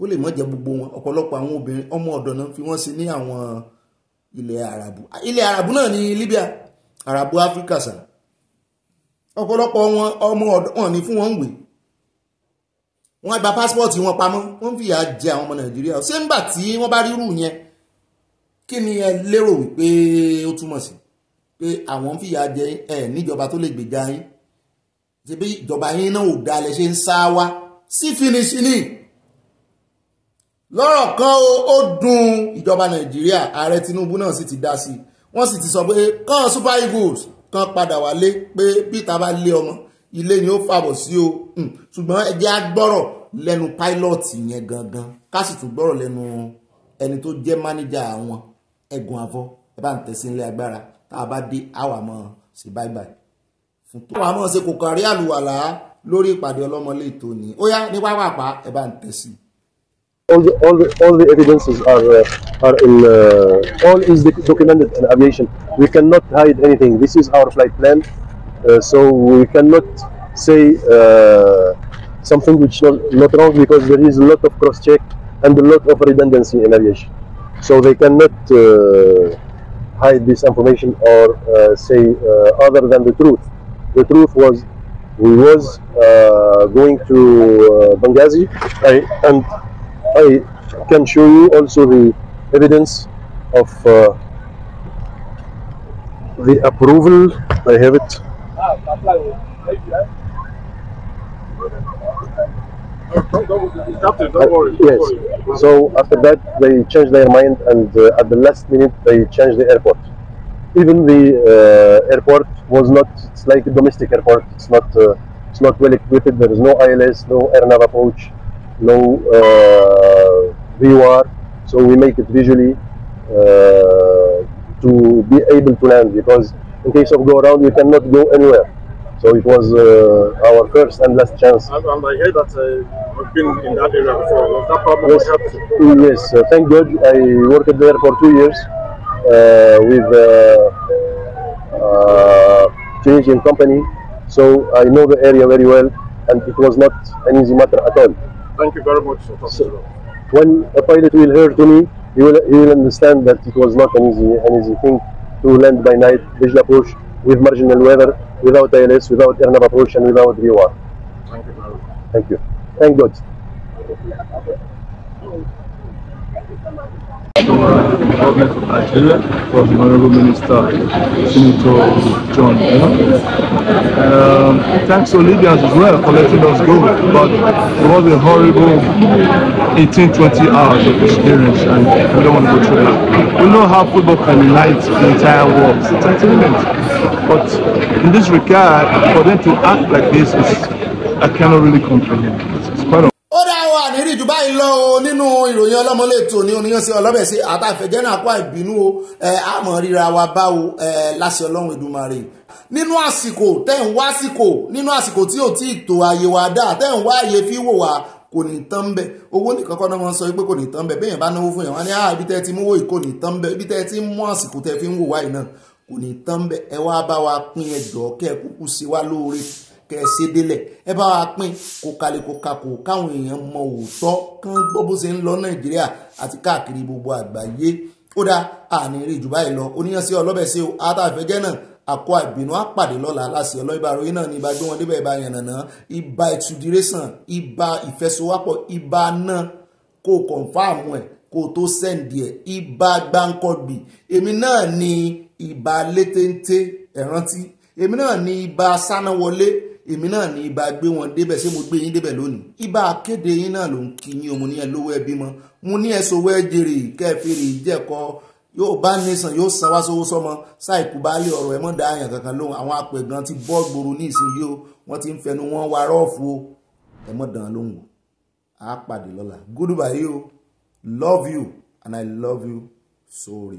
ó lè mọ̀ jẹ́ gbogbo wọn ọ̀pọ̀lọpọ̀ àwọn obìnrin ọmọ ọ̀dọ̀ náà fi wọ́n sí ní àwọn ilẹ̀ arabu ilẹ̀ arabu náà ní Libya arabu Africa sà ọ̀pọ̀lọpọ̀ wọn ọmọ ọ̀dọ̀ wọn ni fún wọn ń wè wọ́n gba pásítọ̀tì wọn pamọ́ wọ́n fìyà jẹ àwọn ọmọ Nàìjíríà ṣé ńgbà tí wọ́n bá rírù yẹn kí ni ẹ lérò wípé ó túmọ̀ sí pé àwọn fìyà jẹ ẹ níjọba tó lè gbèjà yín ṣe bí ìjọba yín náà ò dalẹ̀ ṣe ń sá wa sí finisi ni lọ́rọ̀ kan ó dùn ìjọba nàìjíríà ààrẹ tinubu náà sì ti dá sí i wọ́n sì ti sọ pé kan super eagles kan padà wálé pé peter bá lé ọmọ ilé ni ó fàbọ̀ sí o hmm. ṣùgbọ́n ẹ jẹ́ á gbọ́rọ̀ lẹ́nu pilot yẹn gangan ká sì tún gbọ́rọ̀ lẹ́nu ẹni tó jẹ́ mánéjà àwọn ẹ̀gùn àfọ́ ẹ bá ń tẹ̀sí ilé agbára tá a bá dé àwàmọ́ sí bye bye. fún tó. ṣe kò lórí ìpàdé ọlọ́mọlé ó yá ní pápápá ẹ bá ń tẹ̀sí. All the, all, the, all the evidences are, uh, are in, uh, all is documented in aviation. We cannot hide anything. This is our flight plan, uh, so we cannot say uh, something which is not wrong because there is a lot of cross-check and a lot of redundancy in aviation. So they cannot uh, hide this information or uh, say uh, other than the truth the truth was we was uh, going to uh, Benghazi I, and I can show you also the evidence of uh, the approval I have it uh, yes so after that they changed their mind and uh, at the last minute they changed the airport even the uh, airport was not it's like a domestic airport it's not uh, it's not well equipped there is no ils no airnav approach no uh, so we make it visually uh, to be able to land because in case of go around you cannot go anywhere so it was uh, our first and last chance. And, and I hear that I've uh, been in that area before. Was that problem yes, yes thank God. I worked there for two years. Uh, with Tunisian uh, uh, company. So I know the area very well, and it was not an easy matter at all. Thank you very much. So when a pilot will hear to me, he will, he will understand that it was not an easy, an easy thing to land by night, visual push, with marginal weather, without ILS, without air navigation, approach, and without VOR. Thank you. Thank you. Thank God the government of Nigeria, from the Honourable Minister, Senator John Um, thanks to as well for letting us go, but it was a horrible 18, 20 hours of experience and we don't want to go through that. We know how football can unite the entire world, it's entertainment. But in this regard, for them to act like this, is, I cannot really comprehend. ó dá wa àníri jù báyìí lọ o nínú ìròyìn ọlọ́mọléètò ní oníyànṣe ọlọ́bẹ̀ṣe àtàfẹ́jẹ́ náà kó àìbínú o àmọ́ ríra wa báwo láṣẹ ọlọ́run Èdùmàrè nínú àsìkò tẹ́ ń wá àsìkò nínú àsìkò tí ò tí ì tó àyè wa dá tẹ́ ń wá àyè fi wò wá kò ní tán bẹ owó nìkan kọ́ náà wọ́n sọ pé kò ní tán bẹ bẹ́ẹ̀ bá náwó fún yàn wọ́n ní ah, ibi tẹ́ ti mú wò kò ní tán bẹ ibi tẹ́ ti mú àsìkò tẹ́ fi ń wò wáyìí náà kò ní tán bẹ ẹ wá bá wa pín ẹjọ́ kẹ́ sí wa lóore kẹsẹ délẹ̀ ẹ bá wa pín kó kalẹ̀ kó kakò káwọn èèyàn mọ òótọ́ kán gbọ́ bó ṣe ń lọ nàìjíríà àti káàkiri gbogbo àgbáyé ó dá àní rí jù báyìí lọ oníyànsí ọlọ́bẹ̀ sí o àtàfẹ́jẹ́ náà àkọ àbínú àpàdé lọ́la aláṣẹ ọlọ́ibà ròyìn náà ní ibà gbé wọn débẹ̀ ibà yànnàná ibà ìtúndírẹ́sàn ibà ìfẹsowápọ̀ ibà náà kó kọ̀ǹfàmù ẹ̀ kó tó sẹ́ǹdì ẹ̀ ibà gbáǹkọ̀gbì èmi náà ní ibà létéńté ẹ̀rántí èmi náà ní ibà sánáwọlé èmi náà ni ibà gbé wọn débẹ̀ ṣé mo gbé yín débẹ̀ lónìí ibà akéde yín náà ló ń kí yín òun ní ẹ lówó ẹbí mọ́ mo ní ẹ sowó ẹ jèrè kẹfìrì ìjẹ́kọ́ yóò bá nation yóò san wá sówó sọmọ ṣáìkú baálé ọ̀rọ̀ ẹ̀ mọ́ da àyàn kankan lóhùn àwọn apẹ̀gàn ti bọ́ gbòòrò ní ìsinyìí o wọ́n ti ń fẹnu wọn wá rọ́ọ̀fù o ẹ̀ mọ́ dàn án lóhùn o á pàdé lọ́la goodbye o love you and i love you sorry.